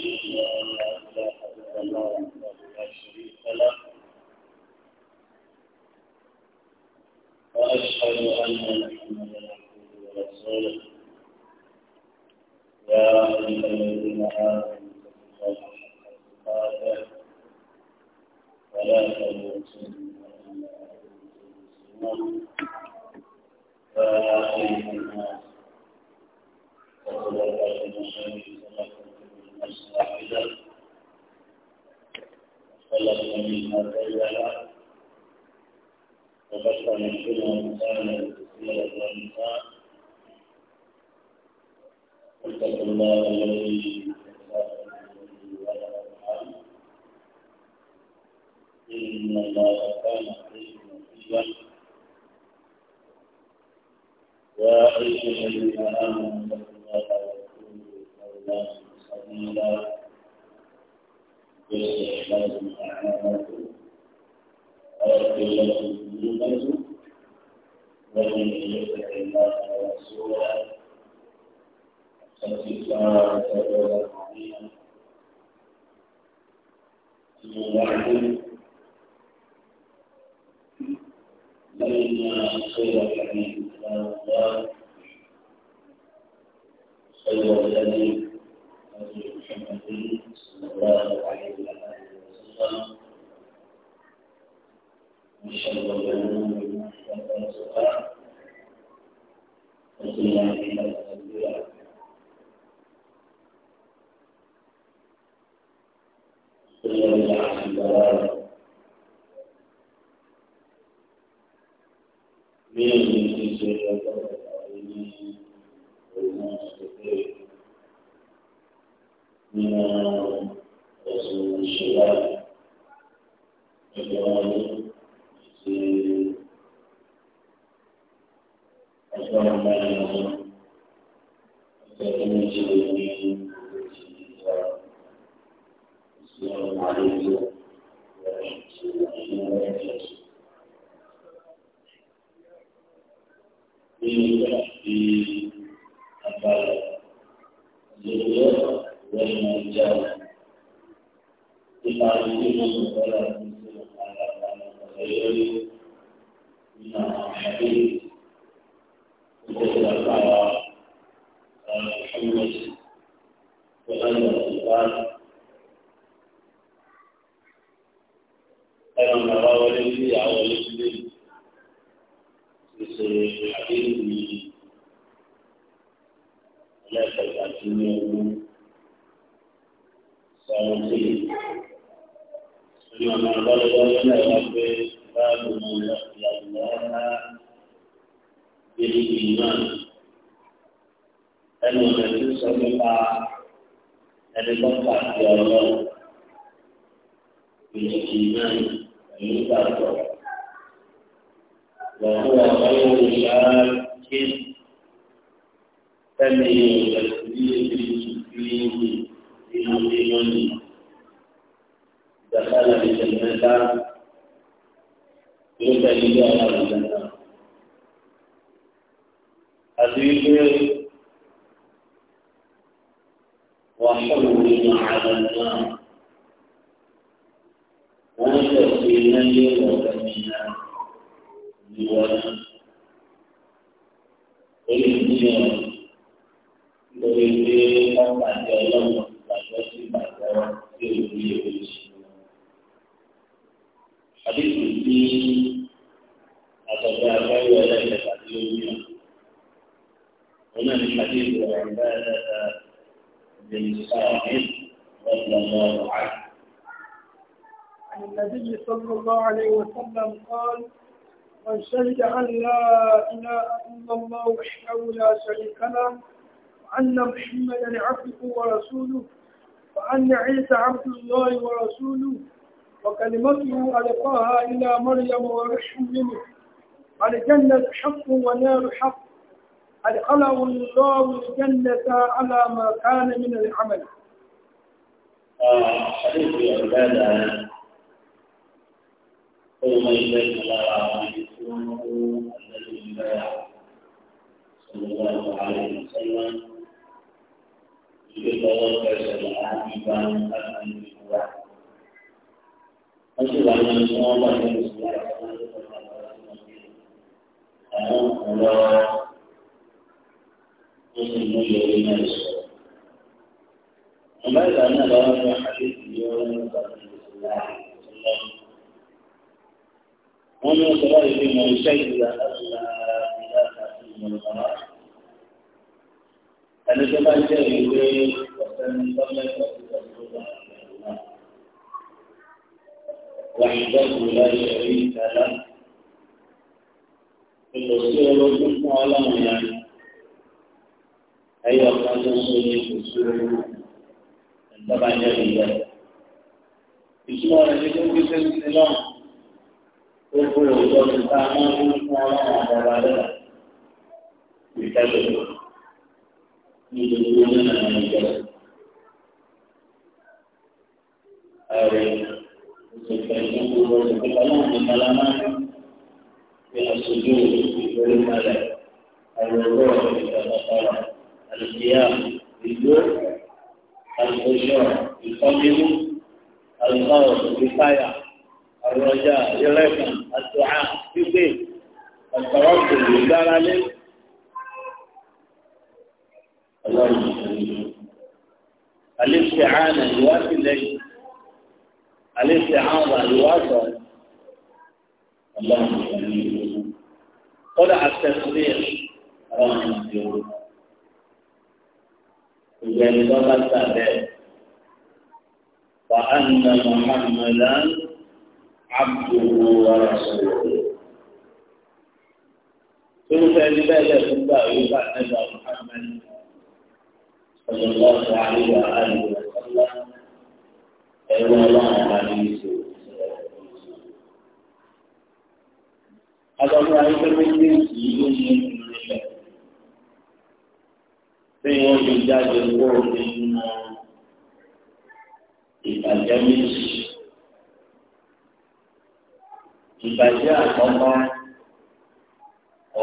Thank you. ṣe ẹgbẹ́ ọ̀rọ̀ ní بالإيمان المتابعة وهو غير شاك فمن وسلم قال من شهد أن لا إله إلا الله وحده لا شريك له وأن محمدا عبده ورسوله وأن عيسى عبد الله ورسوله وكلمته ألقاها إلى مريم ورح منه الجنة حق ونار حق أدخله الله الجنة على ما كان من العمل. آه ويوم إليك لا يعلمونه الذي باع صلى الله عليه وسلم يتوكل العاقبة أمن بالله أشهد أن لا إله إلا الله مسلم يريد الصلاة وماذا أنا لا أعرف حديث يوم الله wọ́n ní ọ̀sẹ̀ láti fi mọ̀ iṣẹ́ ìgbà àtúnṣe ìmọ̀lẹ́kọ̀ọ́. ẹni tó bá jẹ́ ìwé ọ̀sẹ̀ ní gọ́ọ̀mẹ̀ntì ọ̀sẹ̀ tó bá wà. wà á dẹ́kun láyé ẹ̀rí ìtàlá. kò sí ológun fún ọlọ́run yẹn. ẹyọ kan tó ń sọ ní kò sí ológun. ẹ̀ńtọ́ bá jẹ́ ìwé. ìtumọ̀ rẹ̀ ní kó gbé sẹ́sìn náà gbogbo ìwé ọdún tá a máa ń fún ọlọ́run àgbàlá lẹ́la ìtẹ́lẹ̀ ní gbogbo nínú àwọn ìjọ ẹ̀rẹ̀ òṣèlú ní gbogbo òṣèlú ọlọ́run ní malama ní aṣojú ìgbèrè malẹ̀ àwòrán ìtọ́nàfọ́lá àlùfíà ìlú àlùfọ́ṣọ́ ìkọ́mínú àlùfáà ìfáyà. الرجاء يرقى الدعاء في بيت التوكل يدار عليه اللهم الاستعانة يواصل لك الاستعاضة يواصل اللهم امين طلع رحمة الله امين وجاء تعالى وأن محمدا عبده ورسوله ثم لماذا تتبع بعد محمد صلى الله عليه وآله وسلم أيها الله عليه هذا هو أيضا من جنسي في يوم الجاج القرآن إذا جميل ìbàjẹ́ àkọ́kọ́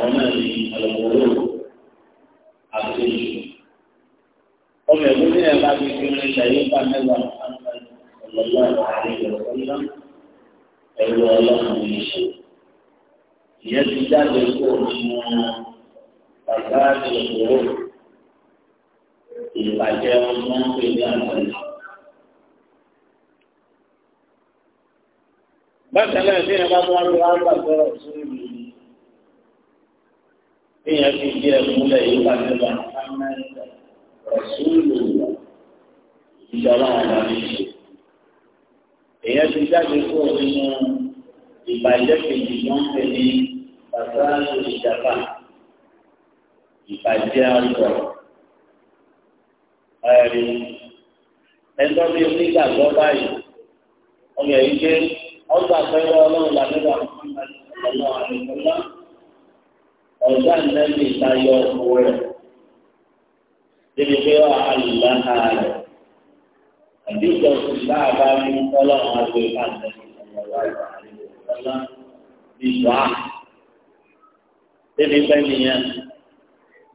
ọ̀nà ní àlùkòrò àti ọmọ ẹ̀kọ́ ní ẹ̀ka fi fi rìn ṣàyé bá mẹ́wàá ọlọ́lá àárín ọ̀sánná ẹ̀rọ ọlọ́run ní ṣe. ìyẹn ti jáde kó nínú bàbá àti ọ̀rọ̀ ìbàjẹ́ ọmọ ń pè ní àgbàdo. bákan náà bí ẹ̀ka tó wá lọ àgbà sọ̀rọ̀ sórí mi bí yẹn fi di ẹ̀kú lẹ̀ yìí wà nígbà amẹ́ta rọ̀súlù wà ìjọba àwọn àmì ṣe èyẹ ti jáde kó nínú ìbàjẹ́ kejì tó ń pè ní pàṣẹ ìjàpá ìbàjẹ́ àgbọ̀ ẹ̀rí ẹ̀tọ́ bí onígbàgbọ́ báyìí ọmọ ẹ̀yìn jẹ́ ọgbà pẹ̀lú ọlọ́run làbẹ́bà ọ̀nà àdìsọ́lá ọ̀gá nẹ́ẹ̀mí ìtayọ ọ̀pọ̀ rẹ̀ débi pé àlùláha rẹ̀ àbí ìjọsìn bá a bá rí ọlọ́run àti ìka nẹ́ẹ̀mí ọ̀nà àdìsọ́lá ìgbà débi pé nìyẹn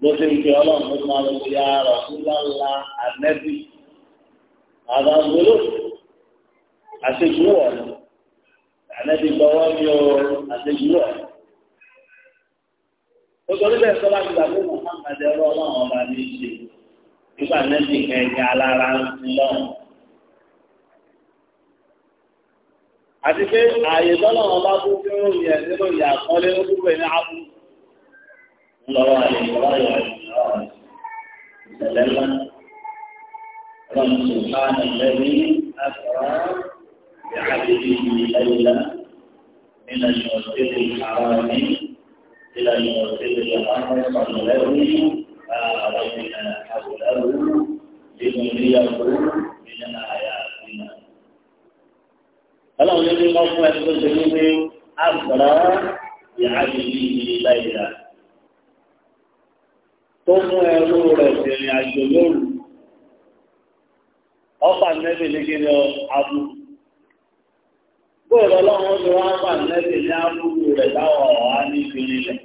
ló ti ń pe ọlọ́run tó máa lọ sí ara ọ̀túnláńlá ànẹ́bí àgbàgbọ́lò àti ìgbówọ̀ ọ̀nà ànábi gbọ́wọ́ mi ò àtẹ̀júwọ̀. Nítorí bẹ́ẹ̀ sọ́lá ti gbàgbé Muhammad ẹ̀rọ ọlọ́run ọba ní í ṣe. Nígbà nẹ́ẹ̀sì kẹ̀kẹ́ alára ń sin lọ́run. Àti pé ààyè tọ́lọ́run ọba tó fi ń ròyìn ẹ̀ nínú ìyá àkọọ́lé ó dúró ní ápù. Ń lọ́wọ́ àlè ìwọ́ ìwọ́ ìwọ́ ìṣẹ̀lẹ̀ ńlá. Ọlọ́run sùn ká ẹ̀lẹ́rìí àtọ̀rọ̀. بعبده ليلا من المسجد الحرام إلى المسجد الأقصى الذي باركنا حوله لنريه من آياتنا. فلو يجب أن يكون أسرى بعبده ليلا tó mú ẹrú rẹ̀ bẹ̀rẹ̀ àjò lóru ọba nẹ́bí ní kíni ọ abúlé bóòlù ọlọ́run ó ti wá pa nẹ́ẹ̀sì ní àbúrò rẹ̀ táwọn ọ̀rọ̀ á ní ìpínlẹ̀ rẹ̀.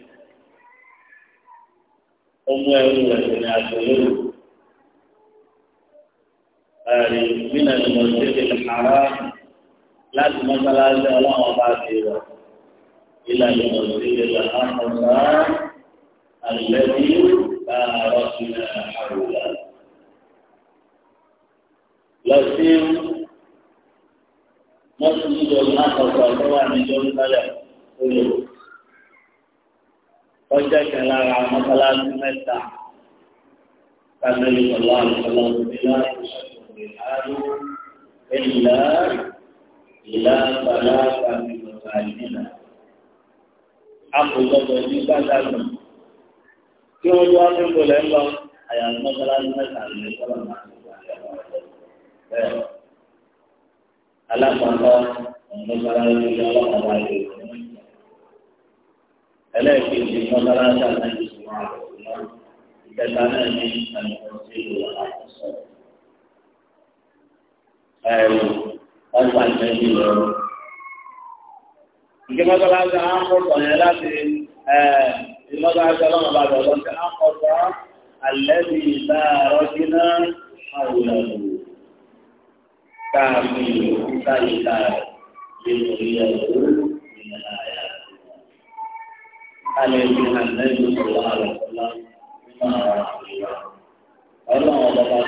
ọmọ ẹrú rẹ̀ kò ní àjọ lóru. ẹ̀rí nínú ìmọ̀ ìdíje àrá láti mọ́sálásí ọlọ́run ọba ti rọ̀. ilà ìmọ̀ ìdíje àkọsá àlẹ́bí àárọ̀ sílẹ̀ àrùlá. lọ sí mọ́sálásí ọ̀pọ̀ tó wà ní Jerusalem ó lò ọjọ́ kan lára mọ́sálásí mẹ́ta kábíyèsí ọ̀la àlùfọ́lá ìlà ìṣàkóso ìlà ìlà bàlá kàmìlọ́ta ìdílà. Àpòjọpọ̀ ní gbàgbà tí wọ́n lọ́wọ́ ní ìgbòlẹ̀ lọ àyàwó mọ́sálásí mẹ́ta lè sọ̀rọ̀ náà. Alákọ̀ọ́kọ́ mọ́sálásí ní ọlọ́kọ̀ọ́ba yìí ẹlẹ́ẹ̀kejì mọ́sálásí àtàkì sùnmọ́ àtọ̀sùnmọ́ ìkẹta náà ní àlùkọ́sí ìlú àkọsọ. ẹ̀rù ọgbà ìgbẹ́jì lọ. ìgbẹ́ mọ́sálásí àwọn akọ̀sọ̀ yẹn láti ìmọ̀sálásí ọlọ́run bá bẹ̀rẹ̀ lọ́sẹ̀ akọ̀sọ̀ alẹ́ bí ìta àrọ́jìnà àwòrán. Táàbí òkúta yìí táàbí. لنريه من الآيات قال يجينا النبي صلى الله عليه وسلم مما رأى الله وضعه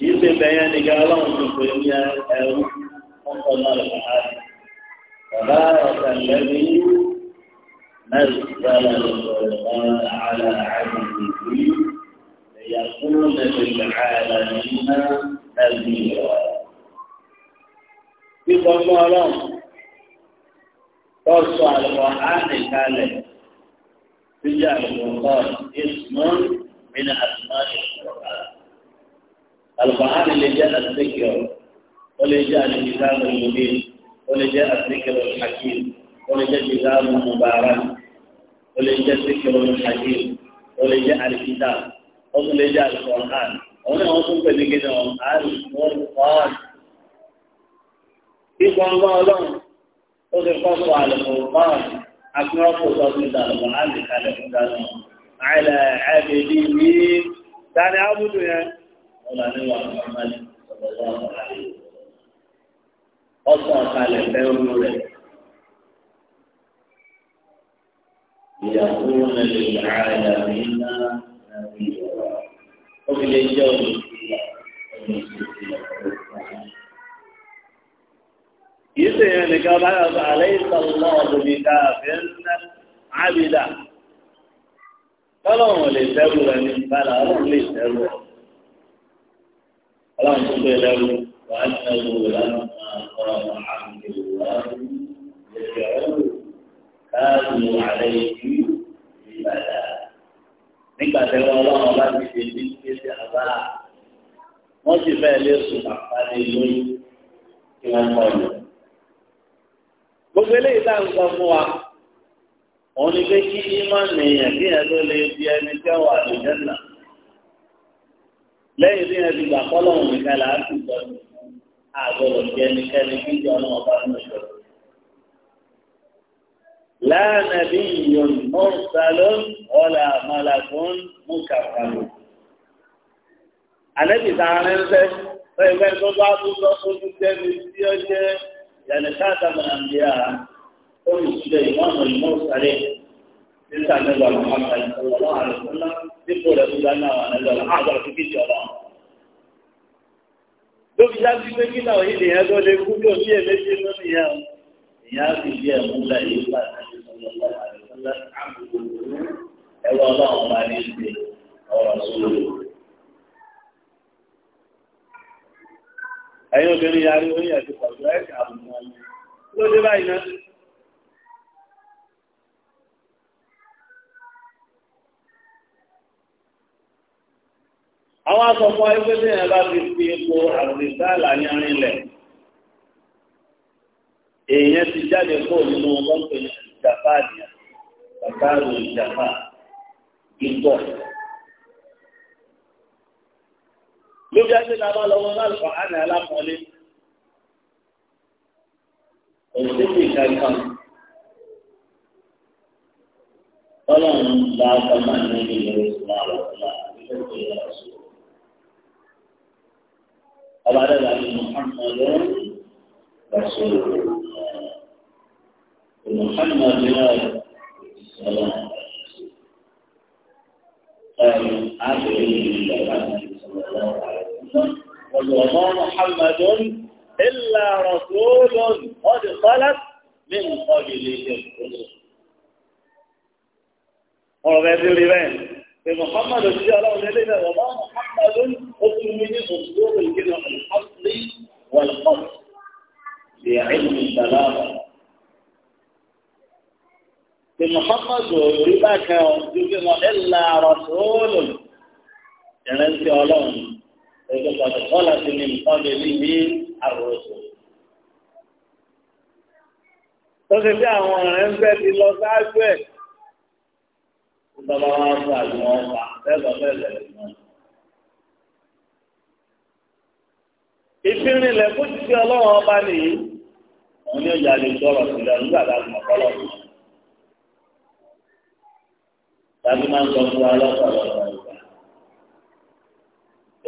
kìí ṣe bẹ̀yẹn nìkan ọlọ́run ti pè ní ẹrú ọkọ̀ náà lọ́wọ́ àti bàbá ọ̀sẹ̀ lẹ́bí náà gbára lọ́wọ́ àlà àìsàn ìlú ìyàkúrò lẹ́bí àlà nínú. ẹ̀mí rẹ̀. Bíbọ̀ mú ọlọ́run lọ́sọ àlùkò ánìkalẹ̀ bíjà àlùkò kọ́ ìsúná mìíràn àtúná ìṣòro ká. Àlùkò ánì lè jẹ́ ó lè jẹ́ ó lè jẹ́ ó lè jẹ́ àwọn náà wọ́n tún pẹ̀lú gẹ́gẹ́ wọn àrùn wọn kọ́ọ̀n. bí gbọ́ngbọ́n ọlọ́run ó ti kọ́ sọ àlùkò kọ́ọ̀n akúrọ́ kò sọ fún ìdàlùkò àmì kalẹ̀ fún dáná. àìlẹ̀ ábùdù yẹn wọn là ní wàhálà rẹ̀. ó fi lè jẹ́ òun yìí sì yẹn nìkan bá yọ sọ àlẹ́ ìsọ̀lọ́ ọ̀dùnmí káàfin ńlá ábìdá tọ́lọ́run lè sẹ́rù rẹ̀ ní ìbára ọlọ́run lè sẹ́rù rẹ̀ ọlọ́run tó gbé lẹ́rù wàá ní ẹrù lánàá ọ̀rọ̀ àmì lè fi ọ̀rọ̀ káàdùn àlẹ́ yìí ìbàdàn nígbà tí wọn wá wọn láti ṣe ní kéde àbá wọn sì fẹ́ẹ́ lé sùn àpárí lórí kí wọ́n kọ́ ọ lọ. gbogbo eléyìí tá à ń sọ fún wa òun ni pé kí ìmọ̀nì èèyàn kí èèyàn tó lè di ẹni tí wọ́n wà lójẹ́ nà lẹ́yìn tí èèyàn ti gbà kọ́lọ̀ òun nìkan là á sì sọ ní àgọ́dọ̀ sí ẹnikẹ́ni kí ìjọ náà bá ń lọ. láàánú ẹbí ìyọ̀nù mọ́ńsálọ́nù ọ̀là mọ̀làkùn mùkàkàlù. Àlẹ́bí ta rẹ́ńsẹ́ fẹ́ẹ́fẹ́ tó bá tó lọ sójú tẹ́mi tí ó jẹ́ yàrá káàtà mọ̀nàmíà tó lù sílẹ̀ ìmọ̀nà ìmọ̀ sàlẹ̀ nígbà nígbà mọ̀nàmíà ìṣòwò àlùfọ́lá dípò rẹ̀ tó dáná àwọn ẹlẹ́wọ̀n àgbà fífi jọba. Lóbi já sí pé kí náà yìí lèyàn tó lè kú tó bí èméjì lónìí yẹn ìyá sì bí ẹ̀mú láyé ẹwọ Ọlọ́run bá ní ìgbé ọ̀rọ̀ sórí. ẹ̀yin obìnrin yarí orí ẹ̀sìn pọ̀jù ẹ̀sìn àbùkù wọn ló dé báyìí náà. àwọn asọ̀fún ayégbé tí yẹn bá fi fi epo àrùnìsáàlà ní arìnlẹ̀ èèyàn ti jáde kó nínú wọn pè ní jàpá àdìyàn bàbá àrùn jàpá ìgbọ̀. lójú ẹgbẹ́ náà bá lọ́wọ́ náà lọ́kọ̀ á nà alámọ̀lé. òṣèlú ìka ìkan. ọlọ́run bá ọkọ̀ máa ní ìlú ìsúná lọ́kọ̀ọ́lá nígbà tó yẹ ọ̀ṣun. ọba dẹ́gbà ní muhammadu rasulullah. muhammadu rasulullah. Um, وما محمد إلا رسول قد خلت من قبله الرسل ọ̀rọ̀ bẹ́ẹ̀ ti rí bẹ́ẹ̀ pé muhammad sí aláwọ̀ lẹ́lẹ́ bẹ́ẹ̀ wọ́n bá muhammad ó tún mú ní òṣùwọ̀n ìgbìmọ̀ alhassan wàlhassan lè tí muhammadu orí bá kan ọ dúpẹ́ mọ́ ẹ̀là rọ̀sọ́ọ̀lù ìrántí ọlọ́run ẹgbẹ́ pàtó kọ́lá sí ni nǹkan lè ní ní àròsọ. lọ́sẹ̀ tí àwọn ọ̀rẹ́ ń fẹ́ ti lọ sáájú ẹ̀ ìjọba wọn fún àjùmọ̀ ọ̀fà lẹ́gbọ̀n bẹ́ẹ̀ lẹ́gbọ̀n. ìfirinlẹ̀ fún ti ọlọ́run ọba nìyí òun ni ó yà lè sọ̀rọ̀ sílẹ̀ nígbà tá a mọ̀ kọ́lọ́run. tàbí máa ń sọ fún wa lọ́pọ̀lọpọ̀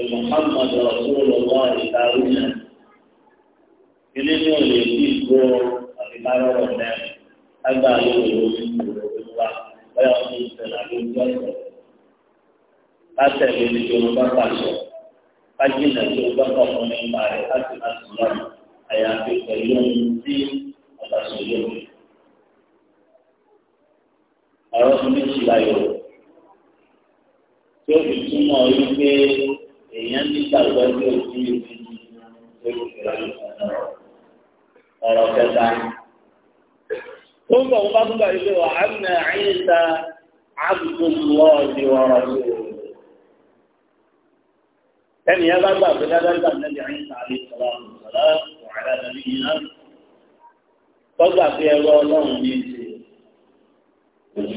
ìgbà. Muhammad Rasulullah Ìtàrúnà ilé ní òlè bí ìgbó àbíkárọ̀rọ̀ náà lágbà lórí lórí ìgbòho tó wá bẹ́ẹ̀ wọ́n ti sẹ̀lá lórí ọ̀sẹ̀. Látẹ̀lé ní Yorùbá pàṣẹ, Fájìnà tí ó gbọ́dọ̀ fún nípa rẹ̀ láti máa sùn lọ́nà àyàfi pẹ̀lú ohun tí ọ̀tà sọ̀rọ̀ yóò fi oṣù méjì láyọ̀ tí ó fi túmọ̀ wípé èèyàn nígbàgbọ́ tí ó ti lè fi ṣe kò fi láyọ̀ sọ̀rọ̀ ọ̀rọ̀ kẹta. ó ń bọ̀ wọ́n bá tún bá yìí pé wà á nà àyíṣà àbùkùnlọ́ ni wọ́n rọ̀ sí o. ẹnì yẹn bá gbà pé dáadáa gbà nẹ́bí àyíṣà àlejò ọ̀rọ̀ ọ̀rọ̀ wàhálà nàbí yìí náà. tọ́gbà pé ẹgbẹ́ ọlọ́run ní ti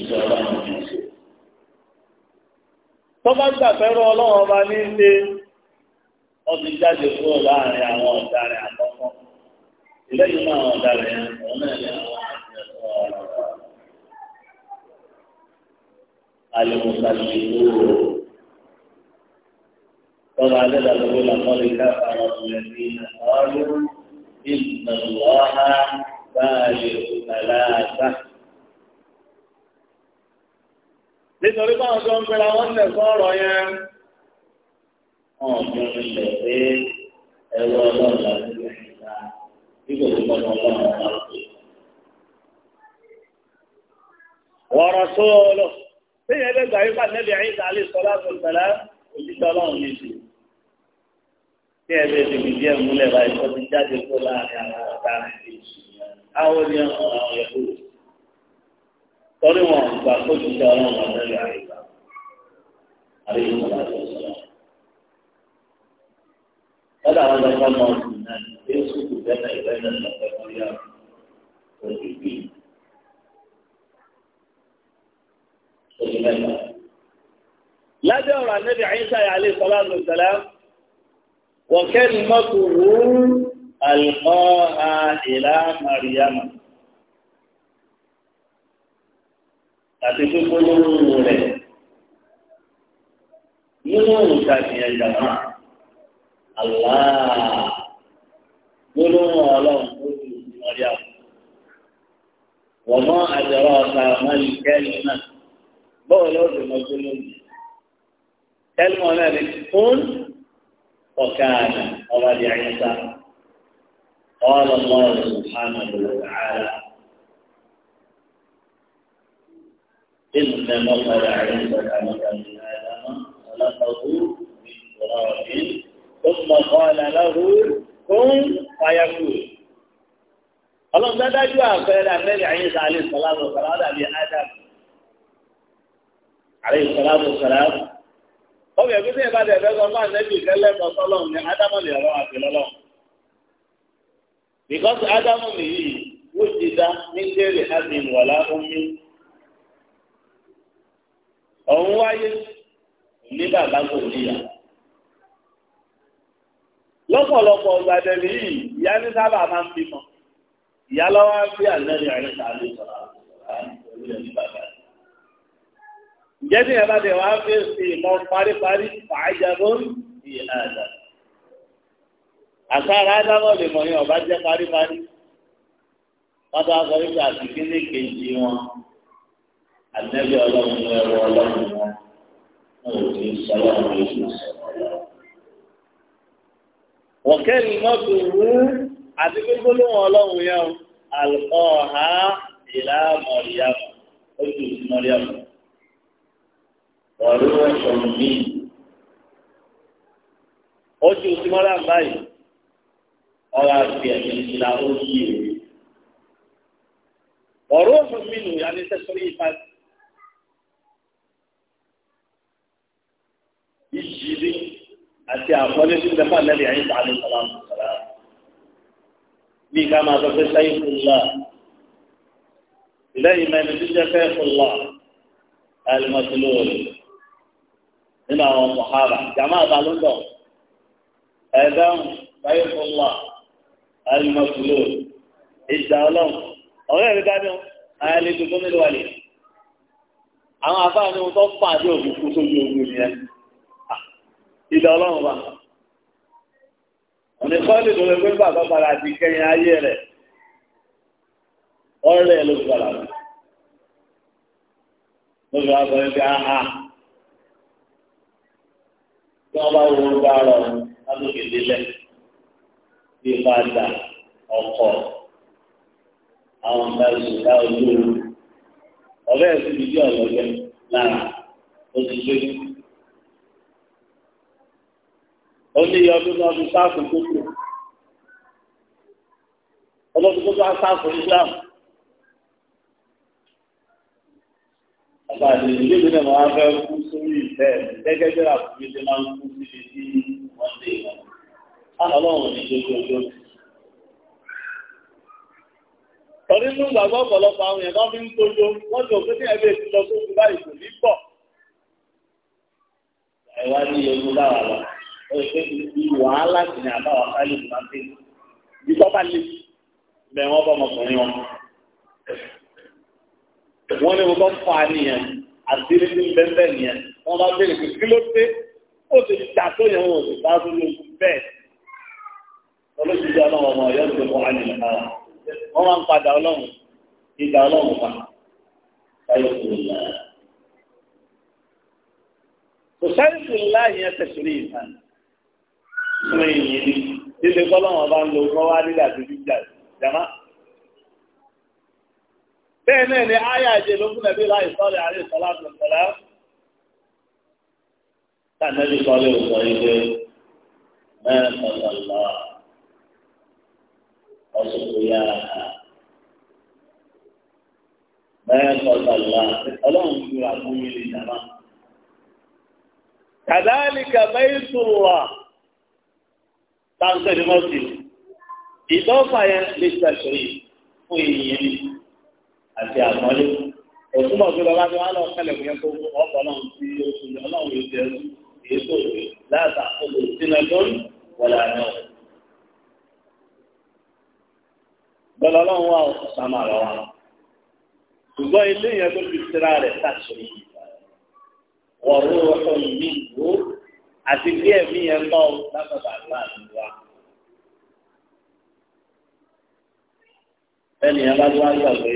òṣìṣẹ́ ọlọ́run ní ṣe. tọ́ba gbàfẹ́rọ ọlọ́run ọba ní ṣe wọ́n ti jáde kúrò láàrin àwọn ọ̀daràn àkọ́kọ́. ìlẹ́yìn náà àwọn ọ̀daràn yẹn òun náà ní àwọn àti ẹ̀sọ́ ọ̀rọ̀ المسلمون طبعا عدد الرجل لقد كفر الذين قالوا إن الله بالغ ثلاثة nítorí báwọn tó ń pera wọn lẹ̀ fún ọ̀rọ̀ yẹn. wọn ò mú ilẹ̀ pé ẹ̀rọ ọlọ́run láti lè ṣèlá nígbà tó kọ́ ọlọ́run láti. wọ́rọ̀ tó lọ sẹ́yìn ẹlẹ́gbàá yìí bá nẹ́bí ayé ta lè sọ láti ọ̀gbẹ̀lá òjijì ọlọ́run ní ti. bí ẹ bẹ́ẹ̀ tèmi díẹ̀ múlẹ̀ báyìí tó ti jáde kó láàrin àwọn ọ̀tá rẹ̀ kejì àwọn ènìyàn ọ̀rọ̀ àwọn ẹ̀kọ́ torí wọn gbà kó jíjẹ ọlọ́run àtẹ́lẹ̀ àríwá àríwá sọlá àti ọ̀sọ̀lá. Lọ́dà àwọn ọ̀dọ́kọ́ mọ ọ̀sùn náà ní sùkùn bẹ́ẹ̀ ìwé náà lọ́pẹ́ lórí àwọn òbí òbí mẹ́ta. Lábẹ́ ọ̀rọ̀ ànábì Àyíṣà yà lè sọlá àti ọ̀sọ̀lá wọ̀kẹ́ ni mọ́tò wú àlùkọ́ ha ìlà Màríyàmà. àti gbogbo lórúurú rẹ̀ nínú òrùka ìyẹn jàmá aláà gbólóhùn ọlọ́run tó ti ìmọ̀lẹ́ àwọn. wọ́n mọ àjọrọ̀ ọ̀sà àmọ́lì kẹ́lí náà bọ́ọ̀ lọ́wọ́ ti mọ gbólóhùn. kẹ́lí mọ́ náà ni fún ọ̀kaàdà ọba di àyíká. قال الله سبحانه وتعالى أن مقعد عيسى كمقعد آدم خلقه من تراب ثم قال له كن فيكون ọlọ́run dájú àpẹẹrẹ àbẹ́rẹ́ àyíṣà àlẹ́sọ̀láàbọ̀ sàlámù àbí ádám àlẹ́sọ̀láàbọ̀ sàlámù. ọbẹ̀ ẹ̀kú sí ìbàdàn ẹ̀fẹ́ sọ fún ànẹ́bí ìfẹ́lẹ́ kọ́sọ́lọ́run ní ádámù lè rọ àpèlọ́lọ́. because ádámù nìyí wọ́n ti dá ní kéré ábìm wọ̀lá omi ọ̀hún wáyé ní bàbá kò níyà. lọ́pọ̀lọpọ̀ ọ̀gbàdẹ̀mí yìí ìyá ní sábà máa ń bímọ ìyá lọ́wọ́ á fi àlẹ́rìí àríṣà lè sọ̀rọ̀ ǹjẹ́ ní ẹ̀bá tẹ̀ wá fi sí ìmọ̀ paríparí fàájàbó ní àdá àkàrà ádámọ̀ lè mọ̀ ní ọ̀bá jẹ́ paríparí wọ́n tó á sọ wípé àtìkí ní kejì wọn àtẹ́bí ọlọ́run ní ẹrù ọlọ́run wọn wọn ò kì í sọlọ́ ọ̀rọ̀ èyí sọ̀rọ̀ ọlọ́run. wọ́n kẹ́rin náà tó wú àti gbogbo lóhùn ọlọ́run yẹn àlùkọ́ ọ̀há ìlà mọ̀ríyàmù ó ju mọ̀ríyàmù. ọ̀rọ̀ ẹ̀sọ̀ mi ó ju mọ̀ríyàmù báyìí ọ̀rọ̀ àti ẹ̀mí ìlà ó yí o. ọ̀rọ̀ mi nù yà ní sẹ́sọ̀rọ̀ ìfàs àti àkọlé tí bẹ́ẹ̀ fún àlẹ́ yẹn sàlẹ̀ sàlámù sàlámù bí ká máa sọ pé sáyé fúnlá ìlẹ́yìn mẹ́rin tí jẹ́ fẹ́ fúnlá alimọ́tìlóòrè nínú àwọn sọ̀hábà jàmá àbálòdọ̀ ẹ̀dán sáyé fúnlá alimọ́tìlóòrè ìjà ọlọ́run ọ̀rẹ́ rẹ̀ dáná ayálégbé gómìnà wàlẹ̀ àwọn afáàní wọn tó fà òkú kú sójú ogun nìyẹn. ìdá ọlọ́run wa òní kọ́ọ̀lì ló lè gbé bàbá padà ti kẹyìn ayé rẹ̀ ọ̀rẹ́ ló padà ló wá sọ pé aha tí wọ́n bá wo orúkọ àárọ̀ bí padà ọkọ̀ àwọn ọ̀gá ó ní ọdún náà fi sáàfù tó ọlọ́dún tó sáàfù Islam àgbàdo ìdílé mi náà máa fẹ́ kú sórí ìfẹ́ gẹ́gẹ́ bí àkùnrin ṣe máa ń kú síbi tí wọ́n dé wọn. Àwọn ọlọ́run ní lójoojúmọ́. Torí inú ìgbàgbọ́ ọ̀pọ̀lọpọ̀ àwọn èèyàn fi ń tójó, wọ́n jọ pé ní ẹgbẹ́ ìtúlọ báyìí kò ní pọ̀. Ẹ̀wá ní ewu lára lọ ẹ̀ṣẹ́ ti di wàhálà sí ní àbáwọ̀ káyọ̀ ní máa ń tẹ̀lé bí tọ́ bá lè bẹ̀ wọ́n bọ́ ọmọkùnrin wọn. wọ́n ní mo bá fa nìyẹn àti rí ní bẹ́ẹ̀ nìyẹn wọ́n bá bẹ̀rẹ̀ pé kí ló dé ó ti dà tó yẹn wọn ò sì bá tó lóògùn bẹ́ẹ̀. olóṣèlú ọlọ́run ọmọ ọ̀yọ́ ti wọ́n á náà wọ́n máa ń padà ọlọ́run ìgbà ọlọ́run pa báyọ̀ kúrò náà. kò sáré kúrò láàyè ẹsẹ̀ sórí ìtàn fún èyí ni níbi kọ́lọ́wọ́n bá ń lo kọ́ wá nígbà tó fi jà jàmá. bẹ́ẹ̀ náà ni ayé àjẹ ló fún ẹbí láì sọ́ọ̀lì àrí ìsọ́lá àtúntàlá. sànẹ́bí sọ́ọ̀lì ò sọ ilé mẹ́ẹ̀ẹ́sọ̀tàn lọ ọ̀ṣùnkù yára mẹ́ẹ̀ẹ́sọ̀tàn lọ ọlọ́run fi àbúrò ilé jàmá. kàdáàlì kàbẹ́yìí sùn wà táǹtẹ̀ ní mọ́sí ìdọ́fà yẹn lè ṣàṣírí fún èèyàn ní àti àmọ́lé òtúmọ̀ tó lọ́wọ́ tó wá lọ kẹlẹ̀ fún yẹn tó ọkọ̀ náà ti oṣù ní ọlọ́run yóò jẹ́ èyí tó rè láàtà olè sínú ẹgbọ́n wọlé àná. bẹ́ẹ̀ lọ́lọ́run wà sàmà lọ́wọ́ ṣùgbọ́n ilé yẹn tó fi síra rẹ̀ ṣàṣírí wọ̀rọ̀ ọ̀hún mi wò ó àti bí ẹ̀mí yẹn lọ lábàbà láàánú wa. Bẹ́ẹ̀ni ẹ bá wá yà wé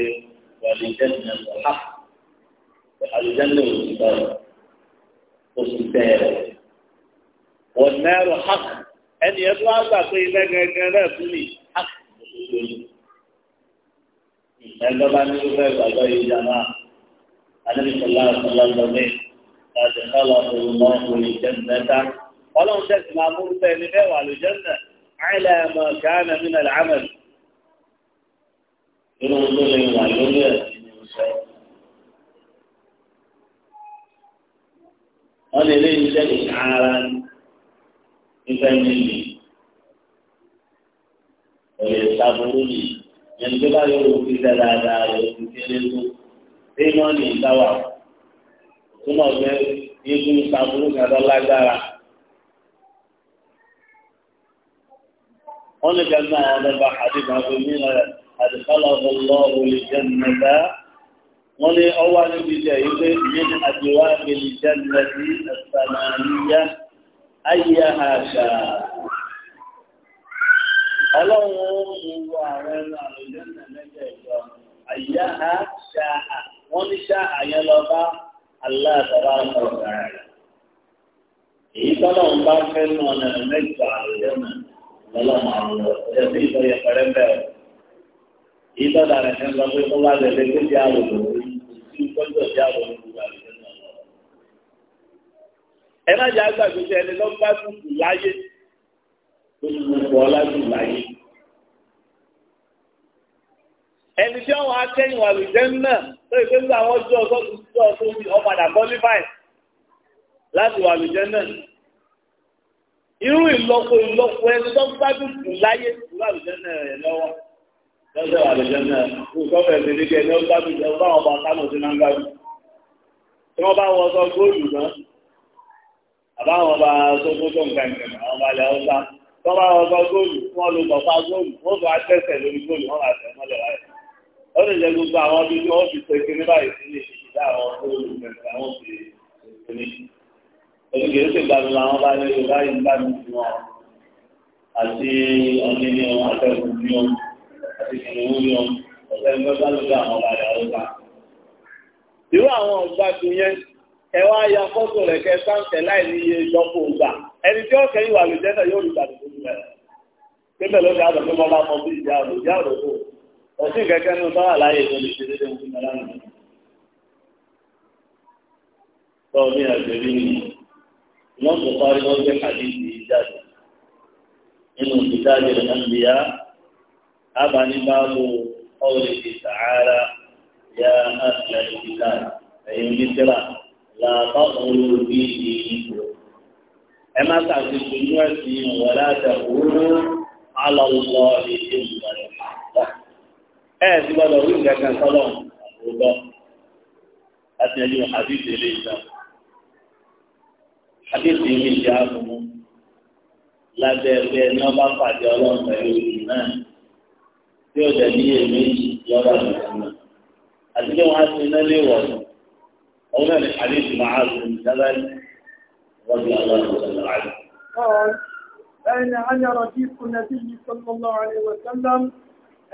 wọlé jẹ́nu ẹ̀ sọ̀rọ̀ á. Àlùjẹ́nu ò sì lọ oṣù bẹ́ẹ̀rẹ̀. Wọ́n mẹ́rù á. Ẹni ẹ tó gbà pé ilé gẹ́gẹ́ rẹ̀ fún mi á kì bá ní ìlú bẹ́ẹ̀ gbàgbọ́ yìí yàrá. Adébísọ̀lá ọ̀sán lọ́dọ̀ bẹ́ẹ̀. أدخله الله الجنة ولو شك مأمور بين على الجنة على ما كان من العمل wọ́n lè lé ìjẹ́ ìṣàrà nípa ẹni lè ọ̀lẹ́ ìṣàbùrù lè yẹn tó bá yọ òkú iṣẹ́ dáadáa rẹ̀ òkú kéré tó pé wọ́n lè dáwà fún tó náà lé eégún ìsàbùrù kan tó lágbára. wọ́n lè jẹ́ náà wọ́n lọ́ba àdìgbà tó ní ọ̀rẹ́ àdìsọ́lá ọ̀lọ́ òlì jẹ́ nẹ́ta. wọ́n lé ọwọ́ níbi jẹ́ yìí pé ní àdìwá ìlì jẹ́ nẹ́tì ẹ̀sánàníyá ayé àṣà. ọlọ́run ń lu àwọn ẹran àlùjẹ́ nẹ́mẹ́jẹ̀ ìjọ àyà àṣà wọ́n ní ṣáà yẹn bá aláàbàbà ọ̀gá rẹ̀. èyí tọ́lọ̀ ń bá fẹ́ nù ọ̀nà mẹ́jọ àlùjọ́nà lọ́lọ́mọ àwọn ọ̀sẹ̀ bí ìtọ́yẹ pẹ̀rẹ́ bẹ́ẹ̀. èyí tọ́lọ̀ rẹ̀ fẹ́ lọ pé kó bá lè lè tó di àwòrán sí kọ́jọ́ di àwòrán gbogbo àlùjọ́nà lọ. ẹ má jẹ́ àgbàgbé tí ẹni lọ́ bá tutù láyé tó ti mú ọ láti láyé. ẹni tí wọ́n á kẹ́yìn wà náà lórí pé nígbà wọn jọ ọsọdún jọ ọsọdún ọpadà qualify láti wà lójẹ náà irú ìlọ́po ìlọ́po ẹni tó ń gbádùn jù láyé wà lójẹ náà rẹ lọ́wọ́ lọ́sẹ̀ wà lójẹ náà kó sọfẹ ẹsẹ ní kẹ ní ó gbádùn jù ẹwọn báwọn ọba kánò sí náà ń gbádùn tí wọn bá wọ ọsọ góòlù náà àbáwọn ọba sókótó nǹkan nǹkan àwọn tọ́ba ọsọ góòlù wọn lò pọ̀pá góòlù wọn sọ àtẹ̀sẹ̀ lórí góòlù wọn àtẹ̀ mọ́lẹ̀ láyé ó lè jẹ gbogbo àwọn bí wọ́n fi ṣe kiri báyìí sí ní ìdá àwọn olùgbẹ̀sẹ̀ àwọn fi ṣe ní. olùgbé ó sì gbàgbọ́ làwọn bá nílò báyìí ń bá mi sí wọn àti ọ̀nì ni wọn àtẹ̀kùn ni wọn àti kìnìún ni wọn ọ̀sẹ̀ ń gbọ́dọ̀ lórí àwọn ọba ìyàwó gbà. irú àwọn ọ̀gbà tó yẹn ẹ wá ya fọ́tò rẹ̀ kẹ sáǹtẹ̀ láì ní iye ìjọpọ̀ ògbà ẹni tí ó kẹ́yìn wà lójẹ́ náà yóò rí ìgbàlódé rẹ̀. pé bẹ́ẹ̀ ló àdàpé wọn bá mọ bí ìyá àdó ìyá àdó tó òsì kẹ̀kẹ́ nu tọ́wà láyé tó lè ṣe dédé ń fún ọlá nù. tọ́wọ́ bí ẹgbẹ́ rí ni wọ́n tó parí wọ́n gbé kàdíìsì jáde nínú ìdájọ́ ìdánilẹ́yà abanibáwo ọ̀rẹ́dì sàárà yá àtìlẹ́ ìdíkà ẹ̀yìn oníṣẹ́ra làbá òru bí ìyìnbó. ẹ má ṣàfihàn inú ẹ̀sìn wọlé àtẹ̀wòrán alọ́lọ́ ìdí ìgbà ẹ ti gbọ́dọ̀ wí nǹkan kan sọlọ ọgbọ láti ẹni àdìsí ilé ìta àdìsí ilé ìta àbùmọ lábẹ́ ẹgbẹ́ ní ọba pàdé Ọlọ́run pẹ̀lú ìlú náà tí ó dẹbi èmi yọba tuntun náà àti pé wọn á ti iná lé wọlé ọwọ́ náà ní àdìsí máa lù ní sábà wọn bí Ọlọ́run sọlọ àdìsí. قال فإن عن رديف النبي صلى الله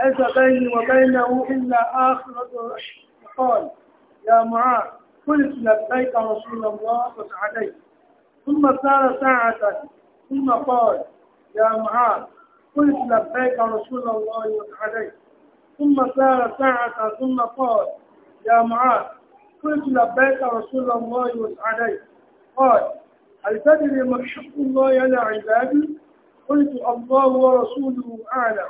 ليس بيني وبينه إلا آخرة قال يا معاذ قلت لبيك رسول الله وسعديك ثم سار ساعة ثم قال يا معاذ قلت لبيك رسول الله وسعديك ثم سار ساعة ثم قال يا معاذ قلت لبيك رسول الله وسعديك قال هل تدري ما حق الله على عبادي قلت الله ورسوله أعلم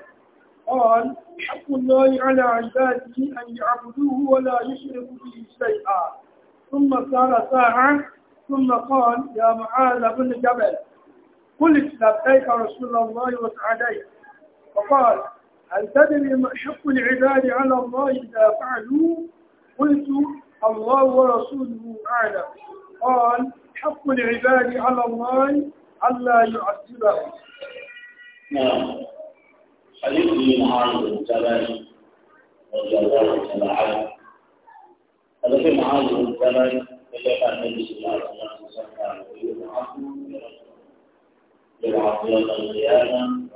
قال حق الله على عباده أن يعبدوه ولا يشركوا به شيئا ثم صار ساعة ثم قال يا معاذ بن جبل قلت لبيك رسول الله وسعديك فقال هل تدري ما حق العباد على الله إذا فعلوا قلت الله ورسوله أعلم قال حق العباد على الله ألا يعذبهم نعم حديث من معاذ بن جبل رضي الله تعالى عنه هذا في معاذ بن جبل كيف النبي صلى الله عليه وسلم صلى ويبعث يبعث يوم القيامة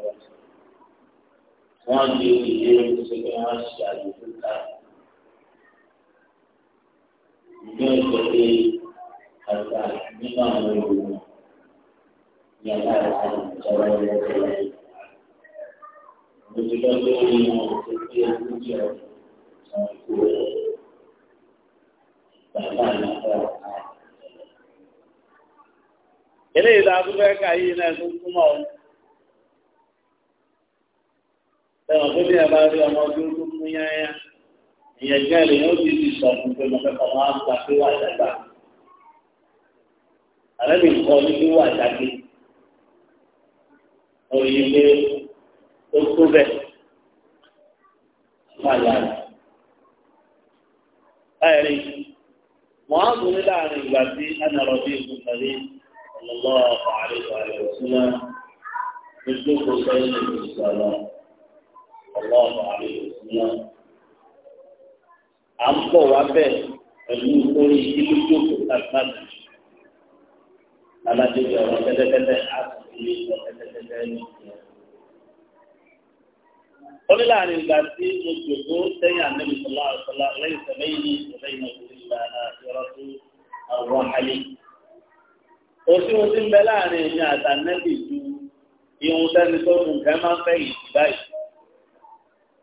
وأن يجيب سكنها الشعب في الأرض يجيب سكنها حتى نقام يوم يا الله òṣìṣẹ́ eléyìí tá tún fẹ́ ka yìí náà tún túmọ̀ ọ́. ẹ̀wọ̀n tó ní ẹ̀ bá rí ọmọ tó tún yáyá ìyẹn jẹ́ ènìyàn ti ti sọ fún pé mo fẹ́ kọ́ máa ń pé wà dàgbà. àlẹ́ mi kọ́ ní pé wà dàgbé. òyìnbó ó tó bẹ́ẹ̀ má yà á ẹ̀rí mọ́àmù ní láàrin ìgbà tí anàròbí ìkùnkàlẹ́ ọ̀lọ́lọ́ àfààrí ààrẹ òsínà gbogbo kò sẹ́yìn ìgbésọ̀lọ́ ọ̀lọ́ àfààrí òsínà à ń bọ̀ wá bẹ́ẹ̀ pẹ̀lú orí ìdílé jókòó tàbí láti alájọjọ ọ̀rọ̀ pẹ́tẹ́pẹ́tẹ́ àti. قل لا عن الباسي مجدون سيئا النبي صلى الله عليه وسلم ليس بيني وبينه إلا آخرة الرحل وسيوسم بلاني إن أتى النبي ìhun sẹ́ni tó mú nǹkan máa ń fẹ́ yìí báyìí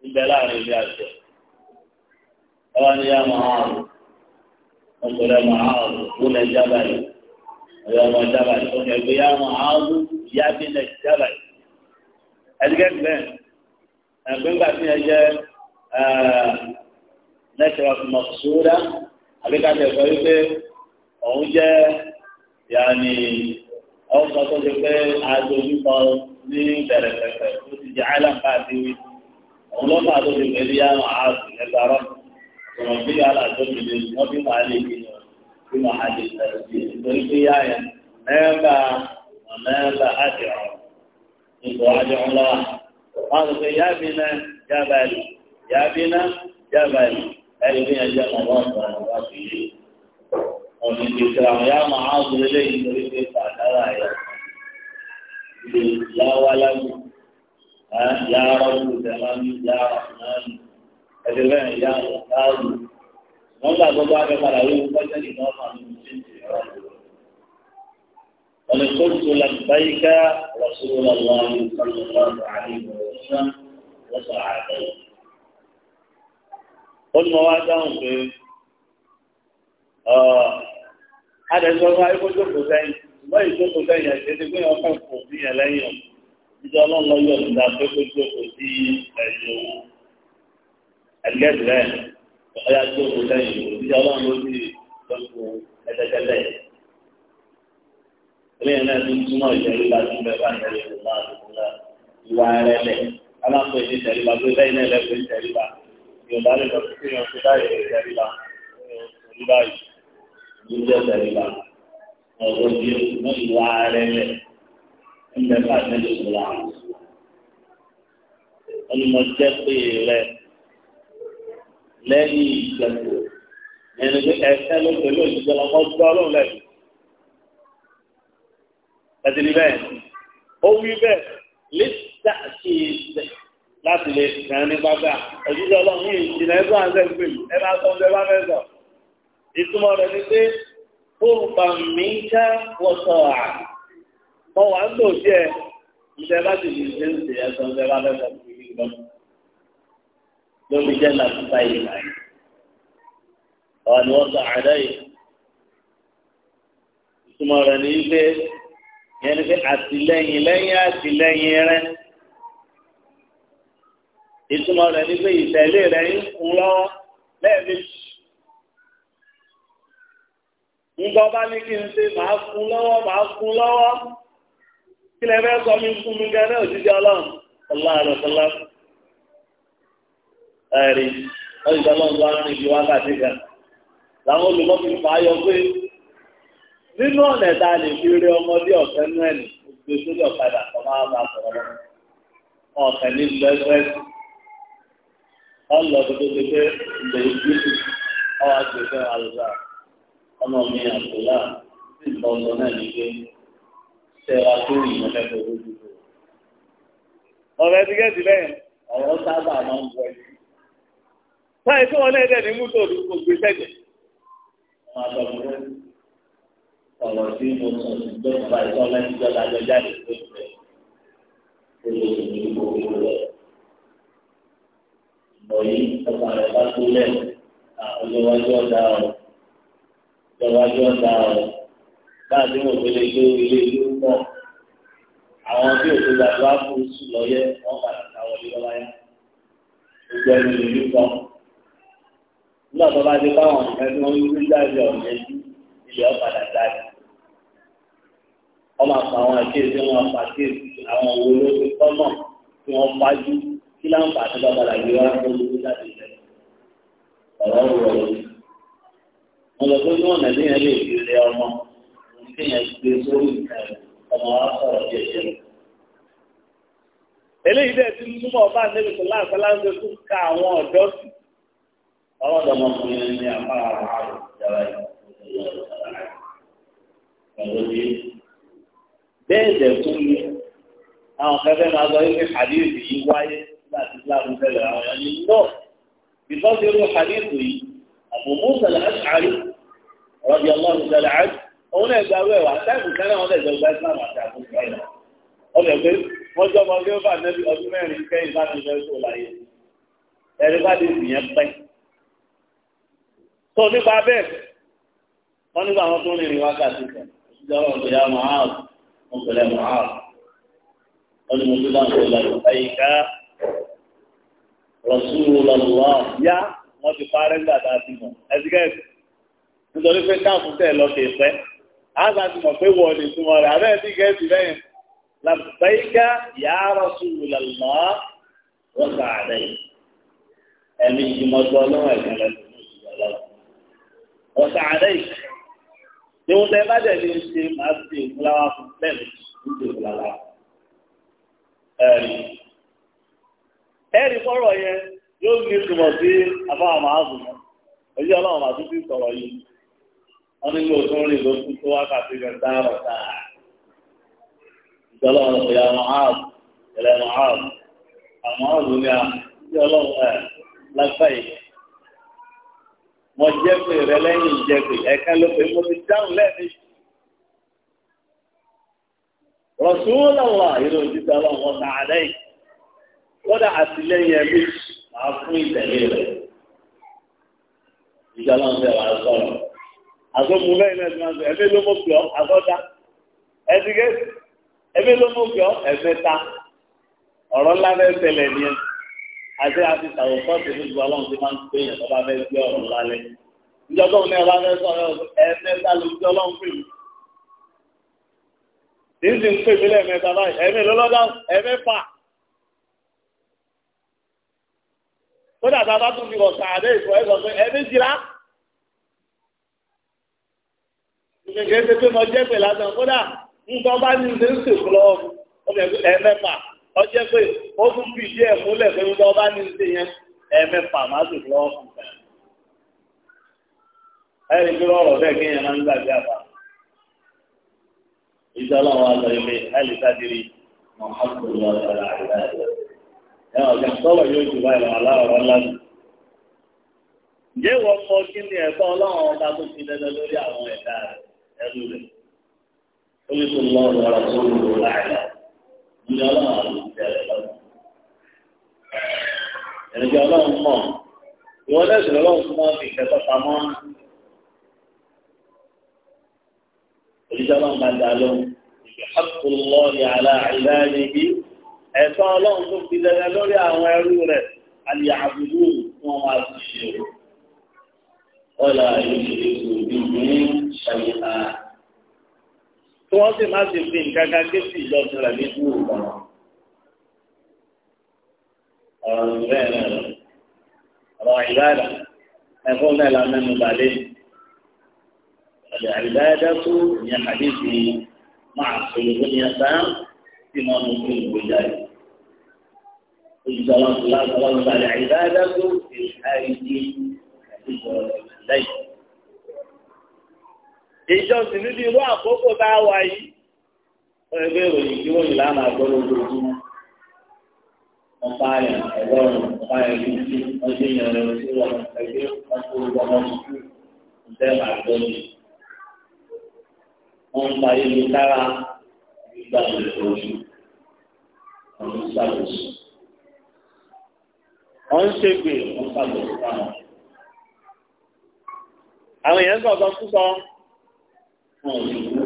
ibẹ̀ láàrin ilé àjẹ. ẹwà ni ya máa àrùn ọ̀gbẹ̀rẹ̀ máa àrùn ó lẹ jábà yìí ọ̀yọ́ ọmọ jábà máa jábà yìí. ẹgbẹ́ngbà tí yẹn jẹ́ nẹ́tìrọ̀f mọ̀súdá àbíkájẹ sọ wípé òun jẹ́ yàní ọkọ̀ tó ti pé adójúkọ ní bẹ̀rẹ̀ tó ti jẹ́ àìlànfà àti wí òun ló fà tó ti pè ní yàrá àti ẹgbàrọ̀ ọ̀rọ̀ bí yàrá tó ti lè wọ́n bí wàá lè bí قالوا يا بنا جبل يا بنا جبل بنا جمع الله ورسوله ومن ذكره يا معاذ إليه تريد يا لا ولم يا رب تمام يا رحمن أجبنا يا رحمن wọ́n gbàgbọ́ bá fẹ́ padà wí wọ́n gbọ́dọ̀ ní wọ́n máa ń ṣe ń ṣe ọ̀rọ̀ wọn ni kó oro won وسلم وسعادته قل مواجههم به هذا الشيء ما يقول جوكو سين ما يجوكو سين يجب أن يكون يوقف فيه لين إذا الله الله يرد أخيكو جوكو سين أيوه الجد لا وحياة جوكو سين إذا الله يرد جوكو أتكلم لأن هذا المسمى يجب أن يكون بأن يكون الله ìwà rẹ̀ lẹ̀ aláǹkó ìdí tẹ̀ríba gbé lẹ́yìn náà lẹ́gbẹ̀ẹ́ tẹ̀ríba yorùbá lè lọ sí kéèyàn ṣe báyìí lè tẹ̀ríba òní báyìí ní jẹ́ tẹ̀ríba ọ̀rọ̀ bí mọ ìwà rẹ̀ lẹ̀ ńbẹ fàtẹ́ lè sọ̀rọ̀ àwọn olùmọ̀jẹ́ pé rẹ̀ lẹ́yìn ìgbẹ́kọ̀ ẹni pé ẹsẹ̀ ló pẹ̀lú òṣìṣẹ́ ọmọ gbọ́ lóun lẹ́yìn. Ẹ̀sìn ni bẹ́ẹ̀, ó wí bẹ́ẹ̀ kí ìṣẹ̀ láti lè sàn ní pápá òjijì ọlọ́run yìí ìjìnlẹ̀ ẹ̀sọ́ àti ẹgbẹ́ mi ẹ bá sọ ọdẹ bá fẹ́ sọ ìtumọ̀ rẹ̀ ni pé fóònùpà mi ń ká wọ́sọ̀ à mọ wà ń lò sí ẹ ìṣẹ̀ bá ti di ṣe ń ṣe ẹ̀sọ́ ọdẹ bá fẹ́ sọ kìí lórí jẹ́ làkúta yìí láyé ọ̀nà wọ́sọ̀ àdá yìí ìtumọ̀ rẹ̀ ni pé yẹn ni pé àtìlẹ́yìn lẹ́yìn àtìlẹ́yìn rẹ̀ ìtumọ̀ rẹ̀ ní pé ìtẹ̀lé rẹ̀ ń kún lọ́wọ́ lẹ́ẹ̀mejì. Nǹkan bá ní kí n ṣe màá kún lọ́wọ́ màá kún lọ́wọ́. Kí lẹ fẹ́ sọ mi fún mi gẹ́gẹ́ òjijì ọlọ́run? Ọlọ́run ọ̀sọ́lá. Ẹ̀rí ọ̀jọ̀ ọlọ́run wá rìn bí wákàtí kan. Làwọn olùkọ́ fi fà á yọ pé nínú ọ̀nà ẹ̀dá lè fi rí ọmọdé ọ̀fẹ́ nú ẹ̀ ní gbèsè ọ̀kadà ọmọ àwọn àtọ̀rọ̀ ọ̀fẹ́ ní ìlú ẹgbẹ́ ẹ̀sìn ọlọ́dún tó ti pé ìgbè ìgbésù ọwọ́ àgbẹ̀fẹ́ àlùfà ọmọ mi àtúlá sì ń bọ́ ọmọ náà ní pé ṣe wá tó ìyẹn lẹ́kọ̀ọ́ lójú tó. ọ̀rẹ́ ti gẹ́sì bẹ́ẹ̀ ọ̀rọ̀ sábà máa ń wọlé. báyìí tí wọ́n náà dẹ̀ ní mútò ní gbogbo ìṣẹ̀jẹ̀. wọ́n á sọ ọ̀rọ̀ tí mo sọ sí gbọ́dọ̀ báyìí tí wọ́n náà ti jọ́ mọ̀yí ọkàn rẹ̀ bá gbólẹ̀ ọjọ́wájú ọ̀dà ọ̀ ọjọ́wájú ọ̀dà ọ̀ láti wọ́n fi lè gbé ilé ìlú pọ̀ àwọn tí òkú gbàgbọ́ àpò sùn lọ́yẹ́ wọ́n padà káwọ́ lé lọ́láyà gbogbo ẹni lè ní pọ̀ nígbà tó bá dé báwọn nǹkan tí wọ́n ń gbé jáde ọ̀nà ẹ̀jú ilé ọ̀padà jáde wọ́n máa pa àwọn àkíyèsí wọn àpàkíyèsí àwọn owó lórí tọ́nà tí wọ́n fájú kí láǹfà àti bàbàrà yìí wá tó lóko láti ilẹ̀ ọ̀rọ̀ rọ̀ lórí. wọ́n lọ pé kí wọ́n nàbí yẹn lè fi lé ọmọ oníkéyàn gbé sórí ìtàn ọmọ wa sọ̀rọ̀ díẹ̀ díẹ̀. eléyìí dẹ̀ ti múmọ̀ ọba níbi tó láǹfà láǹfà tó ka àwọn ọ̀dọ́ sí. ọwọ́ ọ̀dọ́mọkùnrin ni apá àwọn àrùn ìjọba yìí bẹ́ẹ̀ dẹ̀ fún mi àwọn kẹfẹ́ máa sọ wípé àdéhùn yìí wáyé láti láàrú bẹ̀rẹ̀ àwọn ẹni náà bíkọ́sì irú hadithu yìí Abu Musa al-Ash'ari radiyallahu ta'ala anhu òun náà gba wẹ́wà táìpù kẹ́lẹ́ wọn lẹ́jọ́ gba islam àti àkókò ẹ̀yà ọbẹ̀ pé wọ́n jọ ọmọ gẹ́gẹ́ bá nẹ́bí ọdún mẹ́rin kẹ́yìn bá mi fẹ́ tó láyé ẹ̀rí bá dé sì yẹn pẹ́. tó nípa bẹ́ẹ̀ wọ́n nígbà wọn tó rìnrìn wákàtí kan ìjọba ọ̀gbẹ̀yà Mu'adh ọ̀gbẹ̀lẹ̀ Mu'adh wọ́n ni mo ti dáhùn tó lọ Rasulullah yá wọ́n ti parẹ́ nígbà tá a ti mọ̀ ẹ̀sìkẹ́sì nítorí pé káàpù tẹ̀ lọ kì í pẹ́ àgbà ti mọ̀ pé wọ́n lè tún ọ̀rẹ́ abẹ́ ti gẹ̀ẹ́sì bẹ́ẹ̀ làbẹ́yíká yá Rasulullah wọ́n sà àdẹ́ ẹ̀mí ìjùmọ̀tò ọlọ́run ẹ̀gbọ́n lẹ́nu wọ́n sà àdẹ́ yìí tí tẹ́ bá dẹ̀ ṣe máa ṣe ìfúláwá fún bẹ́ẹ̀ lè ṣe ìfúláwá ẹ̀rí fọ́rọ̀ yẹn yóò ní túmọ̀ sí àbáwọn màáfù èyí ọlọ́run sọ̀rọ̀ yìí wọ́n ní yóò rìn lóṣù tó wákàtí rẹ̀ dáàrọ̀ dáa ìjọba ọ̀rọ̀ ìyá ìrẹ̀ àmọ́ ọ̀rọ̀ ni ọlọ́run ẹ̀ rẹ lẹ́yìn ẹ̀ka ló pé mo ti dáhùn ọ̀rọ̀ kódà àtìlẹ́yìn ẹbí máa fún ìtẹ̀lé rẹ̀ ìjọba ń bẹ̀rẹ̀ àsọ̀rọ̀ àsọ̀mù lẹ́yìn náà ti máa sọ ẹbí ló mọ̀ pé ọ àsọ̀dá ẹ̀dígẹ́ ẹbí ló mọ̀ pé ọ ẹ̀fẹ́ ta ọ̀rọ̀ ńlá fẹ́ tẹ̀lẹ̀ ni ẹ àti àti tàwọn sọ́ọ̀tì ní ìgbà ọlọ́run ti máa ń pè yẹn tọ́ba fẹ́ gbé ọ̀rọ̀ ńlá lẹ ìjọba òun náà bá fẹ́ sọ̀rọ̀ ẹ̀ẹ́mẹ́ta ló ń jọ pè mí èyí sì ń pè mí lẹ́ẹ̀mẹ́ta báyìí ẹ̀mí lọ́lọ́dá kódà tá a bá tún fi rọ̀ sàádé ìfọ̀ ẹ̀ sọ pé ẹbí jìrá. ìgbèǹkè ṣe pé mo jẹ́ pé lásán kódà nǹkan bá ní ilé ń sèkú lọ́wọ́ ẹ̀mẹ́fà ọjẹ́ pé ó tún fi ìdí ẹ̀ múlẹ̀ pé nǹkan bá ní ilé yẹn ẹ̀mẹ́fà má sèkú lọ́wọ́ fún mi. ẹ̀rí pé ọ̀rọ̀ bẹ́ẹ̀ kéèyàn máa ń gbàgbé àbá. ìjọba àwọn àgbà ilé ẹ̀lì ẹ ọ̀gá sọ́wọ́ yóò jù báyìí lọ́wọ́ aláwọ̀ lánàá. ǹjẹ́ wọ́n mọ kí ni ẹ̀kọ́ ọlọ́run ọba tó fi dandan lórí àwọn ẹ̀dá ẹrú rẹ̀? ó ní kó lọ́ ọ̀rọ̀ tó ń lò láàyè ní ọlọ́run àti ìṣẹ̀lẹ̀ lọ́wọ́. ẹ̀rẹ̀jẹ̀ ọlọ́run mọ̀ ìwọ́n lẹ́sìn ọlọ́run fún wọn fi ìkẹ́kọ̀ọ́ pamọ́. òṣìṣẹ́ ọlọ́run bá dá lóhùn ìgbà ẹ̀tọ́ ọlọ́run tó fi lẹ́lẹ́ lórí àwọn ẹrú rẹ̀ àlè àbúrò wọn máa ti ṣe o. ọ̀là ìṣèlú òbí ní ṣàyẹ̀ká. kí wọ́n sì má ti fi nǹkan kan ké sí ìjọsìn rẹ̀ ní ìlú ọ̀gbọ̀n. ọ̀rọ̀ ìbẹ́ẹ̀ náà lọ. ọ̀rọ̀ ìbáàdà ẹ̀fọ́ náà la mẹ́nu balẹ̀. ọ̀là ìbáàdà ìyẹn àdéhùn máa sọ̀rọ̀ ní ẹ̀sán tí wọ́n mú fún ìgbéjáde. والسلام الله على عبادة في الحارج ليس ìjọ sì níbi irú àkókò tá a wà yìí ẹgbẹ́ ìròyìn tí wọ́n yìí lánà àgbọ̀rọ̀ ojoojúmọ́ wọ́n pààyàn ẹ̀rọ̀rùn wọ́n pààyàn fífi wọ́n ṣe ìyànjú sí wọn ẹgbẹ́ wọn tó gbọ́ wọn sùkúù ǹjẹ́ àgbọ̀rọ̀ wọ́n ń parí ìlú kára nígbà tó lè tó ojú wọ́n ń sàkóso wọ́n ń ṣègbè wọ́n sàlọ ìpamọ́ àwọn èèyàn sọ ọsọ kúsọ wọn ò ní kú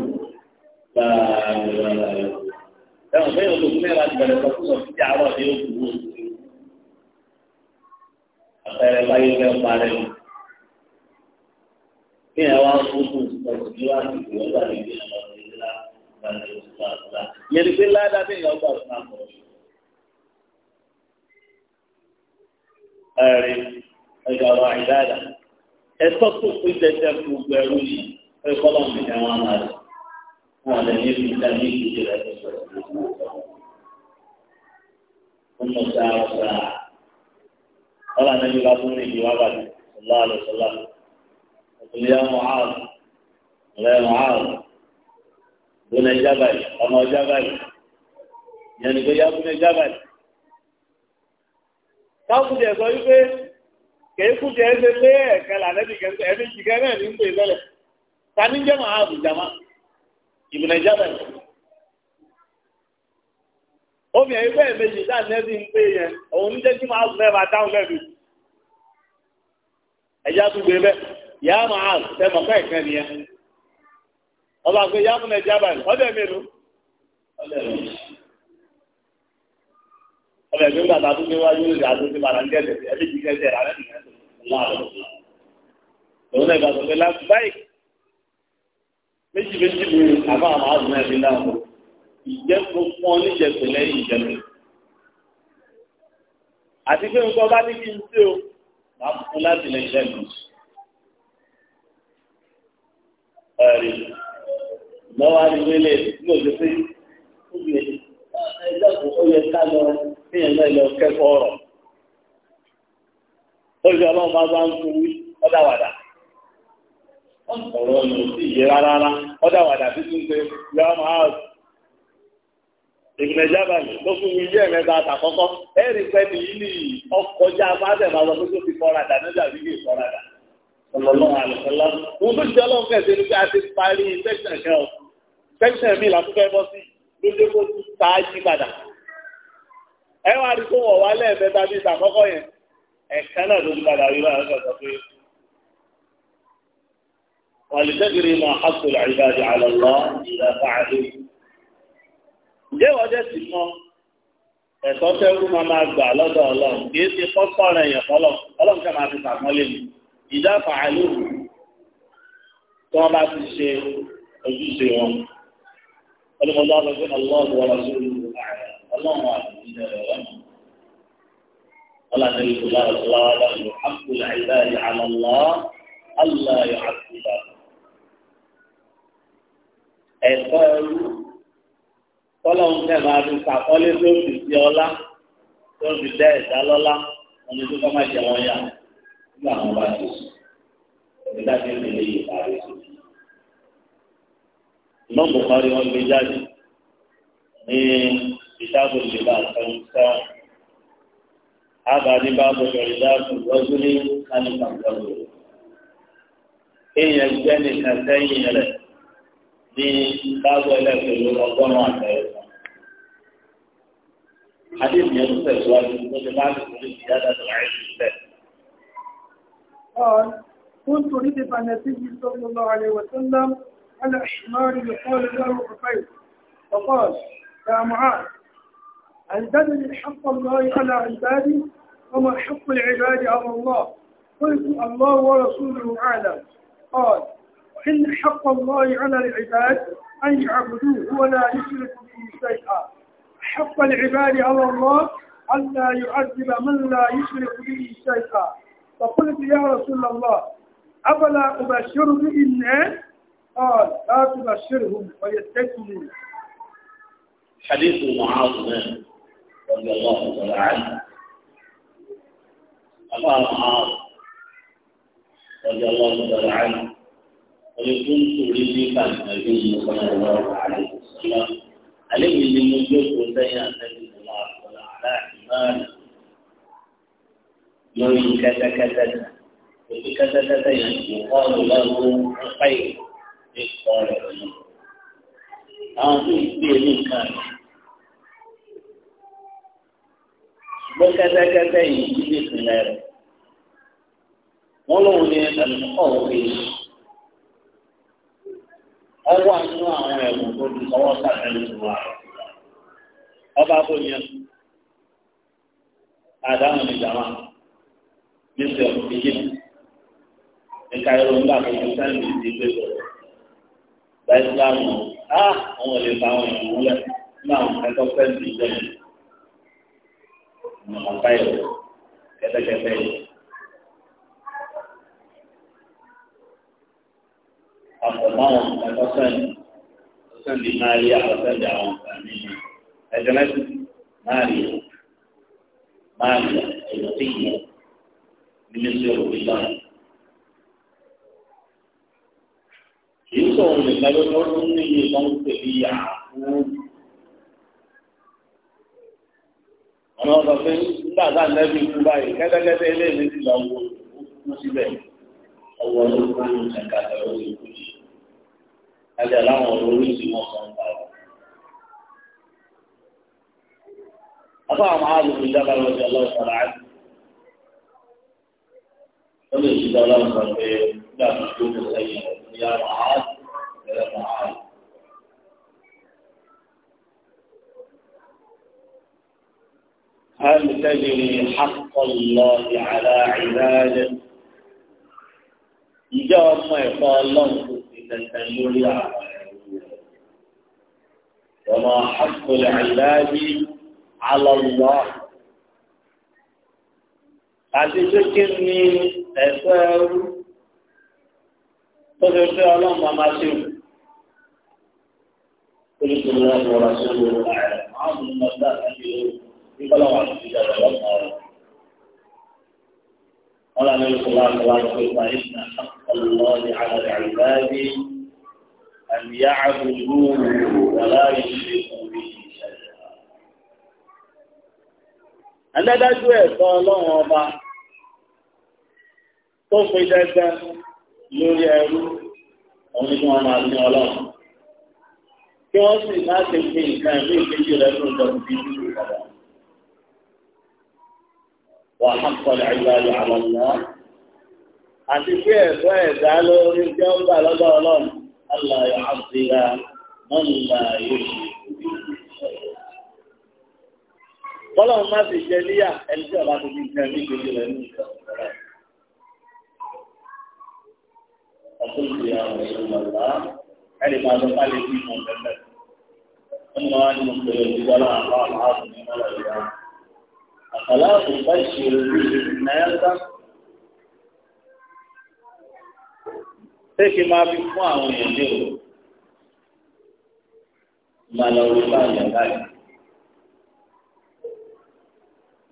láàárín ẹwọn bẹ́ẹ̀ olùkú mẹ́rin láti bẹ̀rẹ̀ sọ kúsọ títí àárọ̀ ní oṣù wo àpẹẹrẹ báyé fẹẹ parẹ́ o kí ẹ wá fúnfún ìtọ́jú ní wàá ti gbìyànjú àti ìgbìyànjú àti ìlera ìgbàlejò ìgbàlejò yẹn ni pé ládàá bí ìyàwó bá fún àpọ̀ ẹ̀rí ẹ̀dá àìdáàdà ẹ̀tọ́ tó gbogbo ẹrú yìí kọ́lá mi ní àwọn wọn lè ní ibi ìta ní tó sọ̀rọ̀ ọmọ sáà sáà ọlá bá wá sọlá káwọn jẹ sọ wípé kẹ̀kú jẹ ẹsẹ pé ẹ̀kẹ́ lànẹ́bí kẹ̀kẹ́ ẹ̀mí jìkẹ́ náà ní pè lẹ́lẹ̀ tani jẹ́ màá bù jàmá ìbùnà ìjábà ẹ̀ omi méjì ń pè yẹn òun ní kí máa dáhùn yà á nìyẹn ọba yà á ọdẹ mélòó ọdẹ mélòó. ọmọ ẹgbẹ́ ńgbà tá a tún lé wájú ìrìn àti oṣù bàrà ń gẹ̀ẹ́dẹ̀ ẹbí ti gẹ̀ẹ́dẹ̀ rà lẹ́nu ìrìn lòun náà ìbàdàn pé láti báyìí méjì méjì ni àbá àwọn àdùn náà fi dáhùn ìjẹ́ gbogbo wọn níjẹ̀kù lẹ́yìn ìjẹ̀kù àti pé nǹkan bá ní kí n ṣe o máa fún láti lè jẹ́kù ẹ̀rí lọ́wọ́ àdìgbélé ní òṣèlú ó yẹ ká lọ èèyàn náà lọ kẹ́kọ̀ọ́ ọ̀rọ̀ lórí ọlọ́run bá bá ń fún wí ọ̀rọ̀ ni sí ìyẹ rárá ọ̀dàwàdà tuntun pé yọọ máa ìgbìmọ̀já báyìí ló fún mi ẹ̀mẹ́ta àtàkọ́kọ́ ọkọjá máa lọ fún fi nígbà tí kì í ọlọ́run àlùfẹ́lá ẹ wá rí fún ọ̀wá lẹ́ẹ̀mẹ́ta bíi ìtàkọ́kọ́ yẹn ẹ̀ka náà ló ti padà rí báyìí lọ́sọ̀ sọ pé wàlìtẹ́gìrì máa hàkùn àìbáyé àlọ́lọ́ ìlà fàáhì. ǹjẹ́ wọ́n jẹ́ sì mọ́ ẹ̀tọ́ tẹ́rú máa máa gbà lọ́dọ̀ ọlọ́run kì í ṣe pọ́pọ́ rẹ̀ yẹn fọlọ́ ọlọ́run kẹ́ máa fi sàmọ́lé mi ìdá fàáhì tí wọ́n bá ti ṣe ojúṣe wọn. ọlọ́run lọ́wọ́ sọ́kùn sí ọlọ́run àtúnṣe rẹ̀ lọ́nà. ọlọ́run ìlú lára lára lọ́nà àkùlà ìbáyé àlọ́lá aláyọ àkùlà. ẹ̀tọ́ ẹrú tọ́lọ́run tẹ̀ máa fi sàkọ́lé tó fi sí ọlá tó fi dẹ́ ẹ̀dá lọ́lá ọ̀nà tó kọ́ máa jẹ wọn yá nígbà wọn bá ti sùn. ìdá ti ń tẹ̀lé yìí parí sí i. ìmọ̀ bùkárí wọn gbé jáde ní. كتاب اللباس فنسى هذا لباب الرداء الرجل خلف الرجل kéèyàn jẹ́ nìkan sẹ́yìn rẹ̀ ní báwo ẹlẹ́gbẹ̀rún ọgọ́rùn-ún àtẹ̀yẹ̀sán. Adéèmí ẹ̀ ń tẹ̀síwájú tó قال كنت ردف عن النبي صلى الله عليه وسلم على حمار يقال له عفيف فقال يا معاذ أن تدل حق الله على عباده وما حق العباد على الله قلت الله ورسوله أعلم قال إن حق الله على العباد أن يعبدوه ولا يشركوا به شيئا حق العباد على الله ان لا يعذب من لا يشرك به شيئا فقلت يا رسول الله أفلا أبشر بالناس قال لا تبشرهم ويتكلمون حديث معاذ رضي الله تعالى عنه أبا معاذ رضي الله تعالى عنه ولكنت رزقا النبي صلى الله عليه وسلم عليه لمجد وسيء النبي صلى الله عليه وسلم على حمار من كذا كذا وبكذا كذا يقال له الخير بالصالح آمين في الله gbé kẹ́tẹ́kẹ́tẹ́ yìí iji ìpínlẹ̀ rẹ̀ wọn lóun ní ọ̀wé ọwọ́ àánú àwọn ẹ̀wọ̀n tó ti sọwọ́ sàtẹ́lẹ̀ tó wà ọba kò yẹn àdáhùn ní jàmá níṣẹ́ ìdíje nǹka ẹ̀rọ ńlá tó ti sẹ́yìn ìdí pé bẹ́ẹ̀ bá ìsìlámù á mọ̀mọ́fá yìí kẹ́tẹ́kẹ́tẹ́ yìí. àpòmáwọn ẹ̀kọ́ sẹ́ni sẹ́ni máa rí àwọ̀sẹ́jà àwọn àmì ẹ̀jẹ̀ mẹ́sì máa rí máa rí ẹ̀yọ́ tí yìí mínísítì òwúrọ̀ náà. kì í sọ̀rọ̀ nìkan ló lọ́dún níye tó ń pè ní àkúrú. àwọn ọ̀sọ̀ pé nígbà tá à ń lẹ́bi ikú báyìí kẹ́tẹ́kẹ́tẹ́ ilé mi ti lọ wo kú síbẹ̀ ọwọ́ ló kó ní ìjàkà lọ́wọ́ ikú yìí ajá láwọn olórí tí wọ́n sọ ń bá wọn. afọ àwọn alùpùpù ìjábá lọ́jọ́ ọlọ́run sọ̀rọ̀ àti lọ́jọ́ ìjábá pé nígbà tó tó sẹ́yìn ìyá màá bẹ̀rẹ̀ màá. هل تجري حق الله على عباده ìjọ ọmọ ẹ̀fọ́ ọlọ́run kò sí tẹ̀tẹ̀ lórí àwọn ẹ̀rù rẹ̀. ọmọ àkùlẹ̀ àìláàbí alọ́lọ́. àti pé kí ni ẹ̀fọ́ ẹrú tó fi pé ọlọ́run máa máa ṣe wù. olùsọ̀rọ̀ ọ̀rọ̀ ṣe wù rẹ̀ àwọn ọmọ ọ̀dọ́ àti ọlọ́wọ́ àti ìjọba lọ́kàn rẹ̀. wọ́n lọ nínú sọlá àtàwọn àti ìgbà yìí nà ọlọ́ọ̀dì àgbàdo àgbàdì àmìyá àbùdù wàlá ìṣe òbí ìṣẹ̀lẹ̀. adádájú ẹ̀tọ́ ọlọ́run ọba tó fi dandan lórí ẹrú òun ni wọ́n máa ní ọlọ́run kí wọ́n sì má ṣe fi nǹkan ìlú ìkejì rẹ̀ lóòjọ́ sí ìlú ìbàdàn. وحق العباد على الله أتكيه فيه قالوا رجال قال دولهم ألا يعصي من لا يشرك Ọlọ́run má ti ṣe níyà ẹni tí ọba ti fi jẹ ní ìgbésí rẹ̀ ní ìjọba. Ọ̀tún ti àwọn ìṣòwò ẹni máa lọ bá lè ìmọ̀ bẹ́ẹ̀ bẹ́ẹ̀. ní wọ́n á ní mo pèrè ìdíjọ́ náà àwọn àwọn àwọn àwọn ìmọ̀lẹ̀ ìyá. أفلا تبشر الناس Ṣéṣe máa fi fún àwọn èèyàn ní òru. Màá lọ rí bá àyàn báyìí.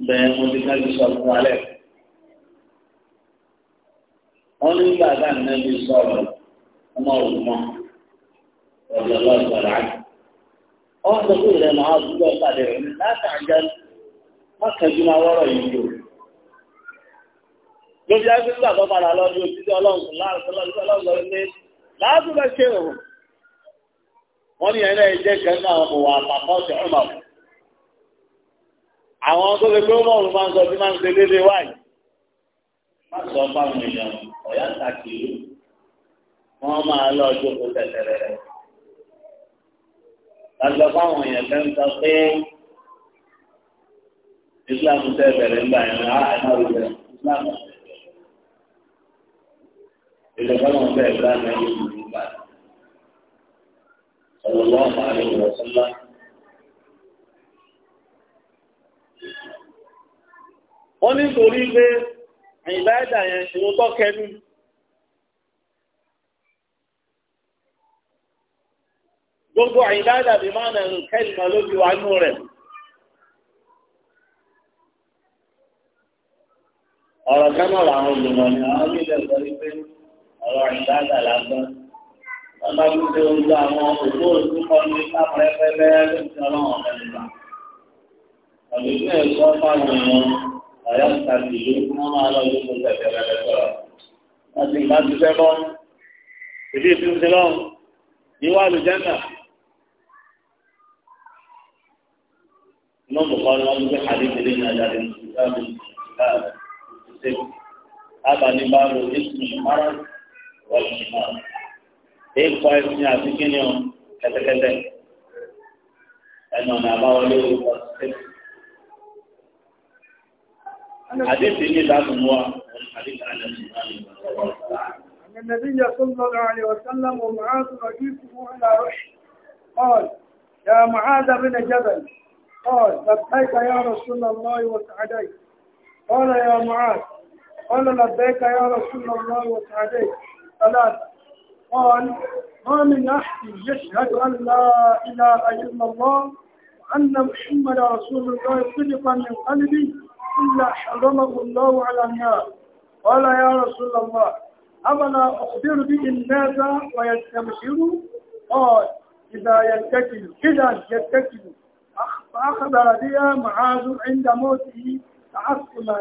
Bẹ́ẹ̀ mo ti dájú sọ fún alẹ́. Wọ́n ní bàbá mi náà ti sọ̀rọ̀ ọmọ ògùnmọ́ ọ̀dọ̀ lọ́sọ̀rọ̀ mọ́kànjú máa wọ́rọ̀ yìí yòó. lóbi ẹgbẹ́ nígbà tó padà lọ ní òtítọ́ ọlọ́run láàrín láàbùbà ṣe rò wọ́n ní ẹ̀rẹ́ ìjẹ́ kẹ́ńtà àwọn ọmọ àpapọ̀ ọ̀sẹ̀ ọmọ àwọn tó lè gbé mọ́ọ̀rùn máa ń sọ sí máa ń ṣe déédéé wáyé má sọ fáwọn èèyàn ọ̀yá ṣàkìlú wọ́n máa lọ jókòó tẹ̀tẹ̀rẹ̀ rẹ̀ lájọ islam tẹ bẹ̀rẹ̀ ńgbà yẹn á ẹ má wù bẹ islam ìlú kọlọn bẹ islam yẹn yóò wù na ọlọlọ àmàlẹ wọ́n ní torí pé ìbáyàdà yẹn gbogbo ìbáyàdà bí máa nà ń kẹ́ ìmọ̀ lójú àánú rẹ̀. ọ̀rọ̀ kánà làwọn olùmọ̀ ni àwọn mílíọ̀nù sọ wípé ọ̀rọ̀ ìdáàdà lásán wọn bá tún ṣe ojú àwọn òkú òkú kan ní sáfẹ́ pẹ́pẹ́ lóṣù ọlọ́run ọ̀fẹ́ nígbà ọ̀dùn ní ẹ̀kọ́ fáwọn èèyàn ọ̀yọ́ tàbí ìlú kí wọ́n máa lọ sí fún tẹ̀tẹ̀ rẹ̀ sọ̀rọ̀ wọ́n ti bá ti fẹ́ bọ́ ìdí ìfúnṣe lọ́hùn ìwà àlùjẹ́nà inú bùkọ́ ni wọ́n ti gbé àdéhùn ilé ìrìnàjò àdéhùn ìgbà six abàní bá lo ìsìn mara wọlé ìmọ̀ eight five ní àti kíni o kẹtẹkẹtẹ ẹnu ọ̀nà àbáwọlé o six. حديث اللي بعده هو حديث عن أن النبي صلى الله عليه وسلم ومعاذ رجيفه على رشد قال يا معاذ بن جبل قال لبيك يا رسول الله وسعديك قال يا معاذ قال لبيك يا رسول الله وسعديك ثلاثة قال ما من أحد يشهد أن لا إله إلا الله وأن محمد رسول الله صدقا من قلبي إلا حرمه الله على النار قال يا رسول الله أولا أخبر به الناس ويستبشروا قال إذا يتكل إذا يتكل أخذ بها معاذ عند موته تعصما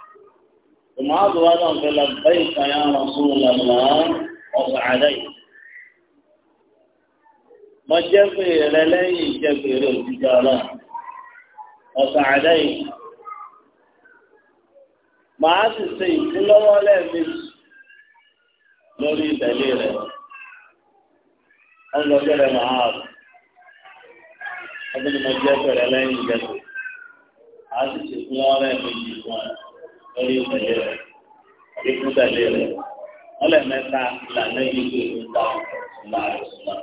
معاذ وادم في لبيك يا رسول الله وسعديك mo jẹ́ pé rẹ lẹ́yìn ìjẹ́pẹ̀rẹ̀ òjijì ọlọ́run ọ̀sán àdáyé màá sì ṣe ìdílọ́wọ́ lẹ́ẹ̀mejì lórí ìtẹ̀lé rẹ̀ ọlọ́jọ́ rẹ̀ màá rò ọdún mo jẹ́ pé rẹ lẹ́yìn ìjẹ́pẹ̀rẹ̀ màá sì ṣe ìdílọ́wọ́ lẹ́ẹ̀mejì fún ọ lórí ìtẹ̀lé rẹ̀ àbí fún tẹ̀lé rẹ̀ wọ́n lè mẹ́ta ìlànà yìí tó ń ta ọ̀sùnmá ọ̀sùnmá.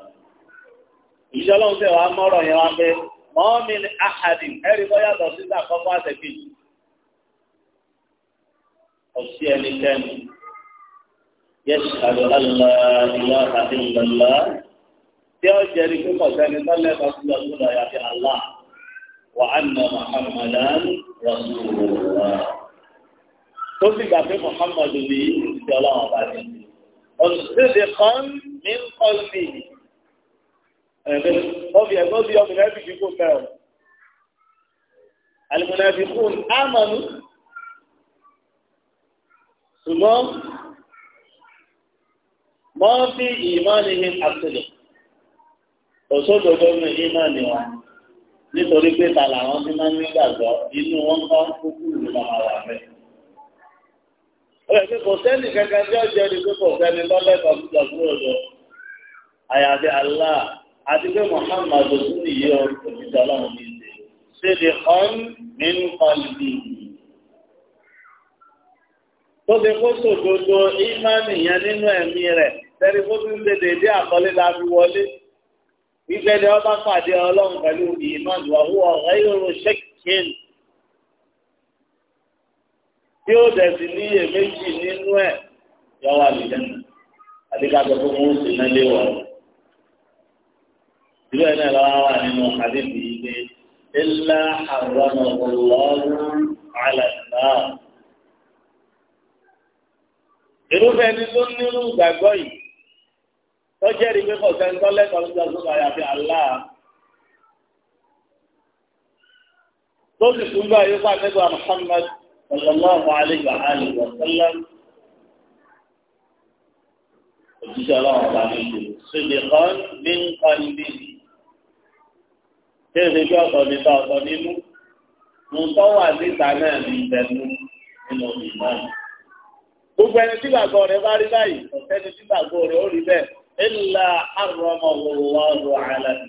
ìṣọlọ́run tẹ̀ wá mọ́rọ̀ yẹn wá pé mọ́ọ́mí ni ahadin ẹ̀rí bọ́ yàtọ̀ síta kọ́kọ́ àtẹ̀kì. ọ̀sí ẹnikẹ́ni yẹ́sàdọ̀ alá ìlà àti ìlàlá tí ó jẹ́rìí pé kọ̀sẹ́ni tọ́lẹ̀ kan sí ọdún lọ́yà àti àlá wà á nà Muhammadan rasulullah tó sì gbà pé muhammadu bí ìṣẹ́ ọlọ́run ọba ni ọ̀sídẹ̀ kan ní kọ́sì ọbì ẹ̀gbọ́n bí ọmọ ẹ̀bí fi kó fẹ́ràn alimọ̀nà ẹ̀bí fún amọ̀nù ṣùgbọ́n mọ́ fi ìmánìhìn àtìlẹ̀ òṣòdodo ní ìmánì wọn nítorí pé ta làwọn ti máa ń nígbàgbọ́ inú wọn bá kúkú ìlú màmá wà bẹ́ẹ̀. ẹ̀sìn kò sẹ́ni kankan tí ó jẹ́ ní pé kò sẹ́ni lọ́lẹ́kọ̀ọ́ tó fún òdo àyàfi Allah àti Muhammadu tún nìyí òṣìṣẹ́ ọlọ́run ní ìṣe ṣèdè kan nínú kọ́lìbì tó ti kó sòdodo ìmánì yẹn nínú ẹ̀mí rẹ̀ tẹ́lẹ̀ kó tún ṣe dédé àkọlé la fi wọlé ìgbẹ́ni ọba pàdé ọlọ́run pẹ̀lú ìmánì wà tí ó dẹ̀ sí ní iyèméjì nínú ẹ̀ yọ wà nìyẹn àdìgbàgbọ́ tó mú sí náà lé wọ̀ ìlú ẹ̀ náà lọ́wọ́ wà nínú àdébì ilé ilá àwọn ọ̀rọ̀lọ́rùn àlàdà. irúfẹ́ ẹni tó nírú ìgbàgbọ́ yìí tó jẹ́rìí pé kò sẹ́ńtọ́ lẹ́tọ̀ọ́ lọ́jọ́ sọ́kà àyàfi Allah. tó sì tún bá yóò fà nígbà Muhammad. صلى الله عليه وآله وسلم وجزا الله عليه صدقا من قلبه kéde bí ọ̀tọ̀ ní bá ọ̀tọ̀ nínú mo tọ́ wà níta náà ní ìtẹ̀nu nínú omi náà. gbogbo ẹni tí gbàgbọ́ rẹ̀ bá rí báyìí ọ̀tẹ́ni tí gbàgbọ́ rẹ̀ ó rí bẹ́ẹ̀ ẹ̀la àrọ̀mọ̀ wọ̀wọ̀ ọ̀rọ̀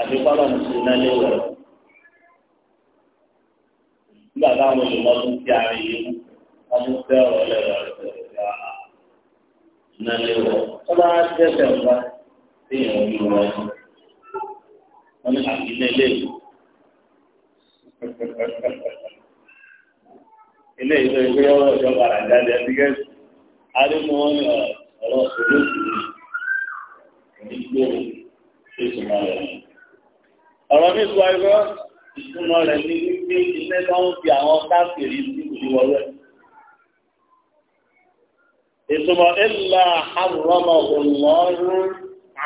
àti kọ́lọ̀ mùsùlùmí náà lè wọ̀rọ̀ nígbà táwọn olùkọ́ tó ń ti àárín yìí wọ́n tún fẹ́ ọ̀rọ̀ lẹ́rọ̀ ẹ̀sẹ̀ ìgbà iná léwọ̀ tó bá dẹ́sẹ̀ wá sí ìwọ̀n ojú wọn wọ́n ní àbílẹ̀ léwu. ilé ìlú ìgbé ọ̀rọ̀ ìjọba àjáde ẹbí gẹ̀ẹ́sì adémọ́wọ́n ní ọ̀rọ̀ olóṣù ní ìṣúná rẹ̀. ọ̀rọ̀ ní ìtura ìgbọ́ ìtumọ̀ rẹ̀ ní wípé iṣẹ́ tó ń fi àwọn káfíìrì sí ìwọlẹ̀. ìtumọ̀ ìlà àrùrọ̀mọ̀ òmùọ́rù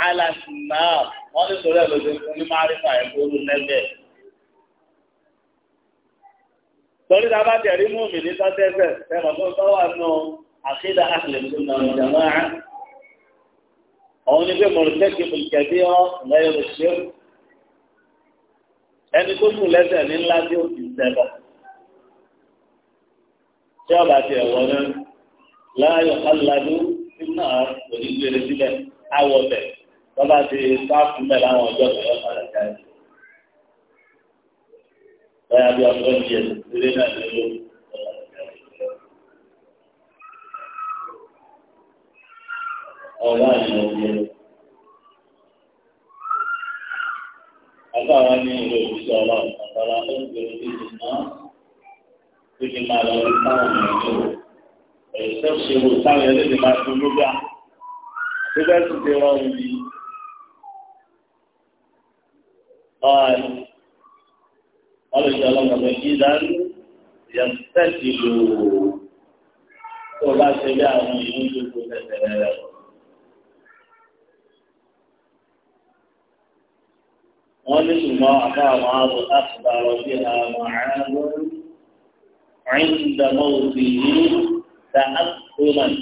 alàṣìmá wọ́n ní sọ̀rọ̀ ẹ̀ lóde fún ní márífà ẹ̀kọ́ ọdún lẹ́gbẹ̀ẹ́. torí ta bá tẹ̀rí mú mi ní sọ́tẹ́sẹ̀ tẹ̀mọ̀ tó sọ́wọ́ nù àkídà àtìlẹ́sùn náà jàmáà. òun ni pé mọ̀lùtẹ́kì mùkẹ́bí ọ̀ lẹ́yìn òṣèlú ẹni tó kù lẹ́sẹ̀ ní ńlá tí ó ti sẹ́bọ̀ tí ọba ti ẹ̀wọ̀ náà láàyò aládú nínú àwọn onígbèrè sílẹ̀ àwọ̀ bẹ̀ tọ́ba ti sáfù mẹ́ láwọn ọjọ́ ìyọ́ padà jáde. bẹ́ẹ̀ a bí ọgbọ́n di ẹ̀sìn náà ní ìlú. ọ̀rọ̀ àyẹ̀wò yẹn. àlùfáà wa ní ìlú òṣìṣẹ́ ọlọ́run àtàrà ó ń gbèrò sí ìlú náà tó ti máa lọ rí táwọn ẹ̀jọ́ ẹ̀sọ́ ṣe wo táwọn ẹlẹ́dẹ̀ máa tún lóga tó bẹ́ẹ̀ tún ti rọrùn bí. ọlọ́ṣẹ́ ọlọ́run ọ̀gbẹ́ ìdánù yẹn tẹ̀sí lò ó tó bá ṣe bí àwọn ìlú tó kó tẹ̀sẹ̀ rẹ̀ rẹ̀ wọ́n ní ṣùgbọ́n àbá àwọn àbò àtúbà ọdí àwọn àárọ̀ ìdàmọ́ òbí yìí ta àtúbọ̀n.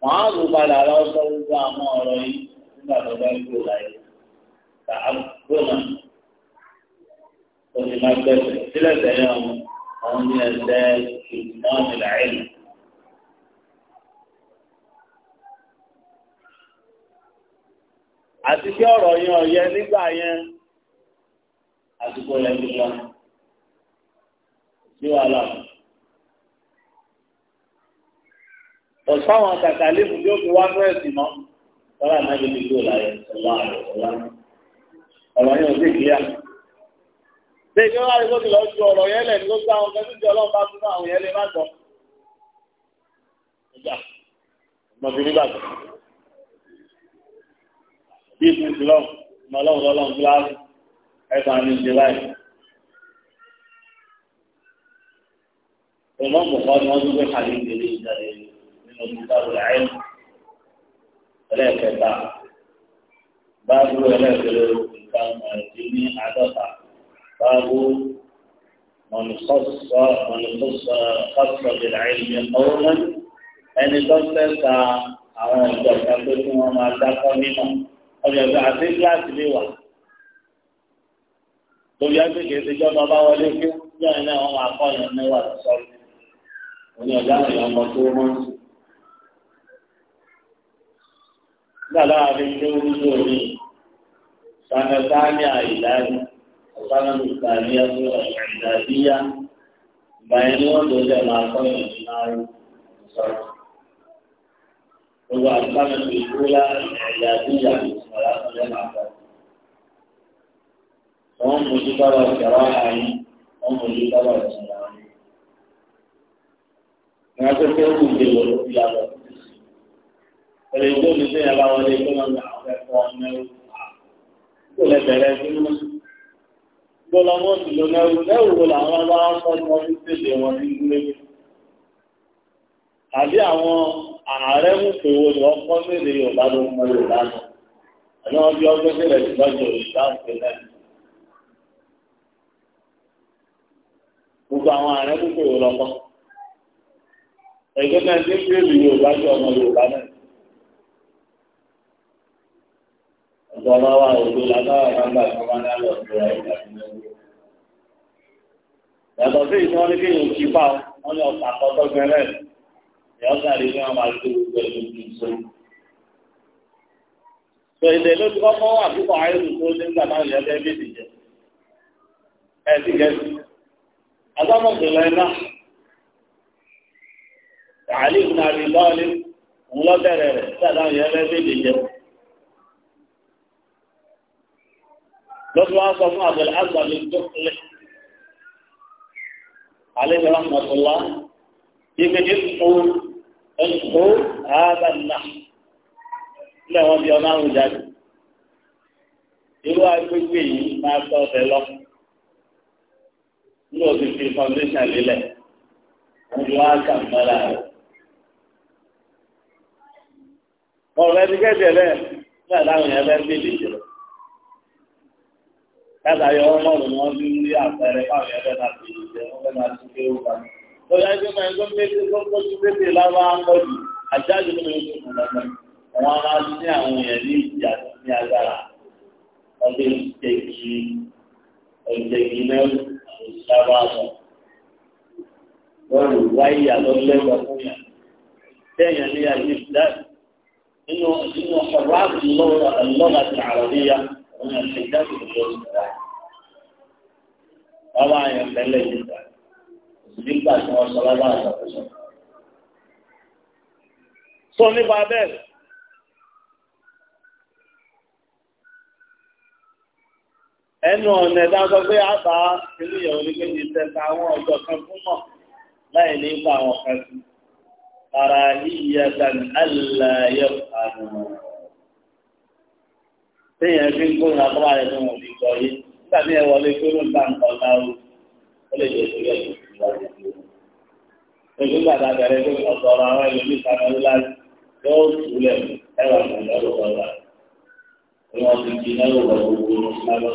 wọ́n á lù padà lọ gbogbo àwọn ọ̀rọ̀ yìí nígbà tó bá gbẹ̀sẹ̀ sílẹ̀ àti kí ọ̀rọ̀ yẹn ọ̀yẹ nígbà yẹn àsìkò yẹn ti wá sí wàhálà. ọ̀sán àwọn kàkàlífù yóò fi wá fún ẹ̀sìn mọ́ tọ́lá náà ló ti gbó láyé ọ̀la ọ̀la ọ̀rọ̀ yẹn ò sì kílíà. ṣé ìjọba wa ni kó ti lọ ju ọ̀rọ̀ yẹn lẹ̀ ní kó gbá àwọn kẹ́kẹ́ tí ọlọ́run bá fún àwọn yẹn lè má gbọ́. ọmọbìnrin bàtà bí ìpín ti lọ́wọ́ ìmọ̀lọ́wọ́ lọ́lọ́wọ́ gíláàsì ẹ̀fọn àmì ìjìlá yìí. ìmọ̀ bùkọ́ ni wọ́n tún gbé kàlí ìdílé ìjàlè nínú ìdáwó ẹ̀ẹ́n ẹlẹ́ẹ̀kẹta báàbù ẹlẹ́ẹ̀kẹlẹ́ nǹkan ẹ̀dín ní àádọ́ta báàbù mọ̀nìkọ́sọ mọ̀nìkọ́sọ kọ́sọ̀ ìlànà ọ̀rọ̀ ẹni tó ọbẹ̀ ọ̀gá àti kíláàsì lè wà tóbi ẹgbẹ́ kìí ṣe jọba bá wọlé kí bẹ́ẹ̀ náà wọ́n máa kọ́ yẹn mẹ́wàá tó sọ òní ọ̀gá àyàn ọmọ tó wọ́n sùn. gbàdá àbí tó ń lò ní sanadani àìláyé sanadu tàbí ẹgbẹ́ ọ̀gá báyìí ni wọ́n tó jẹ́ máa kọ́ yẹn ní náà sọ̀rọ̀. gbogbo àti sanadu ìkúlá ìdàdíyà lẹ́nu àgbà. Wọ́n mójú bára ìjọba ayé, wọ́n mójú bára ìjọba ayé. Ní akẹ́kẹ́ ó kùn dèrò ló fi àbọ̀ títí sí. Ẹ̀rẹ̀ ìjọ mi sẹ́yìn bá wọlé tó máa ń gba àwọn ẹ̀kọ́ mẹ́rù. Kò lè bẹ̀rẹ̀ sí mú. Gbọ́dọ̀ mọ́ sí lo mẹ́rù. Mẹ́rù wo làwọn bá sọ ní wọ́n ti tẹ̀lé wọn ní ìdílé. Àbí àwọn ààrẹ mú pé wo ni wọ́n kọ́ sí èdè Yorùbá ló ọlọ́wọ́ bí ọgbẹ́ sílẹ̀ lọ́jọ́ ìdáhùn náà. gbogbo àwọn ààrẹ púpọ̀ yóò lọ́kọ́. ẹgbẹ́ náà ti ń bèèrè yorùbá ju ọmọ yorùbá náà. ọ̀dọ́ ọba wa òdo lágbára nàgbà tó wá ní àlọ́ ìjọba ìgbà tó ń bọ̀. yàtọ̀ sí ìtàn ní kéèyàn kí pa wọn ní ọ̀pá àkọ́kọ́ gbẹrẹ ìyá àdéhùn àwọn gbogbo ẹ̀dùn sọ ilẹ̀ ló ti kọ́kọ́ wà púpọ̀ ayélu tó ní nígbà náà yẹn bẹ́ẹ̀ bí ìdíje ẹ ti gẹ̀ẹ́sì agbábọ̀ gbẹ̀lẹ̀ náà àlè ìgbà rí lọ́ọ̀lì ń lọ bẹ̀rẹ̀ rẹ̀ nígbà yẹn bẹ́ẹ̀ bí ìdíje lọ́sọ̀ wá sọ fún àbẹ̀lẹ̀ àgbàlè tó kulẹ̀ àlè ìgbà náà mọ̀tò lá ibi ní kú ẹ̀kú ààbà náà. ilé wọn bí ọmọ àrùn a irú agbègbè yìí máa tọ́ ọbẹ̀ lọ ní òsì fi foundation lílẹ̀ ojú wa kà mọ́ra rẹ̀. ọ̀rọ̀ ẹni kẹ́kẹ́ bẹ́ẹ̀ yẹn wọn bí ní àpẹẹrẹ yẹn wọn tún kéwù lọ́yà ń gbọ́ ń gbọ́ sí pépè àjáde wọn á sí àwọn èèyàn ní ìjà tó ní agbára ọdẹ ìtẹ̀kì ọ̀tẹ̀kì náà ìṣàbà sọ lọ́rùn wáyà lọ́lẹ́wọ̀ fún yà tẹ̀yàn ní ayé ìdáàbò nínú nínú ọ̀rọ̀ àbúlọ́wọ́ àlọ́lá ti àròlíyà òun àti ìdáàbò lọ́wọ́ bàbá àyàn tẹ́lẹ̀ nígbà nígbà tí wọ́n sọ bàbá àtàkùn sọ. sọ nípa bẹ́ẹ̀. ẹnu ọ̀nà ẹ̀dá sọ pé àbá inú ìyàwó ní kéde ìtẹ̀ka àwọn ọ̀dọ́ kan fún mọ̀ láì ní ipa àwọn kan sí. Ara yíyá tàbí aláyẹ àná. Téèyàn fi ń gbóhùn àbúrò rẹ̀ fún òbí gbọ́ yé. Nígbà tí ẹ wọlé gbóró ń bá nǹkan náà ó, lè jẹ́ ìṣúlẹ̀ ìṣúlẹ̀ ìṣúlẹ̀. Èmi gbàdá bẹ̀rẹ̀ pé ọ̀sọ̀rọ̀ àwọn ẹlòmí ìsàmọ́lé láti yóò túlẹ̀ ẹwà ìgbàlódé ọ̀la. Ìwọ̀n ti di náírà gbogbo lọ́sọ̀rọ̀.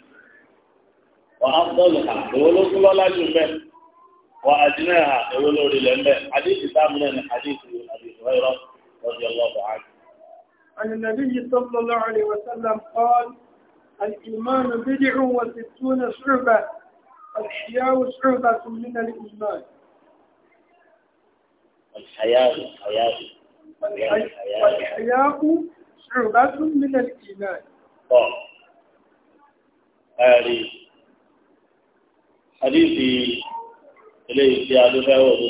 وأفضلها يقولوا كل الله جنبه وأجناها يقولوا للمبه حديث تامنا من حديث أبي هريرة رضي الله عنه عن النبي صلى الله عليه وسلم قال الإيمان بدع وستون شعبة الحياء شعبة من الإيمان الحياء الحياء الحياء شعبة من الإيمان. آه. هذه حديثي wò tó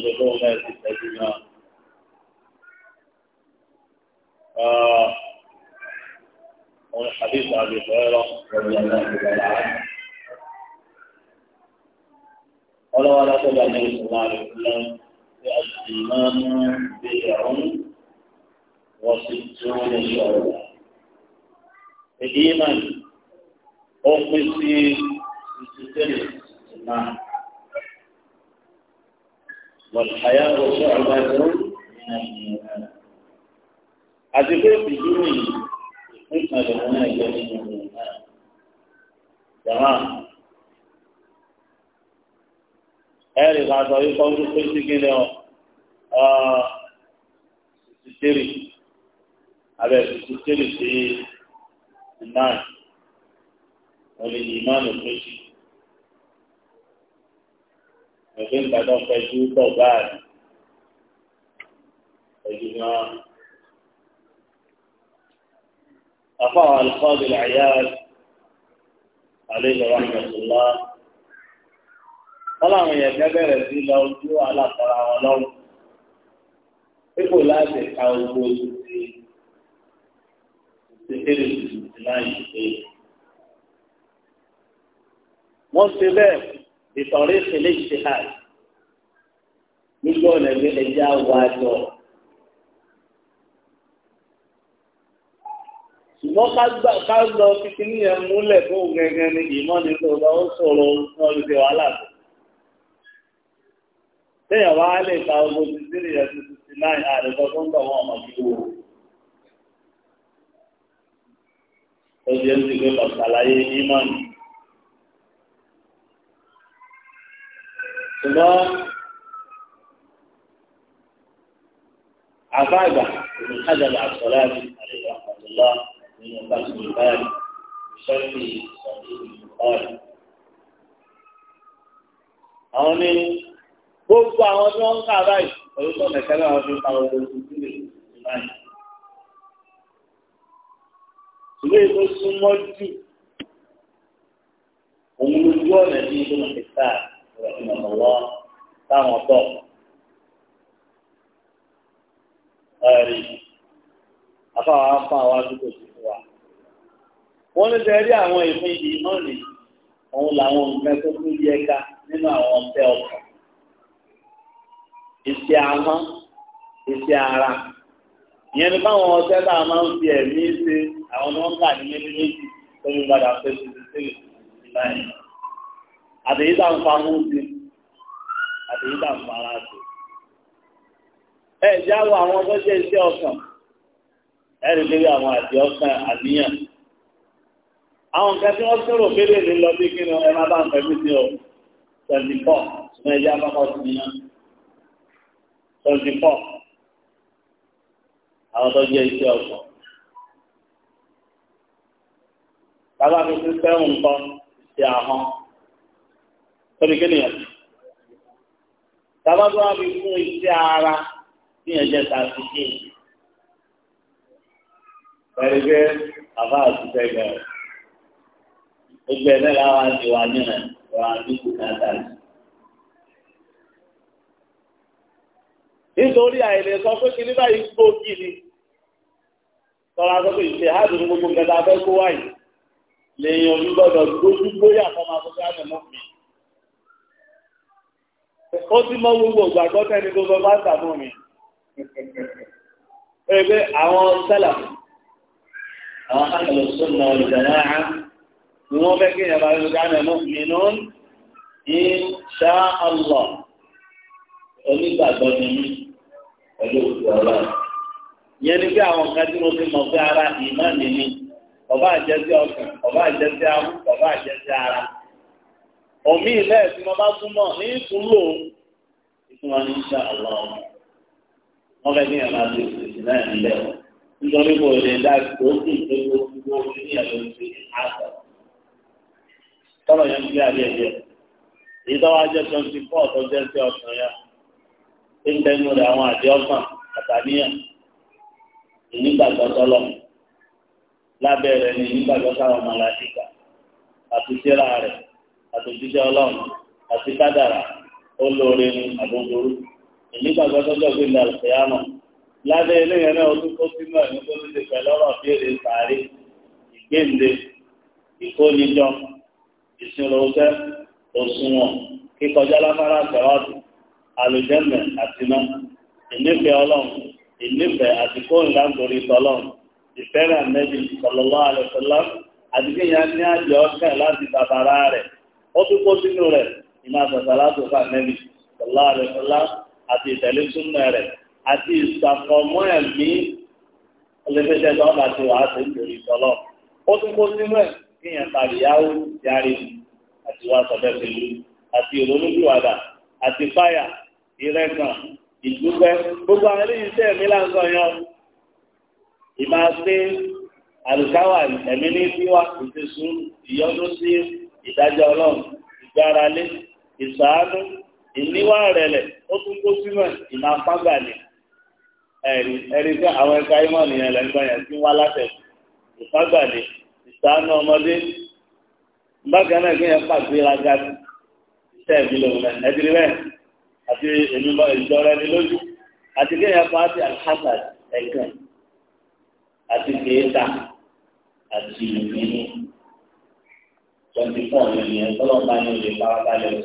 tó fóun náà ti tẹ̀sí náà. حديث أبي هريرة رضي الله تعالى عنه قال ولا صلى الله عليه وسلم الإيمان بضع وستون شعبة الإيمان أخذ في ستين الإيمان والحياة شعبة من الإيمان أذكر في جميع الحكمة لهنا جميع الإيمان تمام ẹ̀rì kan sọ yìí kọ́ńtù pé sígìlì ọ̀ sìtìrì abẹ́ sìtìrì sí ìmáà wọ́n ẹgbẹ́ ìgbàdàn fẹjú tọ̀ báàlì fẹjú náà. afáwọn alifáàbí làyà alẹ́ ìlọ́wọ́ àmọ̀tòlá wọ́n làwọn yẹn fẹ́ bẹ̀rẹ̀ sí lọ ojú alàkàrà wọn lọ́wọ́ pípò láti ka owó ti ti kéré ti náà yìí pé wọ́n ṣe bẹ́ẹ̀ ìtọ̀rí ìṣẹ̀lẹ̀ ìṣẹ̀lẹ̀ nígbà ọ̀nà ìwé ẹja wà jọ. ṣùgbọ́n ká lọ títí níyẹn múlẹ̀ fún gẹ́gẹ́ ní ìmọ̀ nípa ọba ó sọ̀rọ̀ fún olùdé wàhálà tó. téèyàn wá lè ta ogun títí nìyẹn tuntun sí náà àdìgbò tó ń bọ̀ wọ́n ọmọ kí wò. ó di ẹni tí ìmọ̀ ni. ṣùgbọ́n àbáàgbà òun kájàlá àṣọláàbí àlejò àpàtúlá nínú pàṣẹ báyìí ṣọ́ọ̀tì ìṣọ̀tì ọ̀rẹ́. àwọn ní gbogbo àwọn tí wọ́n ń kà báyìí pẹ̀lú tó mẹ̀kẹ́lẹ́ àwọn fi ń pa owó ìdílé báyìí. ìwé tó súnmọ́ jù òun lójú ọ̀nà ní ìlú mọ̀kẹ́tà rahimahullah táwọn tọ̀ ẹ̀rí afáwa fún àwọn àdúgbò ti fún wa. wọ́n ní sẹ́ rí àwọn ìpín yìí náà nì òun làwọn nǹkan tó kú yẹ ká nínú àwọn ọ̀tẹ̀ ọkàn ìṣe àmọ́ ìṣe ara ìyẹn ni báwọn tá a máa ń fi ẹ̀mí ṣe àwọn ni wọ́n kà ní méjì méjì tó ń padà fẹ́ ṣe ṣe ṣe ìbáyìí àtẹ̀yí tá ń fa mú sí àtẹ̀yí tá ń fara sí. ẹ jáwọ́ àwọn tó ṣe iṣẹ́ ọkàn ẹ rí lórí àwọn àti ọkàn àníyàn. àwọn nǹkan tí wọ́n sọ̀rọ̀ fẹ́lẹ̀ ní lọ bí kí ni ẹ má bá ń fẹ́mi sí ọ twenty four ṣùgbọ́n ẹjẹ́ àkọ́kọ́ sí ni twenty four àwọn tó ṣe iṣẹ́ ọkàn. tábà fi sí sẹ́wọ̀n nǹkan ṣe àhán. Tọ́bi kí nìyẹn? Tàbá tó wá fi fún iṣẹ́ ara ní ẹ̀jẹ̀ ta sí kí. Bẹ́ẹ̀ni pé bàbá àtúntẹ̀ gbẹ̀rẹ̀. Gbogbo ẹ̀ náà láwa ti wà nínú ẹ̀ wà nípò náà dàbí. nítorí àìlè sọ pé kí ní báyìí gbòógì ni tọ́lá sọ pé ìṣe àádùn gbogbo gẹ̀dá fẹ́ kó wáyìí lèèyàn ní gbọ́dọ̀ gbójú gbóyà fọmọ àkókò àmì ó ti mọ gbogbo ìgbàgbọ́ tẹ́ni tó sọ bá sàmú mi ẹgbẹ́ àwọn sálà àwọn àgbẹ̀lẹ̀ sọ́nà ìjàlá á ni wọ́n fẹ́ kí ìyàbá yóò dáná ẹ̀mọ́ nínú insha Allah onígbàgbọ́ ni mí pẹ̀lú òkú ọlọ́run yẹn ni pé àwọn kan tí mo fi mọ̀ pé ara ìmọ̀ nìyí ọba àjẹsí ọkàn ọba àjẹsí ahùn ọba àjẹsí ara. omi ilẹ̀ tí wọ́n bá túmọ̀ ní ìtúlò ní ṣe fẹ́ máa náà nílẹ̀ o nítorí kò lè dá kó sì tó kó kó ní ẹ̀rọ ti àtọ̀ tọ́lọ̀ yẹn ti àbí ẹ̀jẹ̀ èyí tó wá jẹ́ twenty four tó jẹ́ sí ọ̀sán yá ń tẹnu rẹ̀ àwọn ọ̀sán àtàníyàn ìnígbàgbọ́ tọ́lọ̀ lábẹ́ rẹ̀ ní àtòjíṣẹ́ ọlọ́run àti kádàrà ó lóore ní àbúgbòrú ìnígbàgbọ́ tọ́jọ́ gbé ní àlùfẹ́yàmọ̀ lábẹ́ eléyẹn náà ó tún kó sínú ẹ̀ ní kó ní ti pẹ̀lú ọ̀rọ̀ béèrè sàárè ìgbéǹde ìkónijọ ìṣirò ọ̀sẹ̀ òṣùwọ̀n kíkọjá láfárá àtẹ̀wádìí àlùjẹ́mẹ̀ àti iná ìnífẹ̀ẹ́ ọlọ́run ìnífẹ̀ẹ́ àti kóńgá nítorí tọ́lọ́run ìfẹ́ràn mẹ́bí sọlọ́lá àlùfẹ́lá àdìgbìyàn ní àjọ ọ̀kẹ́ láti bàbára rẹ̀ ó tún kó sínú rẹ̀ ìmọ̀ àtàtàlá tó fà nẹ́bí sọlá rẹ̀ sọlá àti ìtẹ̀lé súnmọ́ rẹ̀ àti ìsàkọ̀mọ́ ẹ̀mí ọlẹ́fẹ́jẹ́ tó bá ti wà á ti ń torí sọlọ́ ó tún kó sínú ẹ̀ kí yẹn tàbí yáwó yáre àti wá sọ̀bẹ́ pẹ̀lú àti ìrònúbíwàdà àti fáyà ìrẹ́gàn ìdúpẹ́ gbogbo àwọn eléyìí tẹ̀ mí láǹkọ̀ yan ìmáa ṣe àlùkáwà ẹ̀mí ní tiwa ìṣesùn ìyọ́nú sí ìdájọ́ ọlọ́run ìgbáralé ìsàánú ìníwá rẹ̀lẹ̀ ó tún kó símọ̀ ìmáfágbàlẹ̀ ẹ̀rí ẹ̀rí àwọn ẹ̀ka imọ̀ nìyẹn lẹ́gbọ́n yẹn ti ń wá látẹ̀ ìfágbàlẹ̀ ìsàánú ọmọdé bákan náà kí yẹn pàgbéraga iṣẹ́ lòun náà ẹ̀dí rẹ̀ àti èmi mọ ìjọra ẹni lójú àti kí yẹn ẹ̀gàn àti àti ìlú nínú. twenty four ní ìyẹn tọ́lọ́ bá ní olè farabalẹ̀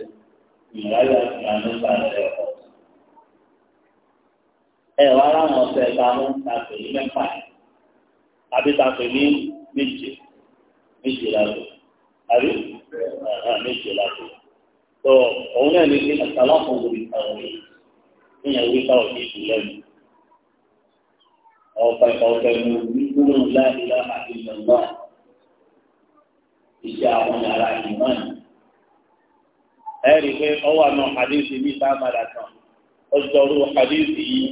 ìmọ̀láyà ìyànú balẹ̀ ọ̀pọ̀. ẹ wá láwọn ọ̀sẹ̀ ìbámu tàbí ní mẹ́fà àbí tàbí ní méje méje lágbo àbí méje lágbo. tó òun náà ní kí àtàwọn kan wò ní àwọn yìí níyàwó wípé àwọn yìí kù lẹ́nu. ọ̀pẹ̀ ọ̀pẹ̀ mú wíwúrò láìláà àti ìyànú náà iṣẹ́ àwọn yàrá ìmọ̀ọ́nì. ẹ rí i pé ọwọ́ àna hadithi ní sáàmàlà kan ó sọ̀rọ̀ hadithi yìí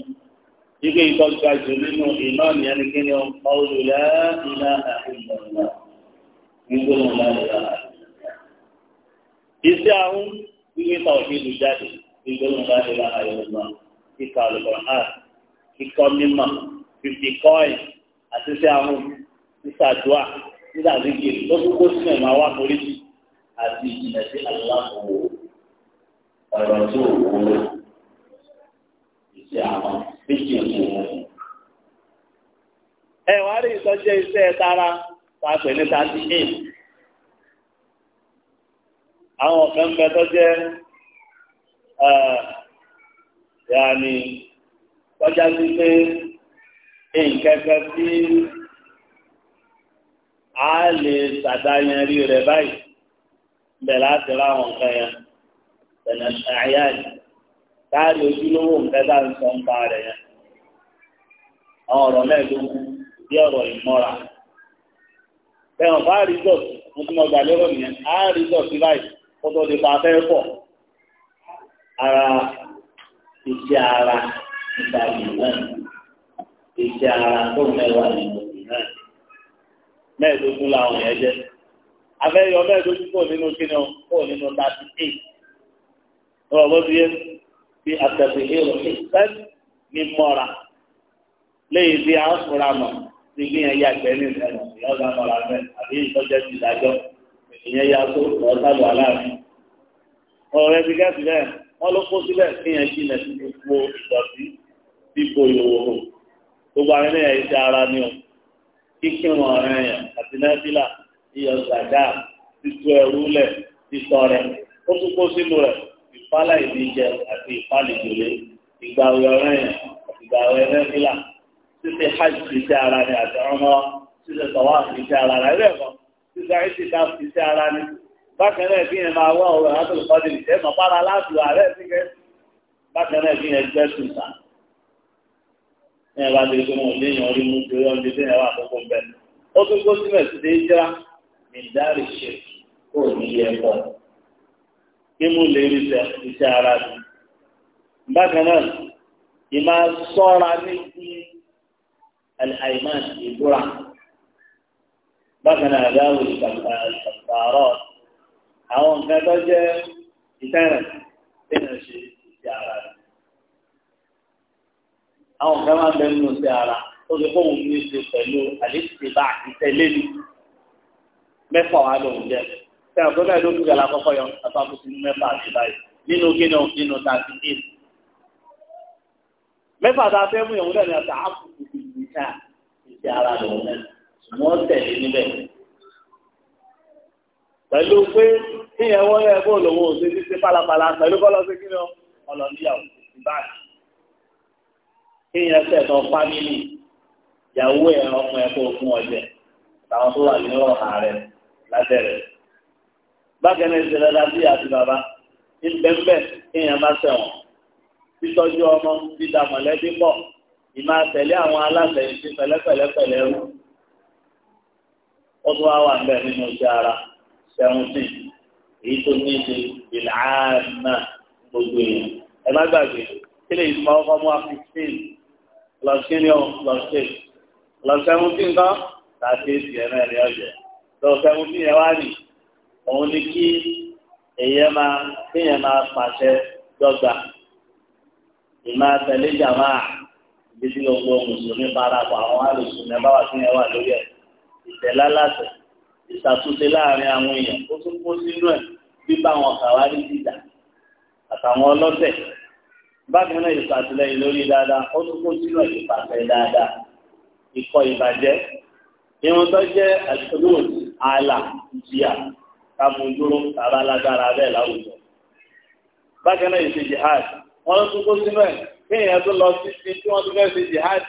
wípé ìtọ́jú àjò nínú ìmọ̀ọ́nì ẹni kí ni ó ń pa olùlẹ́ ilá àìmọ̀ọ́nà nígbóhùn láìlá. iṣẹ́ àwọn wíwé tàwọn ìlú jáde nígbóhùn láìlá àìmọ̀ọ́nà kíkà olùkọ́ kíkọ́ mímọ̀ fífi kọ́ọ̀yì àti iṣẹ́ àwọn sísàdúà nígbà tí kì í tó kókó sínú ẹ̀ máa wá torí sí àti ìjìnlẹ̀ sí aláwọ̀ ọ̀rọ̀ tó wúlò ìṣe àwọn méjì ìṣòwò. ẹ wá rí ìtọ́jú iṣẹ́ tara tá a pè ní thirty eight àwọn ọ̀kan bẹ tó jẹ́ yàní tọ́jà sí pé nǹkan kan tí a lè ṣàdáyanrí rẹ̀ báyìí bẹ̀ láti ráwọn nǹkan yẹn tẹ̀lé àyà yìí káàrí ojúlówó nǹkan tá à ń sọ ń pa rẹ̀ yẹn àwọn ọ̀rọ̀ mẹ́ẹ̀ẹ́dógún bí ọ̀rọ̀ ìmọ́ra tẹ̀wọ̀n bá rìsọ̀tì mo tún mọ̀ gbà lérò nìyẹn á báyìí kó tó pa afẹ́ pọ̀ ara iṣẹ́ ara ìgbà náà iṣẹ́ ara tó mẹ́wàá nìyẹn mẹ́ẹ̀ẹ́dógún làwọn yẹn jẹ́ afẹ́yọ mẹ́ẹ̀ẹ́dógún pọ̀ nínú kíni pọ̀ nínú thirty eight ọ̀rọ̀ bó ti yẹ fi àtẹ̀sẹ̀ èrò ìfẹ́ ní mọ́ra léyìí tí a fura mọ̀ ti gbìyànjú àgbẹ̀ ní ìfẹ́nu ìyọ́gá mọ́ra mẹ́ àbí ìtọ́jẹ́ ti dájọ́ ìyẹn ya tó ọ̀sálù aláàfin ọ̀rẹ́ ti gẹ́sì bẹ́ẹ̀ wọ́n ló kó sílẹ̀ kíyàn jìnà sí gbogbo ìdọ̀tí dípò ìhòòhò gbogbo àwọn ẹlẹ́yà iṣẹ́ ara ni ọ̀hún kíkírun ọ̀rẹ́ yẹn àti náfìlà iyọ̀ gbàdá títú ẹrú lẹ̀ títọ́ rẹ̀ ó tún kó sínú rẹ̀ ìfálà ìdíjẹ àti ìfálà ìjòlè ìgbàwé ọ̀rẹ́ yẹn àti ìgbàwé náfìlà títí hajj títí ara rẹ̀ àti ọmọ títí tọ́wá títí ara rẹ̀ rẹ̀ kọ́ títí àìsí ká títí ara rẹ̀ bákan náà bí yẹn máa wá ọ̀rọ̀ àtòlùkọ́ ní ẹ bá ti rí pé wọn ò lè yàn orí mú ju ọyọ́ ní sẹ́yìn wà àkókò ń bẹ̀. ó tún kó síbẹ̀ sí dé jẹ́ mìdárì ṣe kó o ní yẹ pọ̀. kí mo lè rí sẹ iṣẹ́ ara mi. bákan náà ìmá sọ́ra ní ti àìmáà ìbúra. bákan náà àdáwò ìkàkàrọ̀ àwọn nǹkan tó jẹ́ ìtẹ́rẹ̀ tí wọ́n ṣe. àwọn kan máa ń bẹ nínú sí ara ó lè kóhun ní ṣe pẹ̀lú àlèṣe bá ìtẹ̀lé mẹ́fà wà lóhun jẹ́ sẹ́wọ̀n tó náà ló ń gbé alákọ̀ọ́kọ́ yọ àtàkùn sínú mẹ́fà àti báyìí nínú gínà nínú tàbí eight mẹ́fà tá a fẹ́ mú ìyàwó ní ọ̀sán àkùkù ìgbìkà ìṣe ara lòun náà wọ́n tẹ̀lé níbẹ̀ pẹ̀lú pé kíyẹn wọ́n yẹ kó lòun ò ṣe ṣe kéèyàn tẹ̀sán fámìlì ìyàwó ẹ̀ ọmọ ẹ̀ kó fún ọjẹ́ àtàwọn tó wà nínú ọ̀hà rẹ̀ lábẹ́rẹ̀. bákan náà ìṣẹ̀lẹ̀ lábí àti bàbá ń bẹ́ẹ̀ kéèyàn má sẹ̀wọ̀n títọ́jú ọmọ dídá mọ̀lẹ́bí pọ̀ ìmá tẹ̀lé àwọn aláṣẹ ìṣe pẹ̀lẹ́pẹ̀lẹ́pẹ̀lẹ́ rú. ó tún wá wà bẹ́ẹ̀ nínú iṣẹ́ ara seventeen èyí tó ní ṣe ìlànà gbogbo èèyàn ẹ má gbàgbé kí lè ìsúnmọ́ plus kílíọ̀n plus eight plus seventeen kan tàbí èsì ẹ̀rọ ẹ̀rẹ́ ọ̀jẹ̀ plus seventeen yẹn wá nì òun ni kí èyẹ máa kéèyàn máa pàṣẹ dọ́gba ìmá tẹ̀lé jàmá ibi tí gbogbo mùsùlùmí parapọ̀ àwọn alùsùn ẹ̀ bá wà sí ẹ̀ wà lórí ẹ̀ ìtẹ̀lá láṣẹ ìṣàtúnṣe láàrin àwọn èèyàn ó tún kó sínú ẹ̀ bíbá àwọn kàwárí dìjà àtàwọn ọlọ́tẹ̀ bákan náà ìṣàtìlẹ́yìn lórí dáadáa ó tún kó sínú ìpàtẹ dáadáa ikọ ìbàjẹ́ irun tó jẹ àtúnwòn ààlà ìjìyà kábùdúró tàbá lágbára bẹ́ẹ̀ láwùjọ bákan náà ìṣe jihad wọn tún kó sínú ẹ kéèyàn tó lọ sí ti tí wọn tún fẹ́ẹ̀ ṣe jihad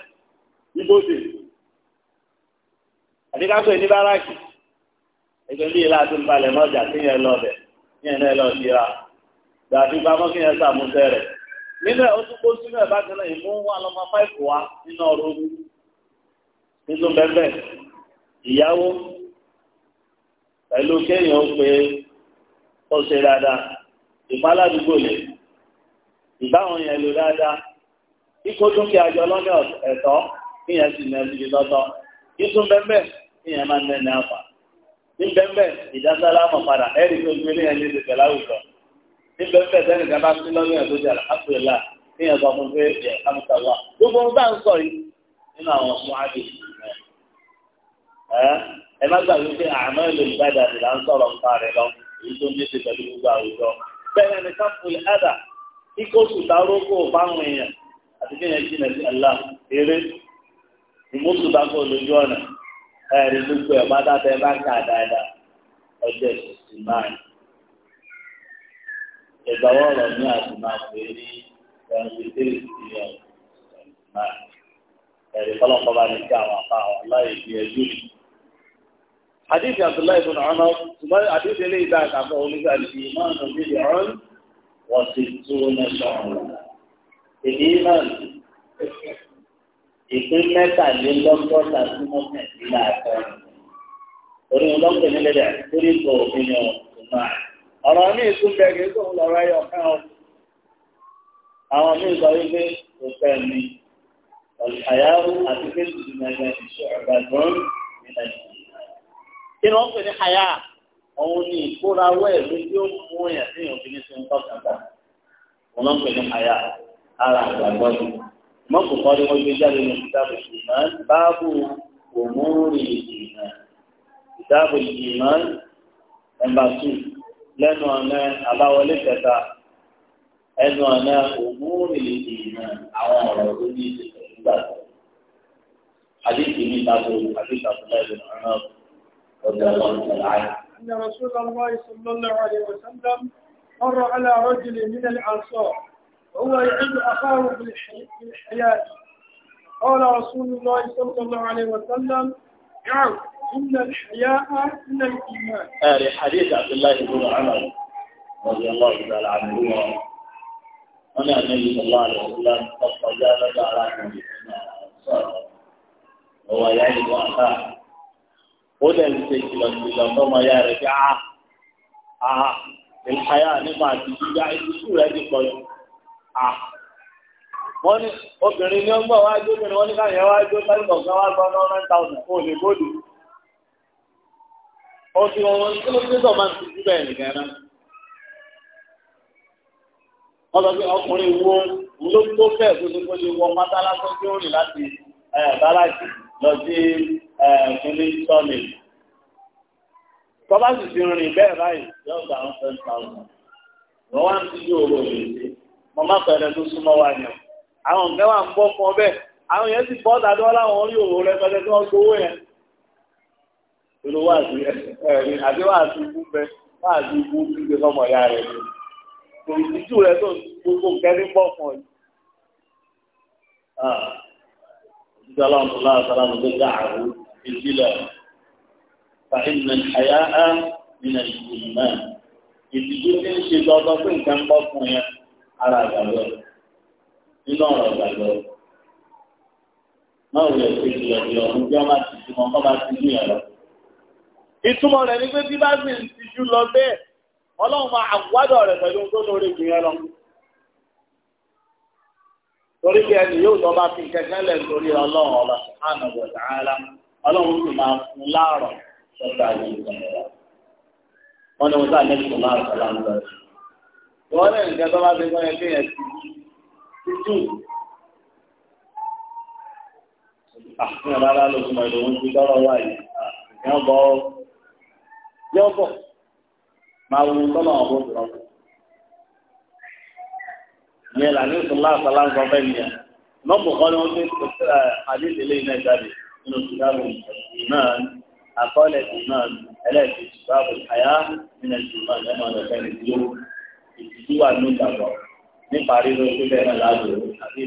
ibodè àti ká ní báràkì ẹgbẹ́ bíi láti ń balẹ̀ mọ́jà kéèyàn lọ bẹ̀ kéèyàn náà lọ sí gbàdúgbà mọ́ kéèyàn sàmúsẹ́ rẹ̀ nínú ẹ̀ ó tún kó sínú ẹ̀ bákan náà ìmú wa lọ́mọ fáìfù wa nínú ọ̀rọ̀ ogun nínú bẹ́ẹ̀ ìyàwó pẹ̀lú kéèyàn ó pe ó ṣe dáadáa ìpaládùúgbò lè ìbáwọn yẹn lò dáadáa kíkó dúkìá jọ lọ́nà ẹ̀tọ́ kíyẹn sì nà ẹ̀sìn lọ́tọ́ kíkún bẹ́ẹ̀ kíyẹn máa ń nẹ́ni àfà ní bẹ́ẹ̀ ìdásálámọ̀ padà ẹ̀rí tó gbé ní ẹni tẹ̀lé àwùjọ níbẹ̀ ń bẹ̀rẹ̀ sẹ́nìkan bá sí lọ́yún ẹ̀ lójú àlàkàtúrẹ́là kéèyàn sọ fún pé ẹ̀ kámúta wà gbogbo ohun tá à ń sọ yìí nínú àwọn ọmọ àbí ẹ má gbàgbé pé àmọ́ ìlú Ìbàdàn là ń sọ̀rọ̀ nípa rẹ̀ lọ èyí tó ní ṣe pẹ̀lú gbogbo àwùjọ bẹ́ẹ̀ ni káfíńlì ádà kíkó sùtà rókò fáwọn èèyàn àti kéèyàn jìnà sí ẹ̀là eré ìmúsùtà lójú ọ̀nà ẹ̀rí ẹgbà wọ́ọ̀rọ̀ ní àtúnmáṣe ní twenty three million nine ẹ̀rí kọ́lọ́kọ́ bá ní kí àwọn apá àwọn aláì ní ẹjú ni. Hadith Abdullahi bin Umar ṣùgbọ́n Hadith eléyìí dá àkàfọ́ onígbà tí máa ń bí di ọ̀run wọ́n ti tún ní sọ̀rọ̀. Èdè náà ìpín mẹ́tàlélọ́gọ́ta sí mọ́tẹ̀ẹ́dínláàtọ̀. Orí wọn lọ́pọ̀ nílẹ̀ ọ̀rọ̀ míì tún bẹ̀rẹ̀ tó ń lọ́rọ̀ ẹyọ kan ọ àwọn míì sọ wípé kò fẹ́ mi àyáwó àti fẹ́ẹ̀sì ti máa gba ìṣe ọ̀gbàgbọ́n ní nàìjíríà kí ni wọ́n pè ní àyà òun ni ìkórawọ́ ẹ̀ ló yóò mú èèyàn sí ìyàn fínní sí ń tọ́ kàkà wọn ló ń pè ní àyà ara àgbàgbọ́ ni mọ́kùnkọ́ ni wọ́n gbé jáde ní ìdáàbò ìmọ̀ báàbò òmùrì ìmọ̀ ìdáàbò ìmọ̀ ẹ̀mbà lẹ́nu ọ̀nà àbáwọlé kẹta ẹnu ọ̀nà òmùúrì ìdìnnà àwọn ọ̀rọ̀ tó ní ìṣe pẹ̀lú gbàgbọ́. حديث من أبو حديث عبد الله بن عمر رضي الله عنه أن رسول الله صلى الله عليه وسلم مر على رجل من الأنصار وهو يعيد أخاه بالحياة قال رسول الله صلى الله عليه وسلم يعود إن الحياء من الإيمان هذا حديث عبد الله بن عمر رضي الله تعالى عنهما أنا النبي صلى الله عليه وسلم قد استجاب على النبي هو يعني وأخاه هدى السيكلة إلى ثم يا رجعة آه الحياة نبع تجيب عند سورة دي قوي آه wọ́n ní obìnrin ní ọgbọ́n wájú obìnrin wọ́n ní káyọ̀ wájú ọgbọ́n kan wá gbọ́n náà nine thousand kó lè bóde ọtí ọ̀rọ̀ ní kílódéétọ̀ máa ń ti sí bẹ́ẹ̀ nìkan náà. wọ́n sọ pé ọkùnrin wo ló tó fẹ́ tó ṣe kó lè wọ pátá lásán tí ó rìn láti báràkì lọ sí fúnni sọ́ọ̀lì. tọ́ba sì ti rìn bẹ́ẹ̀ báyìí yóò gba one hundred thousand. wọ́n wá ń fi òru òye sí mo má pẹ̀lẹ́ tó súnmọ́ wa ni àwọn nǹkan wà ń bọ́ fún ọ bẹ́ẹ̀ àwọn yẹn ti bọ́ inú wáàsí ẹ̀rí àbí wáàsí ikú bẹ wáàsí ikú gbígbé sọmọ ìyá rẹ ni kò ìtìjú rẹ tó gbogbo kẹ́rí pọ̀ fún yìí. Ìjọba aláwọ̀ tó lára sára ló gbégbá àrùn ìdílé fa ìnà àyà á nínà ìdílé náà. Ìtìjú ti ń ṣe lọ́dọ̀ pé nǹkan pọ̀ fún yẹn ara àgbàdo nínú ọ̀rọ̀ àgbàdo. Máa wulẹ̀ pé ìlọ̀dì ọ̀hún bí wọ́n bá ti fi mọ́ bá ti ní ẹ̀rọ ìtumọ̀ rẹ̀ ni pé bí bá sì ń tijú lọ bẹ́ẹ̀ ọlọ́run máa àwádọ̀ rẹ̀ pẹ̀lú tó lórí jù yẹn lọ. torí bí ẹni yóò lọ bá fi kẹ̀kẹ́ lẹ̀ lórí ọlọ́run ọba sùhánà wọ̀ sàárà ọlọ́run sì máa fún láàrọ̀ sọ́tà yìí wọ́n ní wọ́n sá lẹ́yìn tó máa sọ̀rọ̀ àwọn ọ̀rẹ́. wọ́n lè nǹkan tó bá ti gbọ́ yẹn ti títù. àfihàn rárá ló ti mọ yọ bọ̀ máa wù tọ́lọ̀ ọ̀bọ̀ tó lọ́wọ́. ìyẹn là ní sọlá àtàlà ń gbọ́n bẹ́ẹ̀ nìyẹn lọ́pọ̀ kọ́ ni wọ́n ti kò sí àdéhùn ilé iná ìjáde nínú ìjáde náà àkọọ́lẹ̀ náà ẹlẹ́ẹ̀kejì báwo àyà nínú ìjùmọ̀ ẹ̀mọ́ ọ̀dọ̀fẹ́ ni yóò ìtìjú wà ní ìgbàgbọ́ nípa ríro tó bẹ́ẹ̀ náà láàbò àbí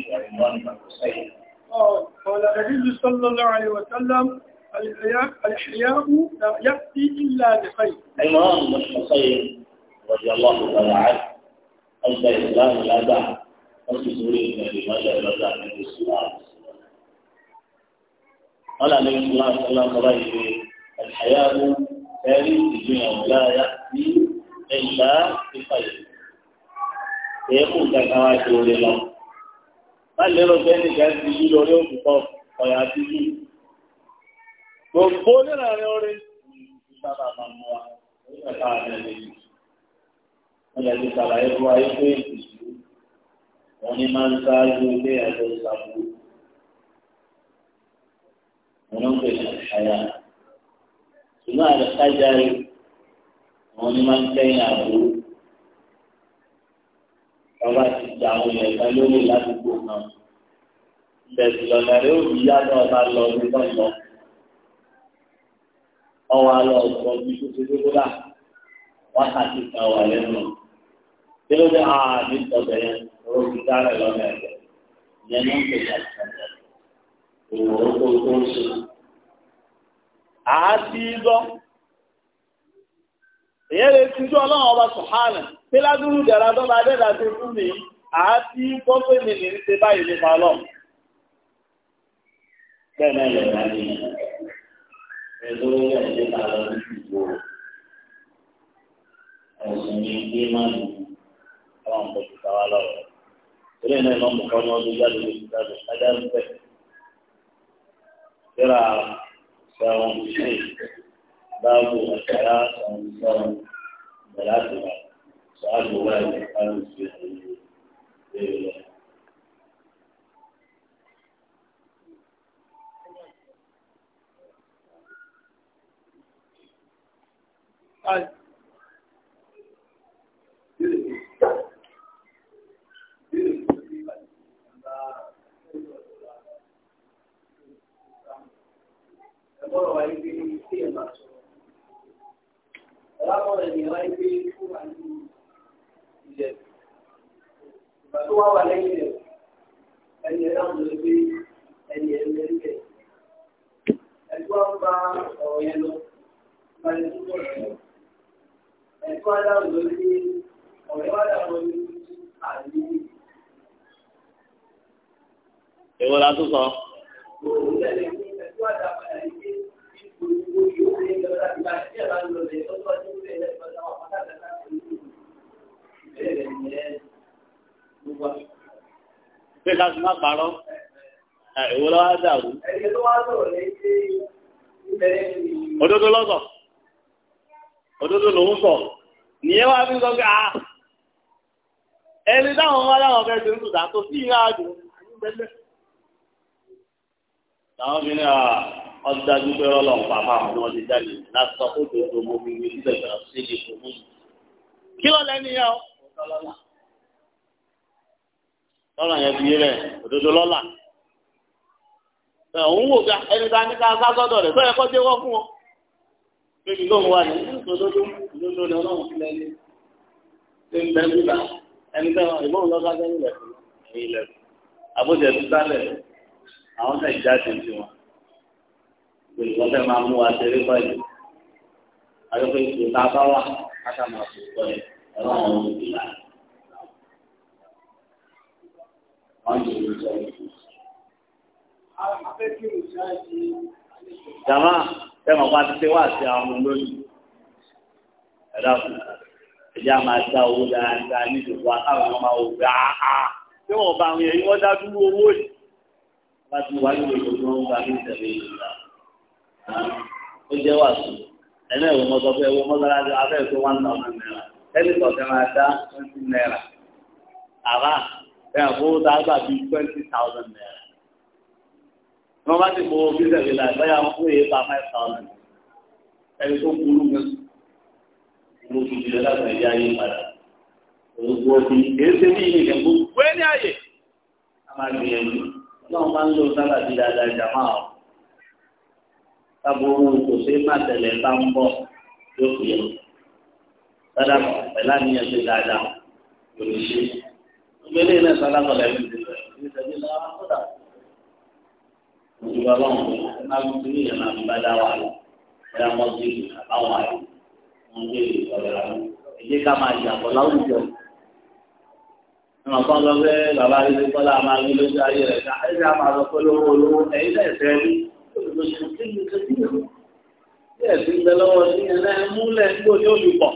ìgbà الإحياء لا يأتي إلا بخير عمران بن حسين رضي الله تعالى عنه أنت إسلام لا وفي سوره النبي لماذا لا دع من الإسلام قال النبي صلى الله عليه وسلم قال الحياء ثالث الدنيا لا يأتي إلا بخير يقول كما يقول الله قال له بينك أنت يقول له gbogbo onírànrin orin sábà máa mú wa nígbà tá a lè lè yìí wọ́n lè ti sàlàyé fún wa yìí pé ìṣú wọn ní máa ń ṣáájú ilé ẹ̀jọ́ ìṣàbù wọn ló ń pè ní àṣàyà ṣùgbọ́n àṣàjà rẹ̀ wọn ní máa ń kẹ́yìn àbúrò ọba ti dà àwọn ẹ̀ka lórí ládùúgbò náà bẹ̀rù ọwọ́ alọ́ ọ̀sọ̀ ní kókókókó dà wákàtí kan wà lẹ́nu tí ló dé àá ní sọ̀bẹ̀ yẹn owó ti dára lọ́nà ẹ̀jẹ̀ ìyẹn ní ìpè ní àtúntẹ̀ ìwò oko tó ń ṣe. àti ibọ́ ìyẹn lè tún jọ ọlọ́run ọba sùhánà pé ládùúgbò dára tó bá dẹ́dà ti fún mi àti gbọ́ pé mi nì ń ṣe báyìí nípa lọ. bẹ́ẹ̀ náà lè rà nìyẹn ẹlórí ẹ̀jẹ̀ ká lọ sí ìgbò ẹ̀sùn ní ilé máa ń àwọn ọmọ tó ká wá lọ́wọ́ torí ẹ̀ náà ìmọ̀mù kan ní ọdún jáde lóṣù jáde ẹ̀dá ń bẹ̀. kíra sẹ̀wọ̀n ṣe báàbò ẹ̀kẹ́rà sẹ̀wọ̀n sẹ̀wọ̀n bẹ̀rẹ̀ àtìwá sọ àgbò wáyé ẹ̀ka ń ṣe ẹ̀yẹ ẹ̀yẹ lọ. I yàtọ̀ sí ìhà àdùn àyùbẹ́lẹ̀. Àwọn obìnrin à ọjà dúpẹ́ ọlọ́run pàpà àwọn ọmọ ti jáde láti sọ pé òdodo mo fi wí síbẹ̀ gbà sí ilé Kí ló lẹ́nu yẹn o? Lọ́la yẹn fi rẹ̀ òdodo lọ́la. Òun wò ga ẹni tá ní ká sá rẹ̀ sọ́yẹ kọ́ jẹ́wọ́ fún wọn. Bébí lóun wà ní òdodo òdodo ni ọlọ́run fi lẹ́ni. Ṣé ń bẹ́ẹ̀ bí bá ẹni tẹ́wọ̀n ìbọn lọ́sàgbẹ́ nílẹ̀ fún mi? àwọn ilẹ̀ àbójẹ tó sálẹ̀ àwọn náà jáde sí wọn pẹ̀lú wọn fẹ́ máa mú wa tẹ̀lé báyìí àdókòwò ìpò tá a bá wà káta máa fò pọ̀ ẹ̀ ẹ̀rọ àwọn ọmọ ìlà wọn jò ní sọ jama tẹmọ pa ti ṣe wá sí àwọn ọmọ lónìí ẹ dákun ẹ jẹ́ àmà dá owó dáadáa nídìí wa káwọn ọmọ máa wò gbà á tí wọ́n bá àwọn èyí wọ́n dá dúró owó yìí bá ti wáyé ìlú tí wọ́n ń gba ní ìtẹ̀lé ìlà ó jẹ́ wà sí ẹ̀nà ìwé mọ́tò fún ẹ̀wọ́ mọ́tàlájú abẹ́ ìfún one thousand naira ẹni tọ̀tẹ̀ máa dá twenty naira àbá ẹ̀ àbúrò tá a gbà bí twenty thousand naira tí wọ́n bá ti gbowó bí ìtẹ̀lé ìlà ìgbáyà wọn fún èyí pa five thousand ẹni tó burú gan mo fi jìnnà láti ẹ̀yà yín padà òun kò fi èyí ṣe bí ìyẹn kẹ́kọ̀ọ́ rẹ ní ààyè. a máa gbìyànjú náà máa ń lo sábàbí dáadáa jàmá ọ. sábòrò kò sí màtẹ̀lẹ̀ bá ń bọ̀ yóò fi yẹ. sádàkọ̀ pẹ̀lú àníyàn ṣe dáadáa kò ní ṣe. gbélé náà sádàkọ̀ lẹ́yìn ti sọ ìṣẹ́jú náà wá kódà. òṣùpá báwọn ọ̀hún máa ń tún ìyànà wà lọ. ẹ̀rọ mọ́tò ìgbà báwọn àyè. wọ́n ń gbé ìgbà ìmọ̀ kan lọ pé bàbá ilé kọ́lá máa rí lójú ayé rẹ̀ ká ẹ̀rí a máa lọ pé lówó olówó ẹ̀yìn náà ẹ̀fẹ́ rí olùdókòwò kí ni ṣe kí ni ẹ̀ ti ń bẹ lọ́wọ́ sí ẹ̀ náà múlẹ̀ nígbò ní olùkọ́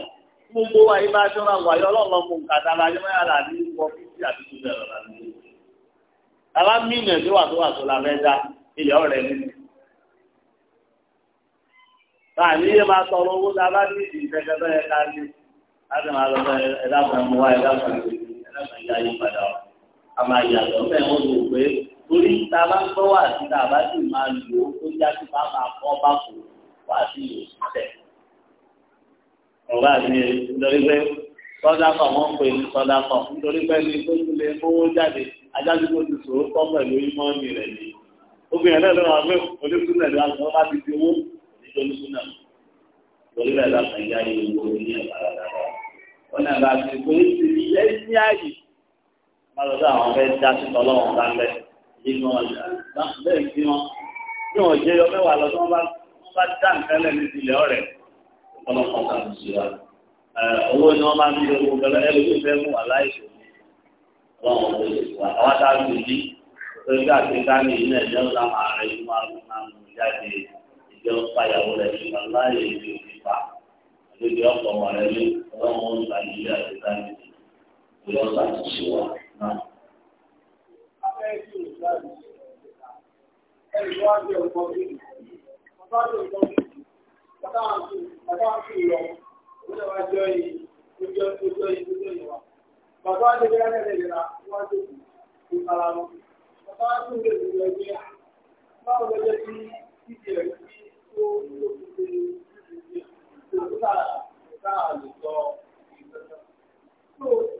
gbogbo wa yìí máa tún ra wàyọ́ ọlọ́run ọmọ nǹkan dára ní wọ́n yàrá ní wọ́n fífi àtúntò bẹ̀rẹ̀ rà ní. Àwa mímọ̀ sí wàtó wàtó la fẹ́ dá ilẹ̀ ọ̀rẹ́ mi. Báyìí yé máa tọrọ owó tá a bá ní ìdí ìfẹ́kẹ́ Láti máa lọ bẹ́ẹ̀ ẹ̀dá kan mú wa ẹ̀dá kan mú láti yá yí padà ọ̀ a máa yàtọ̀ bẹ́ẹ̀ wọ́n lò pé torí ta bá ń gbọ́ wà sí ta bá sì máa lò ó tó já sí bá máa kọ́ bá kò wá sí yòó tẹ̀. ọ̀gá mi nítorí pé sọ́dákọ̀ wọ́n ń pè ní sọ́dákọ̀ nítorí pé ní tó tún lè mówó jáde ajádùúgbò ti sòrò kọ́ pẹ̀lú ìmọ̀ rẹ̀ ni. obìnrin náà lọ́wọ́ pé onísúnlẹ̀ ló àwọn bá ti fi owó onísúnlẹ̀ lórí rẹ̀ láti yá iye owó ní ẹ̀ lẹ́yìn ààyè àwọn fẹ́ dá sí ọlọ́run bá lẹ́ nínú ọjà bẹ́ẹ̀ sí wọn bí wọn jẹ́ yọ mẹ́wàá lọ tí wọ́n bá dá nǹkan lẹ̀ ní ọ̀rẹ́ ọlọ́kan kan sí wa owó ni wọ́n máa ń lo gbogbo ẹgbẹ́ ẹlòmíì fẹ́ mú wà láìsò ọlọ́run ló lè wà àwọn tá a lù ní torí ká ti ní ilé ẹ̀jẹ̀ ọ̀la máa rẹ̀ yín ọ̀pọ̀ wà rẹ̀ lé ọlọ́run ó ń gbà àti sáyẹ̀nsì yóò ṣàtúnṣe wa náà. Bàbá àdébẹ́ ẹ̀rẹ́ ìlera wọ́n ti lọ. Bàbá àdébẹ́ ìlera ìlera báwo ló jẹ́ sí títí rẹ̀ sí tó tó ti ṣe tó tó tà tá a lè sọ ìgbésẹ̀.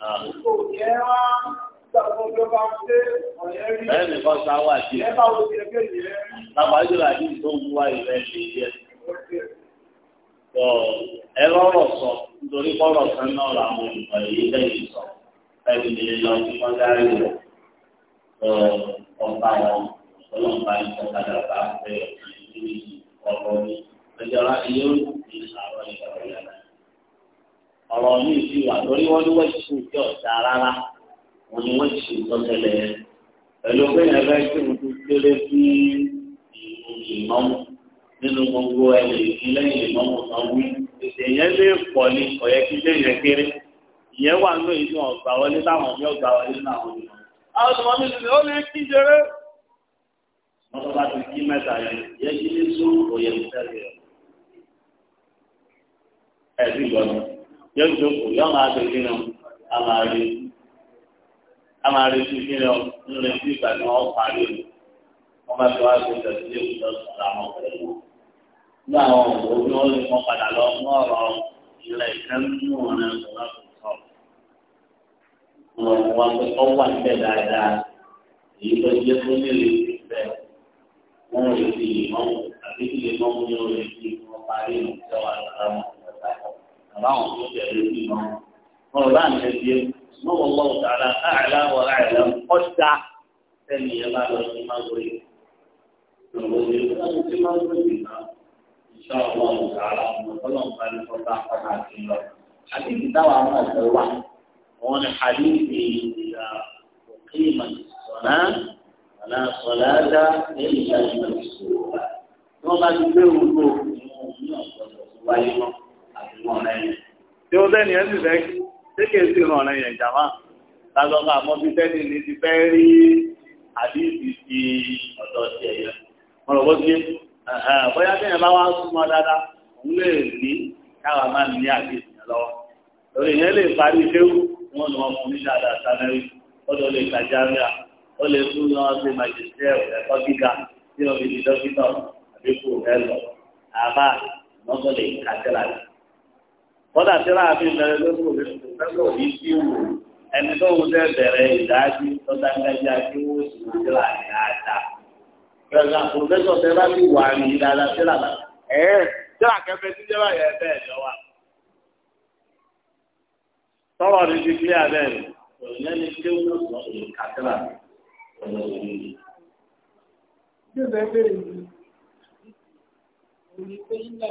Bẹ́ẹ̀ ni kọ́ sáwà sí. Bàbá yóò rà ní tó wúwa ìrẹ́ lè yẹ. Ẹ lọ́rọ̀ sọ, nítorí kọ́rọ̀ kan náà làwọn olùkọ́ yìí lẹ́yìn sọ. Ẹni lè lọ sí mọ́gárì rẹ̀. Ọba wọn, ọlọ́mọba ní kọ́kadà bá fẹ́ ọ̀sán ìdílé ọ̀rọ̀ ní. Ẹjọ́ rà yóò ní àwọn ìgbà wọlé ọ̀rọ̀ yìí ti wà lórí wọn ní wọ́n ti sùn tí ọ̀dà rárá wọn ni wọ́n ti sùn tọ́tẹ̀lẹ̀ yẹn pẹ̀lú pé ẹ̀fẹ́ tí mo ti kéré sí ìmọ̀mù nínú gbogbo ẹ̀lẹ́ ìlẹ́yìn ìmọ̀mù kan wí èyàn lè pọ̀ ní ọ̀yẹ́ kí lẹ́yìn kéré ìyẹn wà ní èyí tí wọ́n wọlé táwọn ọ̀gbẹ́ ọ̀gbà wọlé náà wọlé. àwọn ọmọ mi ti yóò jókòó yóò máa ṣe kí ni a máa rí a máa rí sí kí ni o ń retí ìgbà ni wọ́n parí o wọ́n bá fi wá ṣe tẹ̀sílẹ̀ ìjọsìn àwọn ọ̀rẹ́ wọn. ní àwọn òwò ni wọ́n lè mọ padà lọ mú ọ̀rọ̀ ilẹ̀ ìkẹ́mú ọ̀rẹ́ ọ̀rẹ́ sọ. wọ́n wá pé ọ wà níbẹ̀ dáadáa èyí tó yẹ kó lè lè fi bẹ́ẹ̀ wọ́n lè fi ìmọ̀ àbí ilé mọ́mú ni ó lè fi ìmọ̀ parí ìjọ àtàwọn àbáwọn tó jẹ ẹrú sí wọn wọn ò bá ń tẹ bíi ṣùgbọ́n wọn lọ́wọ́ tààrà àìlá wọ àìlá ọ̀dà sẹ́ni yẹn bá lọ sí máa wọlé lọ́wọ́ sí máa wọlé sí máa wọlé nígbà ìṣọ́ ọlọ́run tààrà ọlọ́run bá ní kọ́ta kọ́ta sí lọ. àti ìdáwà náà fẹ́ wà wọn ni àdéhùn ìyá òkè ìmọ̀ sọ̀nà àná sọ̀nà dá ẹ̀yìn ìyá ìmọ̀ ìṣòro. wọ́n bá ti gbé òwúrò ní ọ̀pọ̀lọpọ̀ wáyé náà ọ̀nà yẹn tí ó tẹ́ni ẹ́ sì fẹ́ ṣé kìí sí ìran ọ̀nà yẹn jàmá lásán máa mọ bí tẹ́ni ní ti fẹ́ rí àdìsí ti ọ̀dọ̀ ti ẹ̀yẹ wọn lọ bọ́sí bóyá tẹ́yìn bá wá súnmọ́ dáadáa òun lè ní káwa máa ní àdìsí yẹn lọ́wọ́ lórí yẹn lè parí léwu wọn lọ fún mi dáadáa sanẹ́rì ọ̀dọ̀ lè kàjáríà ó lè tún lọ sí màjèsè ẹ̀kọ́ gíga tí wọ́n fi kọ́dà tí ra àfi bẹ̀rẹ̀ lóṣù mi pẹ́lú òbí tí wù ẹni tó ń tẹ́ bẹ̀rẹ̀ ìdájú tọ́ta gbẹ́jà kí wọ́n sì ń tẹ́ láàyè àjà. Gbẹ̀gà pòfẹ́sọ̀ tẹ́ bá ti wà ní ìdára tí ra bàtà. Ẹ tí ra kẹfẹ tí jẹ́ báyẹn bẹ́ẹ̀ lọ wa. Tọ́rọ̀ ni ti kílíà bẹ́ẹ̀ ni. Òyìnbó ni kí wọ́n sọ òyìn kàtẹ́rà ọ̀nà òyìn. ni, òyìn pé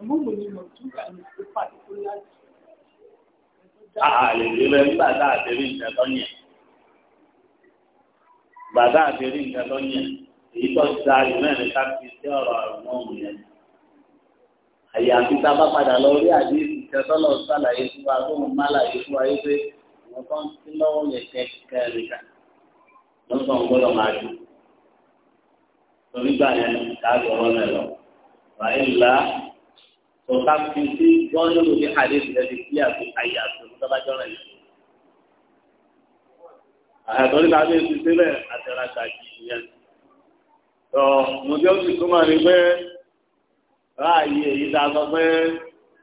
Ìmúlò ni mo tún kà ní ìlú pàtíkúlá. Àà ah, lè rí bẹ́ẹ̀ nígbà tá a ti rí nǹkan tó yẹn. Bàbá àti rí nǹkan tó yẹn. Èyí tó da ìmọ̀ ẹ̀rí ká fi sí ọ̀rọ̀ àwọn ọmọ yẹn. Àyàfi tá a bá padà lọ rí àdéhùn ìkẹtọ́lọ̀ sàlàyé fún wa tó ń má láyé fún wa yìí pé àwọn kan ti lọ́wọ́ yẹn kẹ́kẹ́ nìkan. Wọ́n sọ ń gbọ́dọ̀ máa dùn onígbà yẹn ká gbọ́rọ̀ lẹ̀ lọ. Wàhálà ọ̀ka fi sí wọ́n lò ní àdéhùn ẹ̀dí sí àti àyè àtòkù tọ́lájọ́ rẹ̀ yìí. àyàtọ̀ nípa bí èsì sílẹ̀ àtẹ̀rà gbàgbé ìyẹn. tọ́ mo jẹ́ òsì túmọ̀ ní pé ráàyè èyí tá a sọ pé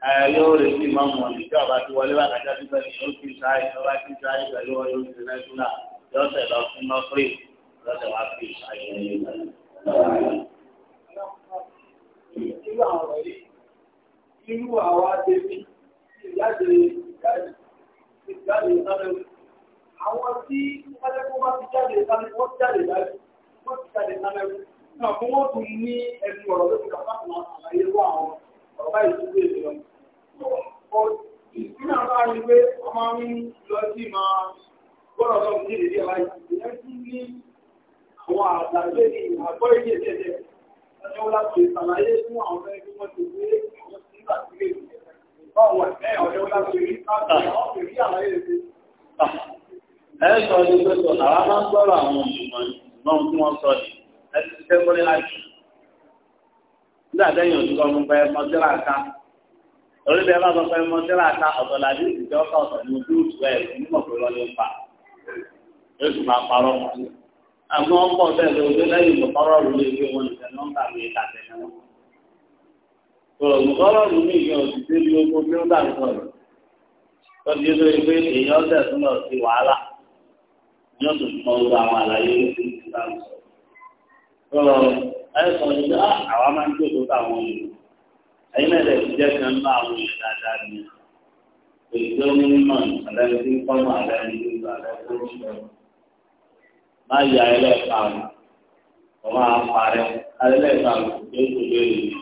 ayẹyẹ ó lè fi máa mọ̀ nígbà bá ti wọlé wákàtí àti pẹ̀lú yóò fi sáyé lọ́wọ́ ti sáyé pẹ̀lú wọn yóò fi lọ́sẹ̀ lọ fún nọ́fírì lọ́sẹ̀ wá fi sáyé ẹ̀yẹ irú àwọn adébí ìjáde ìjáde ìjáde ìjáde àwọn tí pátákó bá ti jáde ìjáde wọ́n jáde ìjáde wọ́n ti jáde ìjáde náà fún wọn tún ní ẹnu ọ̀rọ̀ lórí kàfá kan àlàyé wọ àwọn ọ̀rọ̀ ìdílé ìlọ. ìdí náà bá rí pé ọmọ mi lọ sí máa gbọ́dọ̀ lọ sí ìdílé wa ìyẹn tún ní àwọn àgbàgbé ní àgbọ̀ ìdílé ìdílé ẹjọ́ láti ṣàlàyé fún àwọn ẹgbẹ́ wọn ti gbé Ah. Ah. Ẹ sọ ní pé máa ń gbọ́rọ̀ àwọn ìgbìmọ̀ náà tí wọ́n sọ yìí ẹ ti ṣiṣẹ́ kọ́lé láti. Nígbà tẹ́yìn òṣìṣẹ́ pẹ́ mọ́tẹ́lá ká. Orí bẹ́ẹ̀ bá sọ pé ká ọ̀tọ̀ làdí ìdíjọ́ ọ̀tọ̀ ọ̀tọ̀ ní ojú ìtù ẹ̀ nímọ̀ pé lọ́lé ń pa. Yóò máa parọ́ wọn. Àwọn ọkọ̀ bẹ́ẹ̀ lóde lẹ́yìn ìmọ̀párọ̀ ọ̀rọ̀mùkọ́rọ̀mù mi yàn òṣìṣẹ́ bí ogun tí ó bá ń sọ̀rọ̀ tọ́jú ló yẹ pé èèyàn lọ sí wàhálà tí wọ́n gba àwọn àlàyé lóṣù tí bá ń sọ̀rọ̀ tọ́lọ ẹ̀sán ní bá àwa máa ń jẹ́ kan àwọn èèyàn dáadáa ni ń tó ń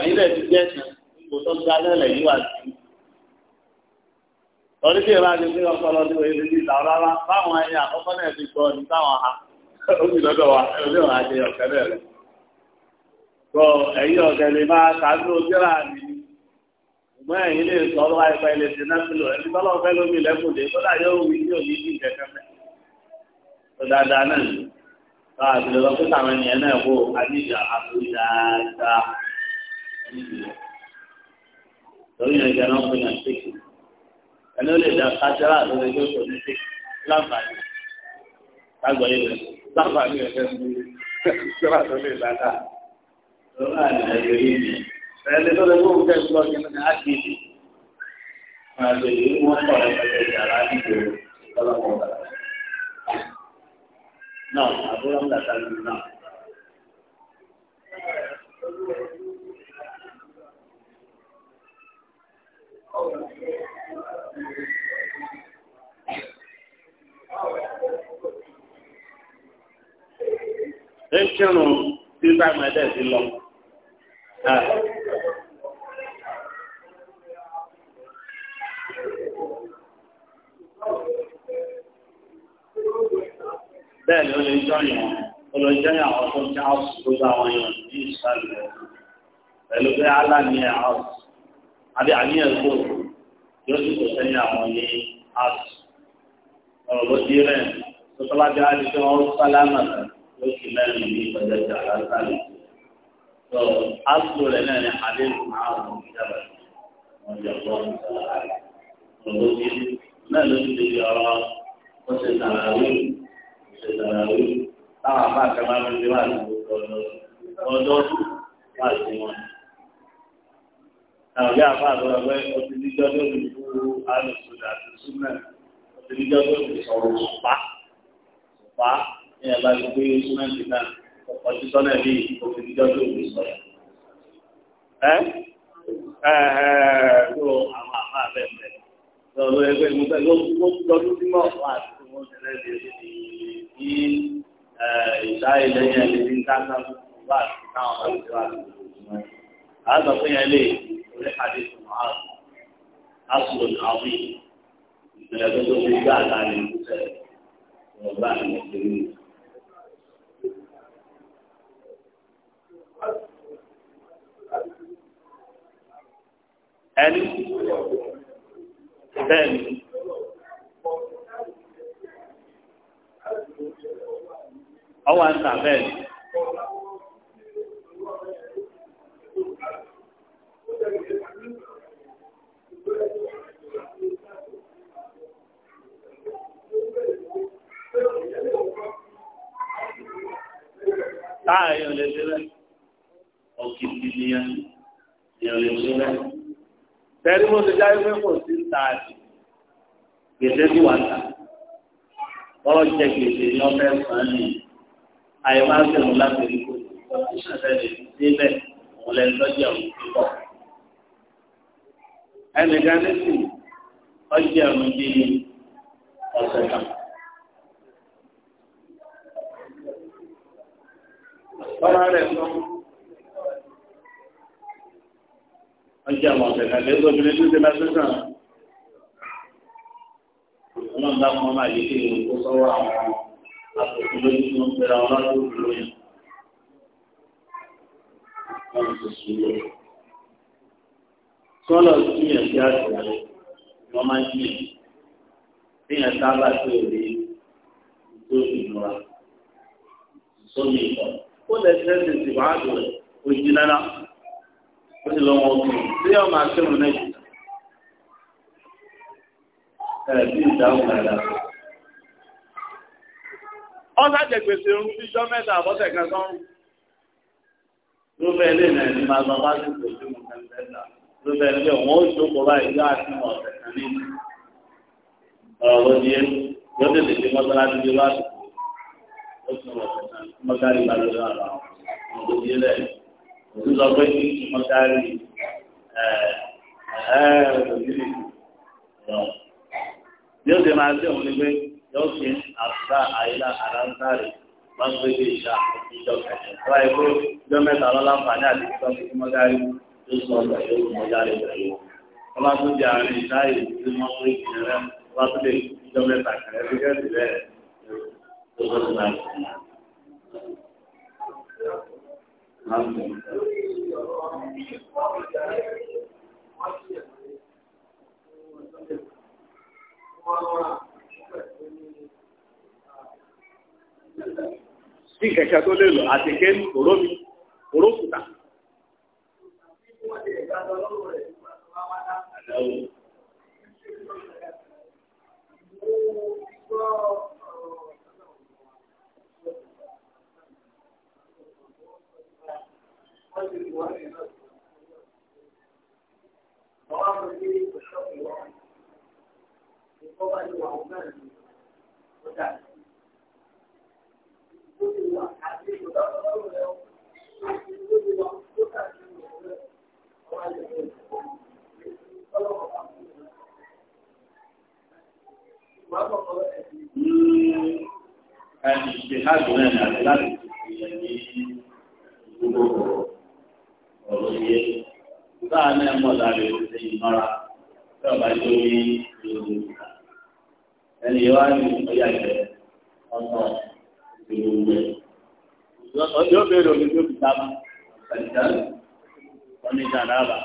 ẹ̀yin náà ti jẹ́ ẹ̀sìn kò tó ga náà lẹ́yìn wà sí. Lọ́dún tí ìlànà ìgbé ọpọlọ ní oye lórí ìta rárá báwọn ẹyẹ àkọ́kọ́ náà ti gbọ́ ní táwọn ha. Ó sì lọ́dọ̀ wa ẹ̀rọ náà ṣe ọ̀kẹ́ náà lọ. ẹ̀yin ọ̀kẹ́ lè máa tàbí ojúra mi. Ṣùgbọ́n ẹ̀yin lè sọ ọ́ àìpẹ́ ilé ti náà sílò ẹni bọ́lá ọ̀fẹ́ lómi lẹ́kùnlé kódà yóò wí ní òní ní ìjẹ́kẹ́fẹ́. Sọ dáadáa náà ni. Sọ àtìlọ́pẹ́ lórí ẹ̀jẹ̀ náà fún yàn ṣéèkì ẹni ó lè dá kájọ́rà lórí ẹgbẹ́ òṣèlú ṣéèkì láǹfààní lágbọ̀ọ́ yìí rẹ̀ láǹfààní rẹ̀ fẹ́ẹ́ mú kájọ́rà tó lè dá ká lọ́wọ́ àyè yìí ni ẹni tó lè fún kẹ́ ńlọ kí ni á kì í di máa lè yí wọ́n kọ̀ ẹ̀ pẹ̀lú ìyàrá nígboro lọ́lọ́kọ̀ọ́ náà àbúrò ńlá tá ẹ ń kírun tí táìmù ẹ̀dẹ̀ ti lọ. bẹ́ẹ̀ ni ó lè jọyìn ó lè jọyìn àwọn tó ń jẹ́ house gbogbo àwọn èèyàn ní ìsàlẹ̀ pẹ̀lú pé allah ní ẹ̀ house àbí àníyàn tó yóò sì kò sẹ́yìn àwọn ní house ọ̀rọ̀ ló dé rẹ̀ tó tọ́lá bí wọ́n ti fi wọ́n sálámà sẹ́yìn lẹ́nu ní ìpẹ́jẹ́ tí a lọ aṣọ rẹ̀ náà ni àdéhùn àrùn ìjàmbá wọn jẹ ọgbọ́n ìṣẹ̀lẹ̀ àrùn. òwò ti náà ló ti di ọ̀rọ̀ ó ṣe tàràwí ó ṣe tàràwí táwọn àbá àkàmá mi ti wà ní gbogbo ọ̀dọ́ wà sí wọn. àwọn ìyá àbá àbúrò ẹgbẹ́ ọtí níjọ́ tó ti kú àlùsùn àti súnmẹ̀ ọtí tó ti sọ̀rọ̀ sùpá sùpá ní ẹ̀ bá ti gbé símẹ́ǹtì náà ọ̀pọ̀ ti sọ́nà bí òfin ìjọ́ tó ìwé sọ ẹ̀. ẹ ẹ ẹ tó àwọn àfa bẹ́ẹ̀ bẹ́ẹ̀ lọ́wọ́ ẹgbẹ́ mi pẹ̀lú lọ́dún tí mọ̀ wá àti wọn tẹ̀lé bí i ìdá ìlẹ́yìn ẹni tí ń ká ká wá àti táwọn ọ̀rọ̀ ìjọba àti ìjọba. àgbà fún yẹn lè orí adé tó máa àsùnwò àwọn ìpìlẹ̀ tó tó fi gbá àgbà ní ìlú sẹ́yìn. ọ̀gbá àti ìjọba ẹni bẹ́ẹ̀ni. ọwọ́ àǹtà bẹ́ẹ̀ni. Táà èèyàn lè ṣe rẹ̀, òkìkí ni èèyàn lè ṣe rẹ̀ tẹ́rí mo ti jáwé pé kò sí tààdì gbèsè tí wà tà ọ̀rọ̀ jẹ gbèsè ní ọ̀fẹ́ sàn ní àyẹ̀wò àgbẹ̀rún láti rí kò sí ọ̀sẹ̀ ṣàtẹ̀lẹ̀ débẹ̀ òun lẹ́nu lọ́jọ́ àwọn ìbíkọ̀. ẹnìkan ní sì ọjọ́ ẹ̀rùn di ọ̀sẹ̀ kan. Tọ́lá rẹ̀ sọ́kùn. wọ́n àwọn ọ̀sẹ̀ kan lẹ́yìn obìnrin tó ṣe lásán. ọlọ́run dákun ọmọ àyè kí ni kó sọ́wọ́ àwọn àtòkù lójú tó ń pera wọn láti òkú lóyún. wọ́n ti sùn lọ. sọ́lọ̀ kíyàn sí àṣìyàn ni wọ́n máa ń kíyàn. kíyàn sábà sí òde tó ìnura. sọ́mi ìtọ́. ó lè ṣe é ṣe ìwádìí rẹ̀ ojú náírà ó sì lọ wọn kù sí ọmọ akéwọn náà yìí ẹ bí ìdáhùn dada. ọ̀sán jẹ̀gbèsè ń fi jọ́ mẹ́ta àbọ̀tẹ̀ kan sọ́run. ló bẹ́ẹ̀ lè nà ẹni máa lọ bá sì kò sí mo kàn tẹ́ta ló bẹ́ẹ̀ lé wọn ó jókòó báyìí yóò àti mọ̀ ọ̀sẹ̀ kan ní. ọ̀rọ̀ wo ni yóò tètè dé mọ́sálásí bí wàá dùn ó sì mọ̀ ọ̀sẹ̀ kan mọ́sálásí bá lórí àlọ́ àwọn ọ̀dọ́ òtún sọ pé kí ni mo dárí ẹ ẹ òtún lọ. bí ó ṣe máa ṣe òun ni pé yóò ṣe àṣà àyílá àdáńtárì máa ń gbé bí ìṣá ìjọ kẹjọ wá ikú ìjọ mẹ́ta lọ láǹfààní àti ìjọ kí mo dárí tó sọ ọgbà yóò mo dárí pẹ̀lú. wọ́n bá tún di àárín ìṣá ìlú tí wọ́n pè é rẹ̀ bá tún lè ìjọ mẹ́ta kẹrẹ́ sílẹ̀ tó tó ti máa ń Bí kẹ̀kẹ́ tó lè lọ àtẹ̀kẹ́ òrómi, òrókùtà. Àwọn Ẹni ṣe láti rẹ̀ àti láti ṣe ní gbogbo ọ̀rọ̀. ọ̀rọ̀ yẹ sáà náà mọ̀ lára ìlú ṣe ìmọ̀ra tí ọba tó ní ìlú ìta ẹni yẹn wá ní ọyà jẹ ọ̀nà ìlú rẹ̀ ọjọ́ bẹ̀rẹ̀ omi tó fi dábà ẹ̀dá ọ̀nà ìdàdàbà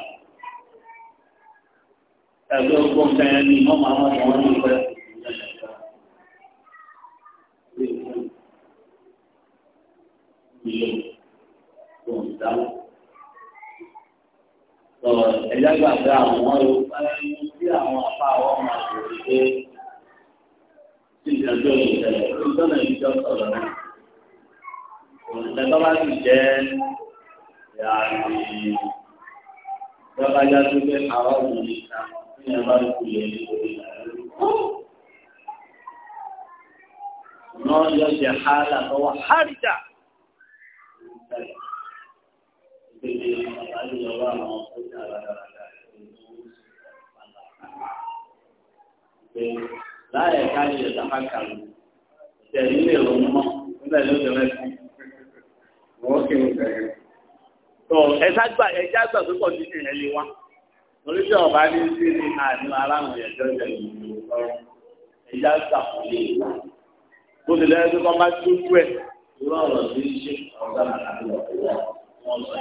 ẹgbẹ́ ọgbọ́n kẹyàn ní mọ́mọ́ àwọn ọmọ wọn ìfẹ́ ìlú ìlú ìdáwọ̀ ẹ̀jẹ̀ gbàgbé àwọn tí àwọn afá àwọn máa ń wò pé ìdájọ́ ìṣẹ̀lẹ̀ tó tọ́nà ìjọ sọ̀rọ̀ náà. Òṣìṣẹ́ bá sì jẹ́ ìyàrí lọ́bàjá tó fẹ́ àwọn òní kan tí yẹn bá kú nítorí ìyàrí. Náà jẹ́ hálà tó wà pèsè àyọ̀wọ́ láyé káyé ìdáfà kàlù ìtẹ̀lé ilé ìrònú mọ́ níbẹ̀ ló ti rẹ̀ wọ́n kí n bẹ̀rẹ̀. tó gbà ẹ̀jẹ̀ àgbà tó pọ̀ sí ìrìn ní sí ní àánú aláwọ̀ ẹ̀jọ́ ìlú ẹ̀jẹ̀ àgbà kò lè bó kọ́ bá tó wọn sọ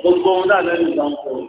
gbogbo ohun náà lẹ́nu lọ ń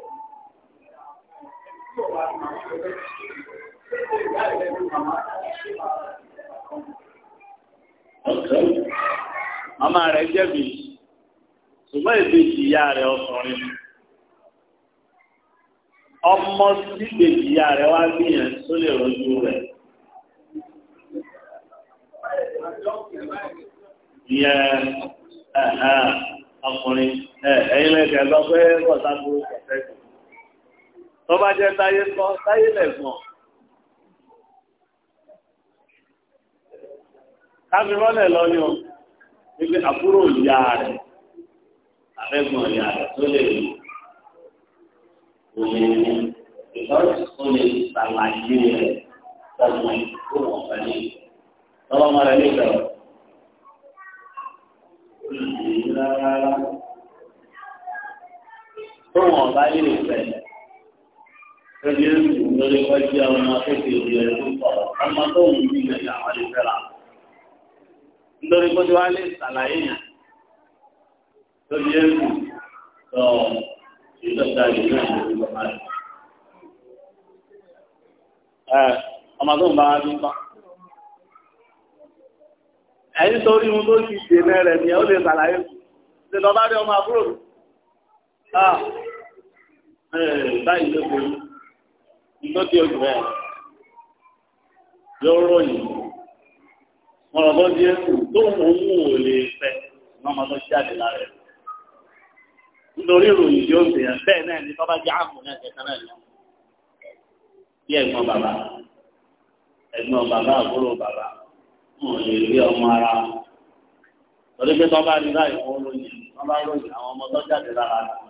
màmá rẹ̀ jẹ̀bi ṣùgbọ́n ìbejì ìyá rẹ̀ ọkùnrin ọmọ ìbejì ìyá rẹ̀ wá tó lè rẹ̀. ìyẹn tó bá jẹ́ táyé kọ́ táyé lẹ̀gbọ́n. káfí rọ́lẹ̀ lọ ni o wípé àbúrò ìyá rẹ̀ àfẹ́gbọ̀n ìyá rẹ̀ tó lè rí òye ní ìtọ́jú tó lè ṣàlàyé rẹ̀ tọ́jú tó wọ̀n pẹ̀lú tọ́wọ́ mọ́ rẹ̀ nígbà o. tó wọ̀n bá yé ìfẹ́ ẹbí lórí wájú àwọn akéde òbí ẹ tó pọ̀ ọmọ tó ń bí ẹ yà wọ́n fẹ́ra. nítorí kó tí wàá lè ṣàlàyé yẹn lórí ẹ̀kú lọ ìdọ́gba ìlú náà lórí bàbá rẹ̀. ẹ ọmọ tó ń bá wa bí pa. ẹ̀yin sórí ohun tó ti dènà rẹ̀ ni ó lè ṣàlàyé fún un ṣe lọ́ba rí ọmọ àbúrò mi. Ah, báyìí ló borí tó di ojú bẹ́ẹ̀ yóò ròyìn wọn lọ bọ́ sí ẹ̀kú tó ń mú òun ò lè fẹ́ wọn máa lọ sí àdé lára ẹ̀ nítorí ìròyìn yóò ṣe yẹn bẹ́ẹ̀ náà ni bàbá jẹ́ àmù náà kẹta náà yẹn bí ẹ̀gbọ́n bàbá ẹ̀gbọ́n bàbá àbúrò bàbá wọn lè rí ọmọ ara torí pé tọ́ bá rí báyìí wọn ròyìn wọn bá ròyìn àwọn ọmọ tó jáde lára àwọn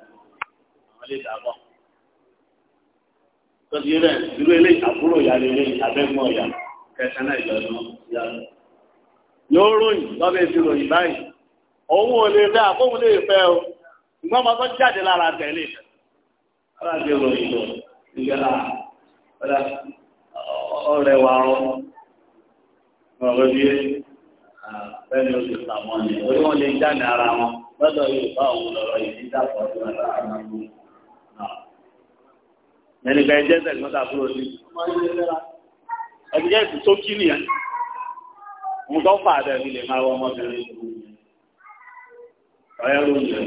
lè dàbọ̀ tọ́jú rẹ̀ irú ilé àbúrò ìyá lélẹ̀ abẹ́gbọ́n ìyá kẹsàn-án náà ìjọ ìyá lọ. yóò ròyìn lọ́bẹ̀ ti ròyìn báyìí òun ò lè fẹ́ àkóhun lè fẹ́ o ìgbọ́n ọmọ tó jáde lára tẹ̀lé ara ti ròyìn lọ ìyá ọ̀rẹ́ wa rọ ọ̀rọ̀ bí bẹ́ẹ̀ni oṣù tàmọ́ ni orí wọn lè jáde ara wọn lọ́dọ̀ Yorùbá òun lọ̀rọ̀ ẹnìkan ẹjẹ tẹ̀lé mọ́tà àbúrò sí ẹgbẹ́ ẹ̀sìn tó kí nìyẹn mo tọ́ fà á dẹ̀ mi lè máa wọ ọmọbìnrin ọ̀yẹ́ ló ń jẹ́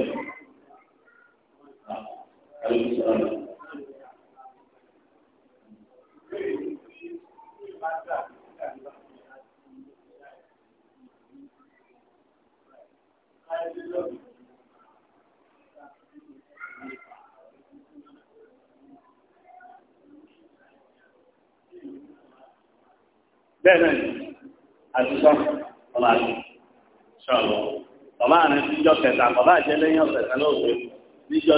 bẹ́ẹ̀ náà àtúntọ́ ọmọ àti ṣọlọ bàbá àrùn níjọ kẹta bàbá àjẹ lẹ́yìn ọ̀sẹ̀ kan lóògbé níjọ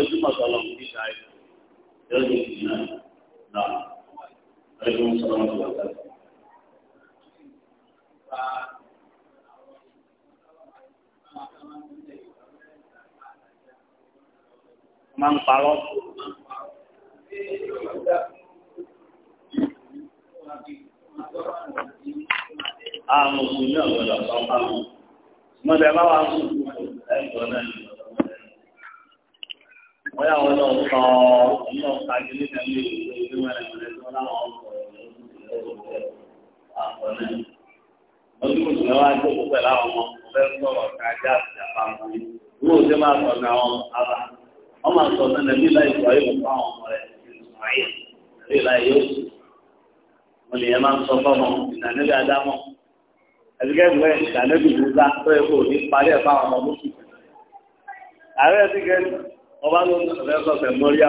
máa ń parọ́. Thank you àwọn òṣèlú náà gbọ́dọ̀ sọ fáwọn mọdẹ bá wà fún ẹgbẹ́ náà ní wọn yà wọn lọ sọ ọmọ kájú níta ní ìlú ìlú mẹ́rin tó láwọn ọkọ àpọ̀ náà wọn tún kùsùn náà wá tó kú pẹ̀lú àwọn ọmọ ọbẹ sọ̀rọ̀ kájá àti àpamọ yìí wọn ò sí máa sọ ní àwọn ara wọn máa sọ ní ẹbí láì sọ ìlú fáwọn ọmọ rẹ̀ ìsúnmáyé ẹbí láì yóò sùn wọn lè yẹn máa ń sọ fọmọ ìdánilẹ adámọ ẹgbẹgbẹ ìdánilẹ ìwúzá tó yẹ kó ní parí ẹ fáwọn ọmọ mọsùn ààrẹ ti gẹ ọba ló ń sọfẹ sọfẹ mọríà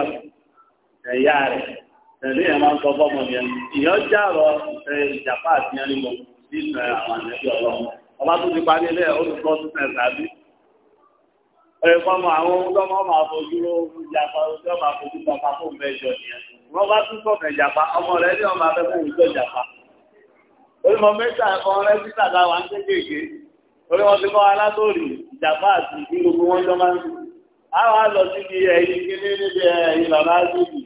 ẹyà rẹ tẹ́lẹ̀ yẹn máa ń sọ fọmọ yẹn ìyẹn jàrọ ẹ ìjàpá àti yẹn ni mo ní ìtàn àwọn ànẹbí Ọlọ́run ọba tó ti parí ilé olùkọ́ tó tẹ sàbí ẹ fọmọ àwọn ọmọ ọmọ àfojúró ìjàpá ọmọ àfojúró ọmọ àfojúró ọmọ àfojúró wọ́n bá tún sọ̀kẹ̀ ìjàpá ọmọ rẹ̀ ní ọmọ abẹ́kọ̀ òwúrọ̀ ìjàpá olùmọ̀ mẹ́ta ọ̀rẹ́ títà dáwà ń kékèké orí ti kọ́ alátòrì ìjàpá àti ìgbìmọ̀ wọn jọ máa ń sùn àwọn àlọ́ síbi ẹ̀yìn kíní níbi ẹ̀yìn bàbá àdúgbò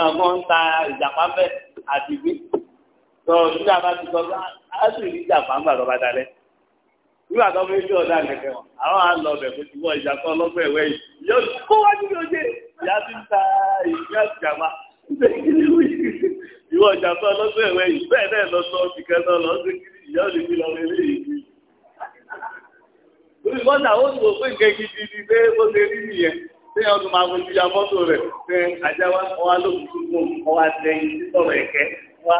ẹ̀wọ̀n ń ta ìjàpá bẹ́ àti ìgbín tó nígbà bá ti sọ á sì ìjàpá ń gbà lọ́ba dalẹ̀ nígbà tó fi ìwọ ọjà tó ẹ̀wẹ̀ yìí bẹ́ẹ̀ náà lọ sọ ìyá òní mi lọ lélẹ́ yìí. Lórí bọ́tà ó wò pé nǹkan gidi ni pé ó ṣe rí nìyẹn tí wọ́n tún máa wo ìyá mọ́tò rẹ̀ pé ajá wa wá lókùnkùn mọ́ ọ wá sẹ́yìn sísọ̀rọ̀ ẹ̀kẹ́ wá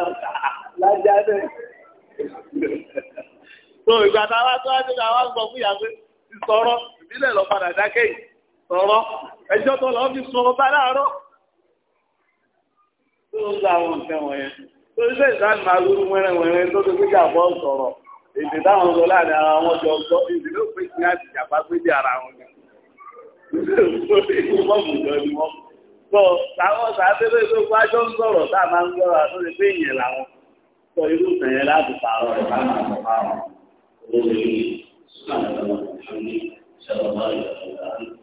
lájá náà. Tó ìgbà táwa tó wá dé àwọn àgbọ̀ fún ìyá pé ti sọ̀rọ̀ ìbílẹ̀ lọ padà dákẹ́ tó ń gba àwọn nǹkan wọ̀nyẹn tó ń sẹ́yìn sáà máa lóru wẹ́rẹ́ wẹ́rẹ́ tó ti gbéjà bọ́ sọ̀rọ̀ èdè táwọn sọ láàrin ara wọn jọ gbọ́ èdè ló pè sí àti ìjàpá pé dé ara wọn ni sọ táwọn sàbẹ̀bẹ̀ tó kó ajọ́ ń sọ̀rọ̀ tá a máa ń sọ̀rọ̀ àtúnṣe pé ìyẹn làwọn sọ irú ìtẹ̀yẹ láti pààrọ̀ ẹ̀ láti pààrọ̀ olórí sùnà ìjọba ìṣẹ̀lẹ̀ báyìí